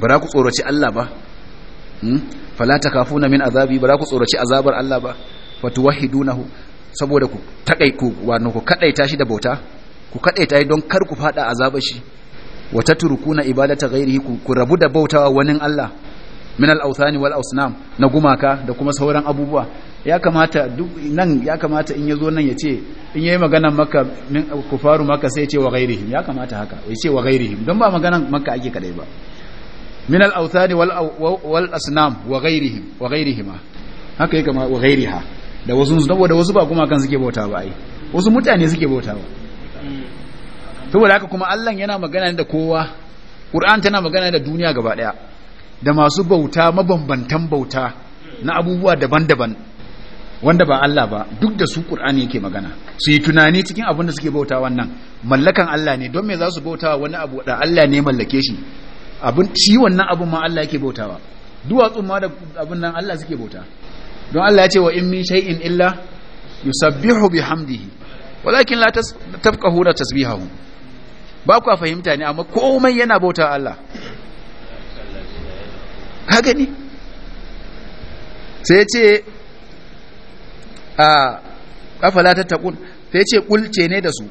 ba ku tsoraci Allah ba hmm? fala takafuna min azabi ba ku tsoraci azabar Allah ba fatuwahidunahu saboda ku takai ku ku kadaita shi da bauta ku kadaita shi don kar ku fada azabar shi wa tatrukuna ibadata ghairihi ku rabu da bautawa wani Allah min al-awthani wal asnam na gumaka da kuma sauran abubuwa ya kamata duk nan ya kamata in yazo nan ya ce in yayi magana maka min kufaru maka sai ya ce wa ghairihim ya kamata haka ya ce wa ghairihim don ba maganan maka ake kadai ba min al awthani wal wal asnam wa ghairihim wa ghairihima haka ya kama wa ghairiha da wasu saboda wasu ba kuma kan suke bauta ba ai wasu mutane suke bauta ba saboda haka kuma Allah yana magana da kowa Qur'an tana magana da duniya gaba daya da masu bauta mabambantan bauta na abubuwa daban-daban wanda ba Allah ba duk da su Qur'ani yake magana su yi tunani cikin abin da suke bauta wannan mallakan Allah ne don me za su bauta wani abu da Allah ne mallake shi abin shi wannan abin ma Allah yake bautawa duwatsun ma da abin nan Allah suke bauta don Allah ya ce wa in min shay'in illa yusabbihu bihamdihi walakin la tafqahuna tasbihahu ba ku fahimta ne amma komai yana bauta Allah ka gani sai ce a afala Ta sai ce kulce ne da su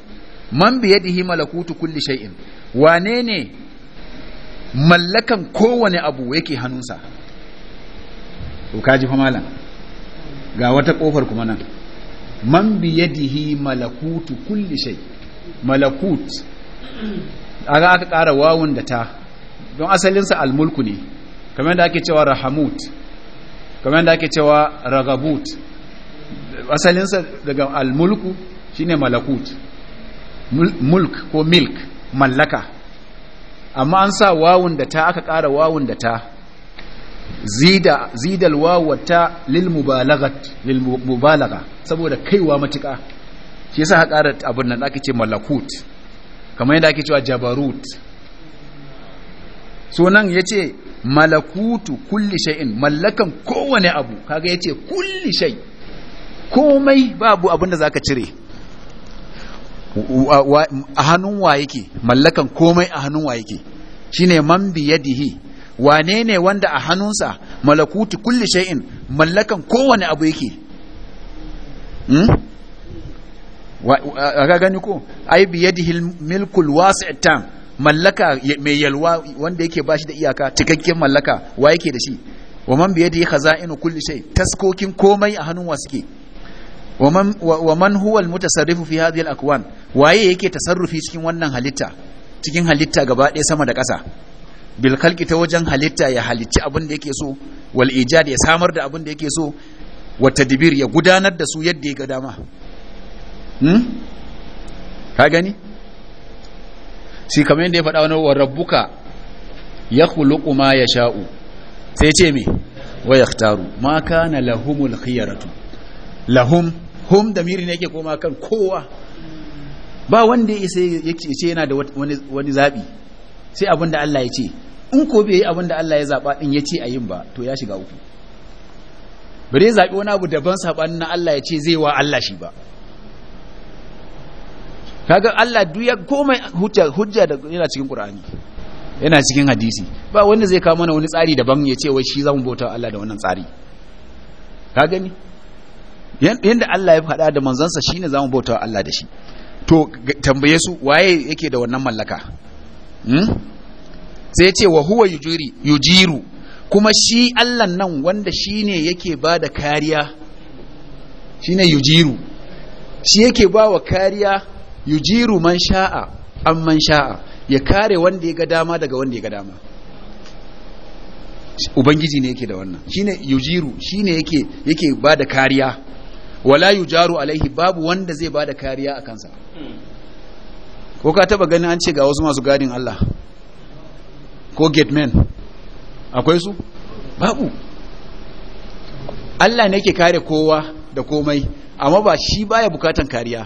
man bi yadihi malakutu kulli shay'in wane ne mallakan kowane abu yake hannunsa to kaji fa malam ga wata kofar kuma nan man bi yadihi malakutu kulli shay malakut aga aka ƙara wawun da ta don asalinsa almulku ne kamar da ake cewa rahamut kamar da ake cewa ragabut asalinsa daga almulku shine malakut mulk ko milk mallaka amma an sa wawun da ta aka ƙara wawun da ta zida zidal wawata ta lil mubalagat lil mubalaga saboda kaiwa matuƙa shi yasa aka ƙara abin nan ake ce malakut kamar yadda ake cewa jabarut so nan yace malakutu kulli shay'in mallakan kowane abu kaga yace kulli shay'in komai babu abin da za ka cire a hannun wa yake mallakan komai a hannun wa yake ne man biyadihi wane ne wanda a hannunsa malakuti kulli shay'in mallakan kowane abu yake hmm? a gani ko ai biyadihi milkul wasu tam mallaka mai yalwa wanda yake bashi da iyaka cikakken mallaka wa yake da shi wa man biyadihi khaza'inu kulli shai. taskokin komai a hannun wa suke wa man huwa almutasarrifu fi hadhihi alakwan waye yake tasarrufi cikin wannan halitta cikin halitta gaba ɗaya sama da ƙasa bil khalqi ta wajen halitta ya halicci abin da yake so wal ijad ya samar da abin da yake so wa tadbir ya gudanar da su yadda ya ga dama hmm ka gani shi kamar yadda ya faɗa wani wa rabbuka ya khuluqu ma yasha'u sai ce me wa yakhtaru ma kana lahumul khiyaratu lahum da miri ne yake koma kan kowa ba wanda ya ce yana da wani zaɓi sai abin da Allah ya ce in ko bai yi abin Allah ya zaɓa din ya ce a yin ba to ya shiga uku bare zabi wani abu daban saɓanin na Allah ya ce zai wa Allah shi ba kaga Allah duk ya komai hujja hujja da yana cikin Qur'ani yana cikin hadisi ba wanda zai kawo mana wani tsari daban ya ce wai shi zamu bauta Allah da wannan tsari ka gani yadda Allah ya faɗa da manzansa shine mu bauta wa Allah da shi to tambaye su waye yake da wannan mallaka hmm? sai ya ce wa huwa yujiri yujiru kuma shi Allah nan wanda shine yake ba da kariya shine yujiru shi yake ba wa kariya yujiru man sha'a an man sha'a ya kare wanda ya ga dama daga wanda ya ga dama ubangiji ne yake da wannan shine yujiru shine yake yake ba da kariya wala yujaru alaihi babu wanda zai bada kariya a kansa ko ka taba ganin an ce ga wasu masu gadin Allah ko gate men akwai su babu Allah ne ke kare kowa da komai amma ba shi baya bukatan kariya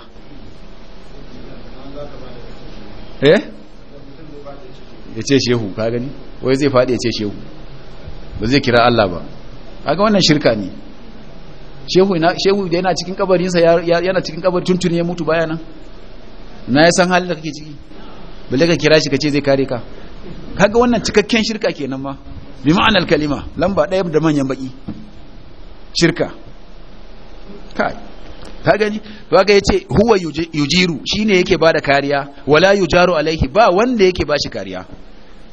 eh ya ce shehu ka gani wai zai faɗi ya ce shehu ba zai kira Allah ba kaga wannan shirka ne shehu da yana cikin kabarinsa yana cikin kabarin tuntuni ya mutu baya na ya san halin da kake ciki balle ka kira shi ka ce zai kare ka kaga wannan cikakken shirka kenan ma bi ma'anar kalima lamba ɗaya da manyan baki shirka kai ka gani to haka yace huwa yujiru shine yake bada kariya wala yujaru alaihi ba wanda yake bashi kariya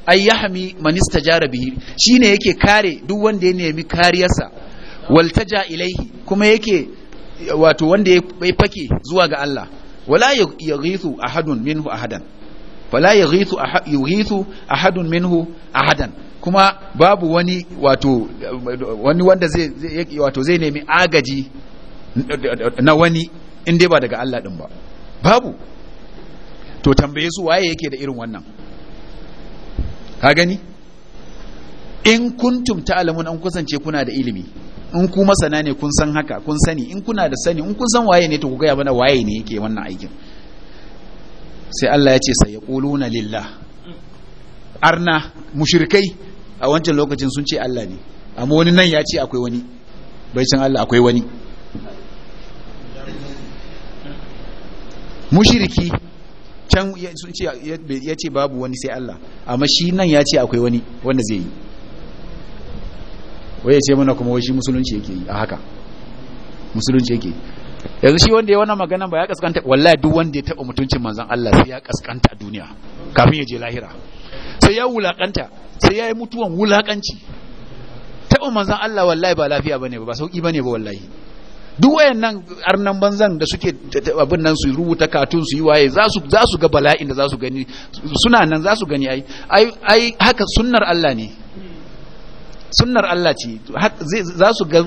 ayyahmi yahmi man istajara bihi shine yake kare duk wanda ya nemi kariyarsa waltaja ilaihi kuma yake wato wanda ya fake zuwa ga Allah wala yaghithu ahadun minhu ahadan wala yaghithu yughithu ahadun minhu ahadan kuma babu wani wato wani wanda zai wato zai nemi agaji na wani in dai ba daga Allah din ba babu to tambaye su waye yake da irin wannan ka gani in kuntum ta'lamun an kusance kuna da ilimi in ku masana ne kun san haka kun sani in kuna da sani in kun san waye ne to ku gaya mana waye ne yake wannan aikin sai Allah ya ce sai yaquluna lillah arna mushrikai a wancan lokacin sun ce Allah ne amma wani nan ya ce akwai wani bai san Allah akwai wani mushriki can sun ce ya ce babu wani sai Allah amma shi nan ya ce akwai wani wanda zai yi waye ce mana kuma wai shi musulunci yake yi a haka musulunci yake yanzu shi wanda ya wannan magana ba ya kaskanta wallahi duk wanda ya taba mutuncin manzon Allah sai ya kaskanta a duniya kafin ya je lahira sai ya wulakanta sai ya yi mutuwan wulakanci taba manzon Allah wallahi ba lafiya bane ba ba sauki bane ba wallahi duk wayannan arnan banzan da suke abin nan su rubuta katun su yi waye za su za su ga bala'in da za su gani suna nan za su gani ai ai haka sunnar Allah ne sunnar Allah ce za su ga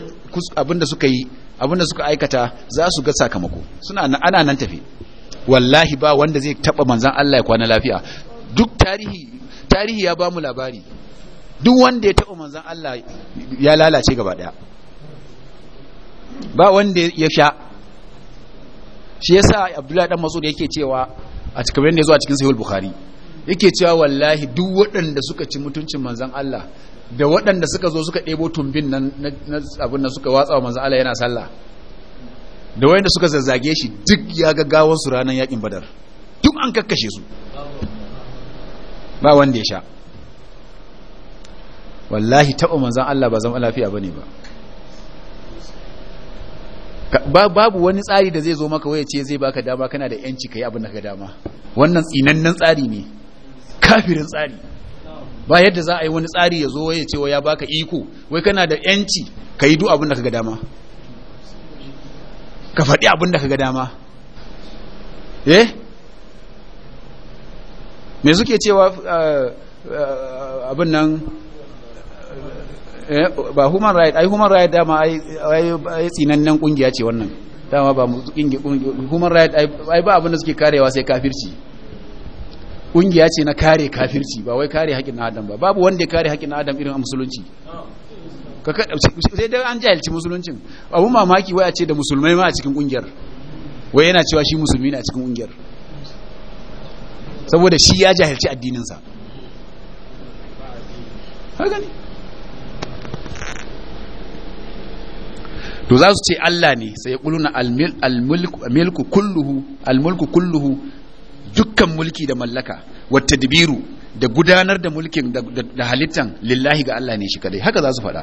abinda suka yi abinda suka aikata za su ga sakamako suna ana nan tafi wallahi ba wanda zai taba manzan Allah ya kwana lafiya duk tarihi tarihi ya ba mu labari duk wanda ya taba manzan Allah ya lalace gaba daya ba wanda ya sha shi yasa Abdullahi dan Mas'ud yake cewa a cikin ya yazo a cikin Sahih Bukhari yake cewa wallahi duk waɗanda suka ci mutuncin manzan Allah da waɗanda suka zo suka ɗebo tumbin nan abin da suka watsa wa manzan Allah yana sallah da wayanda suka zazzage shi duk ya ga gawar su ranar yakin badar duk an kakkashe su ba wanda ya sha wallahi taɓa manzan Allah ba zama lafiya ba ne ba babu wani tsari da zai zo maka waya ce zai baka dama kana da yanci ka yi abin da ka dama wannan tsinannen tsari ne kafirin tsari ba yadda za a yi wani tsari ya zo ya ce wa ya baka iko wai kana da yanci ka yi duk abin da ka ga dama ka faɗi abin da ka ga dama eh me suke cewa eh, eh, abin nan eh, ba human right ai human right dama ai tsinannen kungiya ce wannan dama ba human right ai ba abin da suke karewa sai kafirci kungiya ce na kare kafirci ba wai kare haƙƙin adam ba babu wanda ya kare haƙƙin adam irin a musulunci sai dai an jahilci musuluncin abu mamaki waya ce da musulmai ma a cikin kungiyar wai yana cewa shi musulmi ne a cikin kungiyar saboda shi ya jahilci addininsa to za su ce Allah ne sai kuluna almilku kulluhu almulku kulluhu dukkan mulki da mallaka wata dibiru da gudanar da mulkin da halittan lillahi ga Allah ne shi kadai haka za su faɗa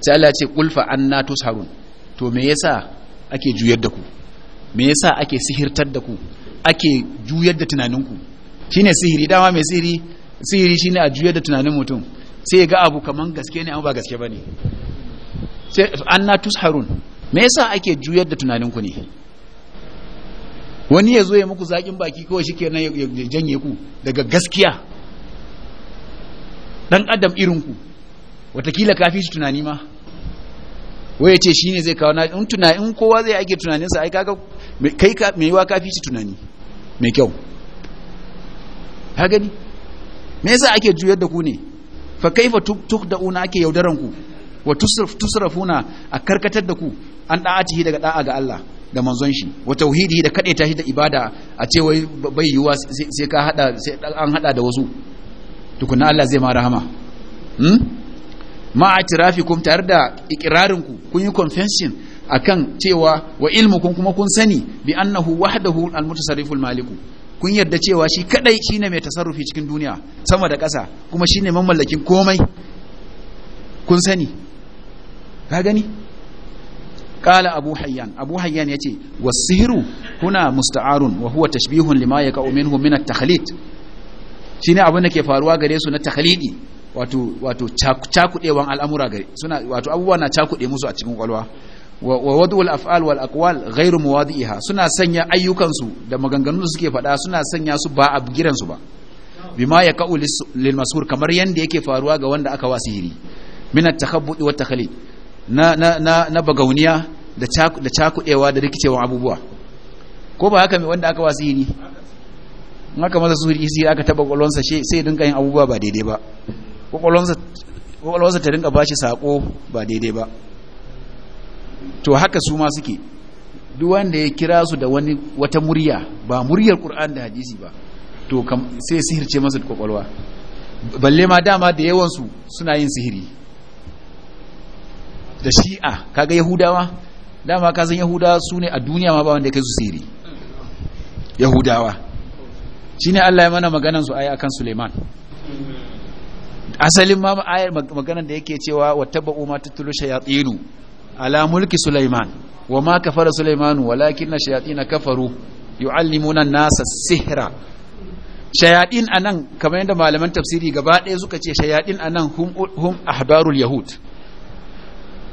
sai Allah ce kulfa anna tusharun to me yasa ake juyar da ku me yasa ake sihirtar da ku ake juyar da tunaninku shine sihiri dama mai sihiri sihiri shine a juyar da tunanin mutum sai ga abu kaman gaske ne amma ba gaske bane sai anna tusharun me yasa ake juyar da tunaninku ne wani ya zo ya muku zaƙin baki kawai shi kenan ya janye ku daga gaskiya ɗan adam irinku watakila fi shi tunani ma ya ce shi ne zai kawo na in tunanin kowa zai ake tunaninsa ai kaga kai ka mai yiwa kafi shi tunani mai kyau ha gani me yasa ake juyar da ku ne fa kaifa una ake yaudaran ku wa tusrafuna a karkatar da ku an da'atihi daga da'a ga Allah da manzon shi wa tauhidi da kadaita shi da ibada a ce wai bai yiwa sai ka hada sai an hada da wasu tukunna Allah zai ma rahama hmm ma tare da ikirarin ku kun yi confession akan cewa wa kun kuma kun sani bi annahu wahdahu almutasarriful maliku kun yarda cewa shi kadai shine mai tasarrufi cikin duniya sama da kasa kuma shine mamallakin komai kun sani ka gani qala abu hayyan abu hayyan yace was-sihru huna musta'arun wa huwa tashbihun lima yaqa'u minhu min at-takhlid shine abin da ke faruwa gare su na takhlidi wato wato al'amura gare suna wato abubuwa na cakude musu a cikin kwalwa wa wadu wadul af'al wal aqwal ghairu muwadi'iha suna sanya ayyukan su da maganganun suke faɗa suna sanya su ba a giran su ba bima yaqa'u lil mashur kamar yanda yake faruwa ga wanda aka wasihiri min at-takhabbud wa takhlid na na na, na bagauniya da da da rikicewa abubuwa ko ba haka mai wanda aka wasu yi in aka masa suri sai aka taba kwalonsa sai dinka yin abubuwa ba daidai ba kwalonsa ta dinka bashi sako ba daidai ba to haka su ma suke duk wanda ya kira su da wani wata murya ba muryar Qur'an da hadisi ba to sai sihirce masa kwakwalwa balle ma dama da yawansu suna yin sihiri da shi'a kaga yahudawa dama ka san yahudawa su ne a duniya ma ba wanda ya kai su siri yahudawa shine Allah ya mana maganan su ayi akan Suleiman asalin ma ayar maganan da yake cewa wattaba'u ma tatlu shayatinu ala mulki Suleiman wa ma kafara Sulaiman walakinna shayatin kafaru yu'allimuna an-nasa sihra shayatin anan kamar yadda malaman tafsiri gaba ɗaya suka ce shayatin anan hum hum ahbarul yahud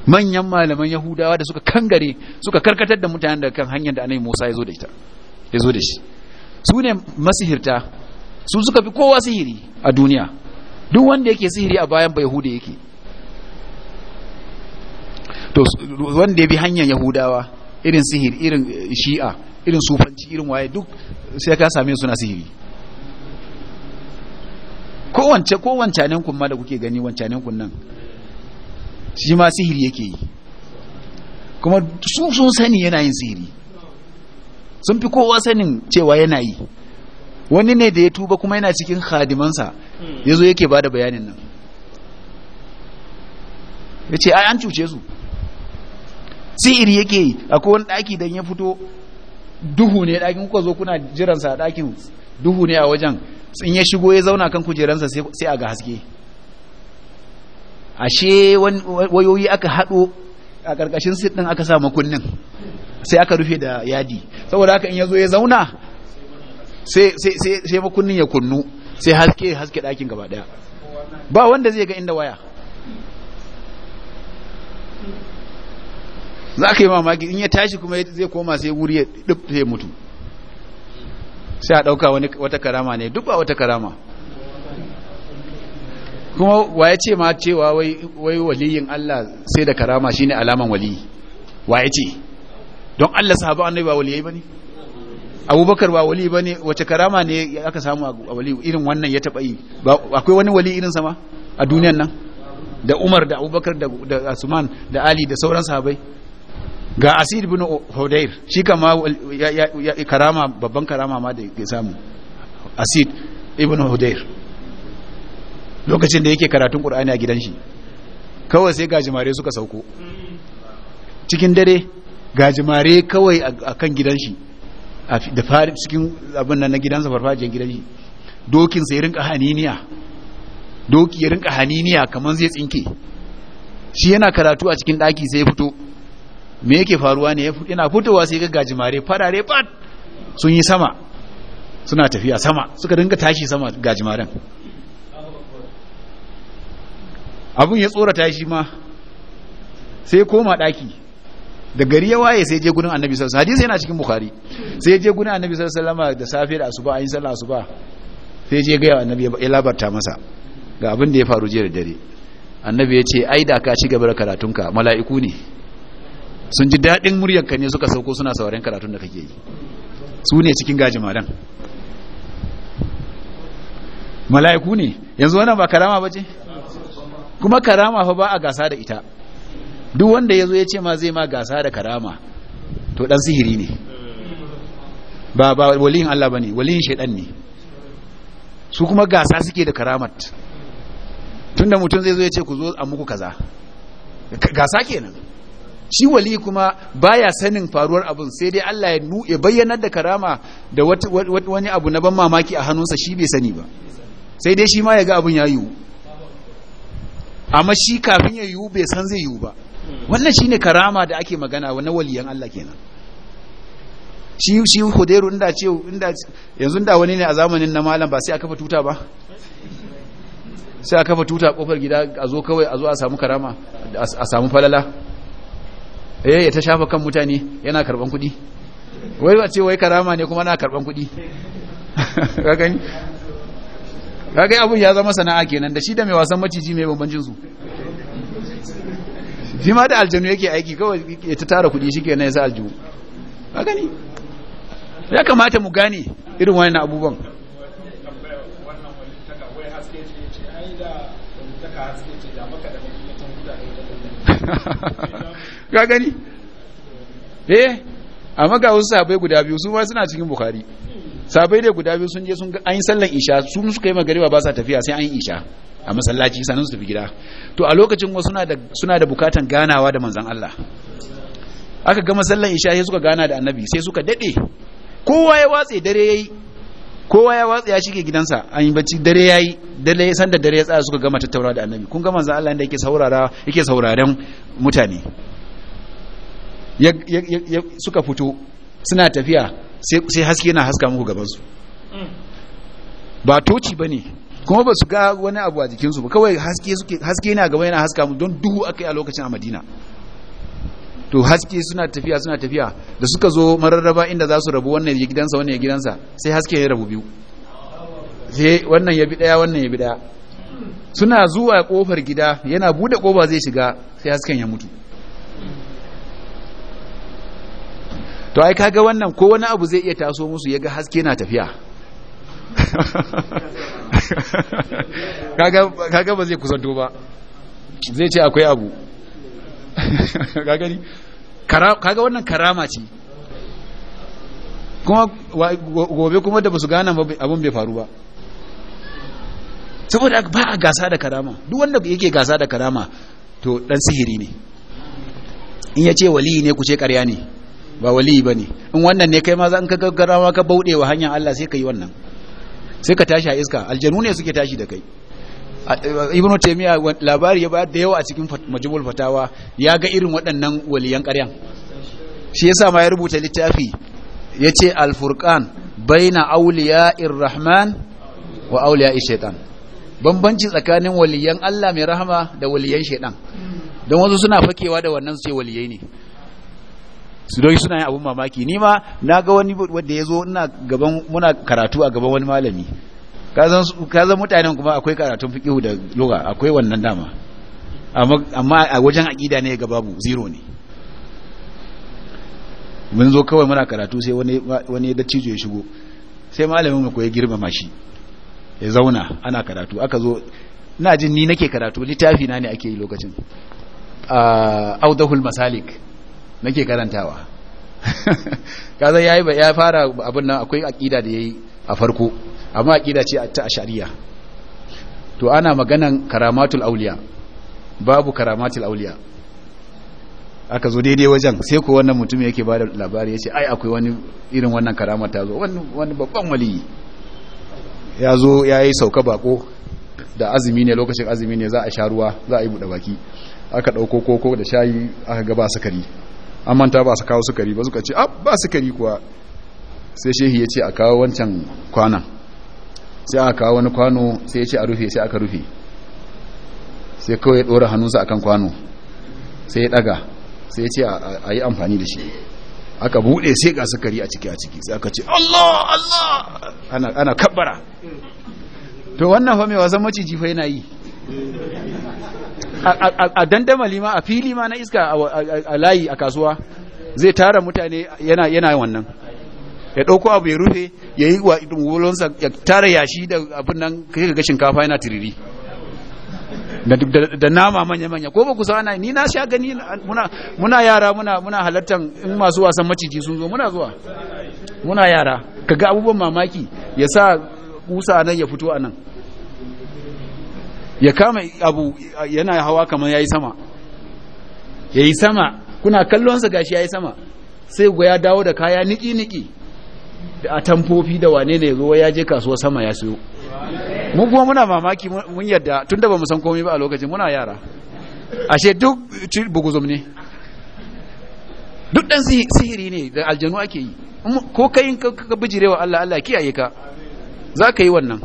manyan malaman yahudawa da suka kangare suka karkatar da mutanen daga kan hanyar da annabi musa ya zo da ita ya zo da shi su ne masihirta su suka fi kowa sihiri a duniya duk wanda yake sihiri a bayan ba yahuda yake to wanda ya bi hanyar yahudawa irin sihiri irin eh, shi'a irin sufanci irin waye duk sai ka same suna sihiri ko kowancanen kun ma da kuke gani wancanen kun nan shi ma sihiri yake yi kuma su sun sani yana yin sihiri sun fi kowa sanin cewa yana yi wani ne da ya tuba kuma yana cikin hadimansa ya zo yake ba da bayanin nan ya ce an cuce su sihiri yake yi akwai wani ɗaki don ya fito duhu ne ɗakin kuka zo kuna jiransa a ɗakin duhu ne a wajen in ya shigo ya zauna kan kujeransa sai a ga haske ashe wayoyi aka haɗo a ƙarƙashin sit ɗin aka sa makunnin sai aka rufe da yadi saboda haka in ya zo ya zauna sai makunnin ya kunnu sai haske haske ɗakin gaba ɗaya ba wanda zai ga inda waya za ka yi mamaki in ya tashi kuma zai koma sai wuri ya mutu sai a ɗauka wata karama ne duk ba wata karama kuma wa ya ce ma cewa wai waliyin Allah sai da karama shine alaman waliyi wa ya ce don Allah sahaba annabi ba waliyai bane abubakar ba wali bane wace karama ne aka samu a wali irin wannan ya taba yi akwai wani wali irin sama a duniyan nan da Umar da Abubakar da Usman da Ali da sauran sahabai ga Asir ibn Hudair shi kama karama babban karama ma da ya samu Asir ibn Hudair lokacin da yake karatun ƙur'ani a gidan shi kawai sai gajimare suka sauko cikin dare gajimare kawai a kan gidan shi da fari cikin abin nan na gidansa farfajiyar gidan shi dokin sai rinka haniniya doki ya rinka haniniya kamar zai tsinke shi yana karatu a cikin daki sai ya fito me yake faruwa ne yana fitowa sai ga gajimare farare bat sun yi sama suna tafiya sama suka rinka tashi sama gajimaren abin ya tsorata shi ma sai koma daki da gari ya waye sai je gudun annabi sallallahu alaihi wasallam yana cikin bukhari sai je gudun annabi sallallahu alaihi wasallam da safe da asuba ayin sallah asuba sai je ga annabi ya labarta masa ga abin da ya faru jiya da dare annabi ya ce ai da ka ci gaba da karatunka mala'iku ne sun ji daɗin muryarka ne suka sauko suna sauraren karatun da kake yi su ne cikin gajimadan mala'iku ne yanzu wannan ba karama ba ce kuma karama fa ba a gasa da ita duk wanda ya zo ya ce ma zai ma gasa da karama to dan sihiri ne ba ba waliyin Allah bane waliyin shaidan ne su kuma gasa suke da karamat tunda mutum zai zo ya ce ku zo a muku kaza gasa kenan shi wali kuma baya sanin faruwar abun sai dai Allah ya nu ya bayyanar da karama da wani abu na ban mamaki a hannunsa shi bai sani ba sai dai shi ma ya ga abin ya yiwu amma shi kafin ya yiwu bai san zai yiwu ba hmm. wannan shi ne karama da ake magana wani na waliyan Allah kenan shi shi huderu inda ce inda yanzu da wani ne a zamanin na malam ba sai a kafa tuta ba sai a kafa tuta kofar gida a zo kawai a zo a samu karama a samu falala eh ya ta shafa kan mutane yana karban kuɗi wai ba ce wai karama ne kuma na karban kuɗi gani kaga abun ya zama sana'a kenan da shi da mai wasan maciji mai babban su shi ma da aljanu yake aiki kawai ya ta tara kudi shi kenan ya sa aljihu ka gani ya kamata mu gane irin wani na abubuwan ka gani eh amma ga wasu sahabbai guda biyu su ma suna cikin bukari. sabai da guda biyu sun je sun an yi sallan isha su suka yi magariba ba sa tafiya sai an yi isha a masallaci sanin su tafi gida to a lokacin wasu suna da suna da bukatan ganawa da manzon Allah aka gama sallan isha sai suka gana da annabi sai suka dade kowa ya watse dare yayi kowa ya watse ya shige gidansa an yi bacci dare yayi dare san da dare ya tsaya suka gama tattaura da annabi kun ga manzon Allah inda yake saurara yake sauraren mutane suka fito suna tafiya sai haske yana haska muku gabansu ba toci ba ne kuma ba su ga wani abu a jikinsu ba kawai haske yana gaba yana haska muku don duhu aka yi a lokacin a madina to haske suna tafiya suna tafiya da suka zo mararraba inda za su rabu wannan ya gidansa wannan ya gidansa sai haske ya rabu biyu sai wannan ya bi daya wannan ya bi daya suna zuwa kofar gida yana bude kofa zai shiga sai hasken ya mutu to ai kaga wannan ko wani abu zai iya taso musu yaga haske na tafiya kaga ba zai kusanto ba zai ce akwai abu kaga wannan karama ce kuma gobe kuma da ba su gane abun bai faru ba saboda ba a gasa da karama duk wanda yake gasa da karama to dan sihiri ne in ya ce wali ne ku ce karya ne ba wali ba ne in wannan ne kai ma za in ka gaggara ma ka bauɗe wa hanyar Allah sai ka yi wannan sai ka tashi a iska aljanu ne suke tashi da kai eh, ibn taymiya labari ya bayar da yawa a cikin majmul fatawa ya ga irin waɗannan waliyan ƙaryan shi yasa ma ya rubuta littafi yace al-furqan baina awliya rahman wa awliya shaitan bambanci tsakanin waliyan Allah mai rahama da waliyan shaitan don wasu suna fakewa da wannan su ce waliyai ne su doki suna yin abun mamaki ni ma na ga wani wanda ya zo ina gaban muna karatu a gaban wani malami ka zan mutanen kuma akwai karatun fiƙihu da lura akwai wannan dama amma a wajen aƙida ne ga babu zero ne mun zo kawai muna karatu sai wani da cijo ya shigo sai malamin mu koyi girma mashi ya zauna ana karatu aka zo na jin ni nake karatu littafi na ne ake yi lokacin ah, audahul masalik nake karantawa kaza yayi ya fara abin nan akwai aqida da yayi a farko amma aqida ce ta ashariya to ana maganan karamatul auliya babu karamatul auliya aka zo daidai wajen sai ko wannan mutum yake bada labari yace ai akwai wani irin wannan karama ta zo wani wani babban waliyi ya zo yayi sauka bako da azumi ne lokacin azumi ne za a sha ruwa za a yi buɗe baki aka ɗauko koko da shayi aka gaba sakari an manta ba su kawo sukari ba suka ce a ba sukari kuwa sai shehi ya ce a kawo wancan kwanan sai aka kawo wani kwano sai ya ce a rufe sai aka rufe sai kawai ya ɗora hannunsa akan kwano sai ya ɗaga sai ya ce a yi amfani da shi aka buɗe sai ga sukari a ciki a ciki sai aka ce Allah Allah ana ana kabbara to wannan fa mai wasan maciji fa yana yi a dandamali ma a fili ma na iska a layi a kasuwa zai tara mutane yana yana wannan ya ɗauko abu ya rufe ya yi wa wulonsa ya tara yashi da abin nan kai ga shinkafa yana tiriri da nama manya-manya ko ba ku ni na sha gani muna yara muna halartan in masu wasan maciji sun zo muna zuwa muna yara kaga abubuwan mamaki ya sa kusa nan ya fito a nan ya kama abu yana hawa kamar yi sama Ya yi sama kuna kallon sa gashi yi sama sai ya dawo da kaya niki niki da tampofi da wane ne ruwa ya je kasuwa sama ya siyo mu kuma muna mamaki mun yadda tun tunda ba san komai ba a lokacin muna yara ashe duk buguzum ne duk dan sihiri ne da aljanu ake yi ko kai ka bijirewa Allah Allah kiyaye ka za ka yi wannan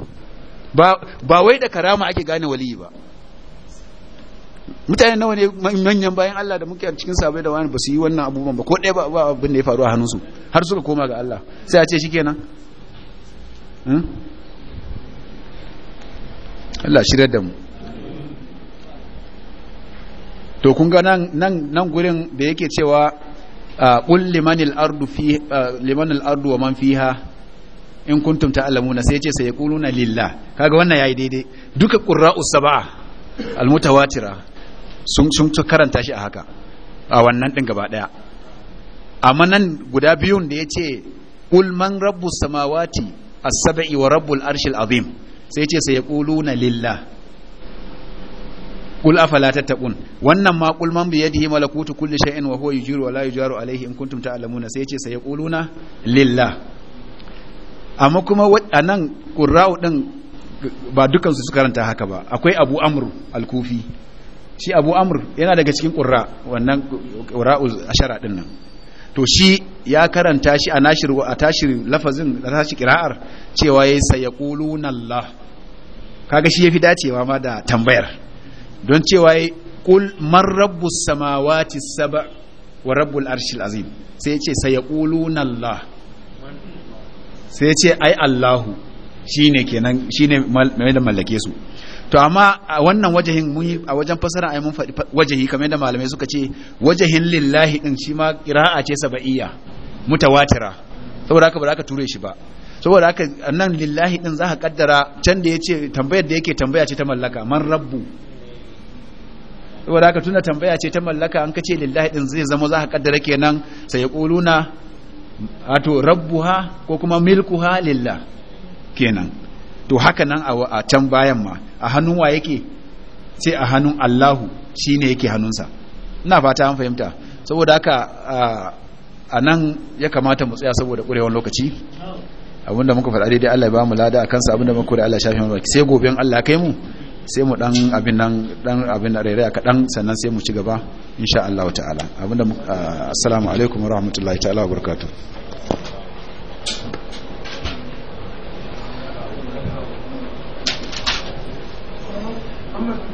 ba wai da karama ake gane waliyi ba mutane nawa ne manyan bayan Allah da muke a cikin sabai da wani ba su yi wannan abubuwan ba ko ɗaya ba abin da ya faru a hannunsu har suka koma ga Allah sai a ce shi kenan hmm? Allah shirya da mu to kun ga nan gurin da yake cewa ah, qul limanil ardu fi ah, limanil ardu wa man fiha in kuntum ta'lamuna sai ya ce sai yaquluna lillah kaga wannan yayi daidai duka qurra'us sab'a almutawatira sun sun karanta shi a haka a wannan din gaba daya amma nan guda biyun da yace qul man rabbus samawati as-sab'i wa rabbul arshil azim sai yace sai yaquluna lillah Kul afala تتقون wannan ma qul man bi yadihi malakutu kulli shay'in wa huwa yujiru wa la yujaru alayhi in kuntum ta'lamuna sai yace sayquluna lillah amma kuma a nan ƙurra'u ɗin ba dukansu su karanta haka ba akwai abu amur alkufi shi abu amur yana daga cikin ƙurra wannan ƙurra'u ashara ɗin nan to shi ya karanta shi a nashir a tashir lafazin da tashi kira'ar cewa yi sayaquluna Allah kaga shi yafi dacewa ma da tambayar don cewa yayi qul man rabbus samawati saba wa rabbul arshil azim sai yace sayaquluna Allah sai ce ai Allahu shine kenan shine mai da mallake su to amma a wannan wajahin mun yi a wajen fasara ai mun faɗi wajahi kamar yadda malamai suka ce wajahin lillahi din shi ma qira'a ce sab'iyya mutawatira saboda haka ba za ka ture shi ba saboda haka annan lillahi din za ka kaddara can da yace tambayar da yake tambaya ce ta mallaka man rabbu saboda haka tunda tambaya ce ta mallaka an kace lillahi din zai zama za ka kaddara kenan sai ya yaquluna ato rabbuha ko kuma milkuha lillah kenan to haka nan a can bayan ma a hannun wa yake sai a hannun Allahu shine yake hannunsa ina fata an fahimta saboda haka a nan ya kamata mu tsaya saboda kurewan lokaci abinda muka faɗa daidai Allah ya ba mu lada a kansa abinda muka da Allah ya shafi mu sai gobe Allah kai mu sai mu dan abin nan dan abin rairaya dan sannan sai mu ci gaba insha Allah ta'ala abinda assalamu alaikum wa rahmatullahi ta'ala wa barakatuh Thank you.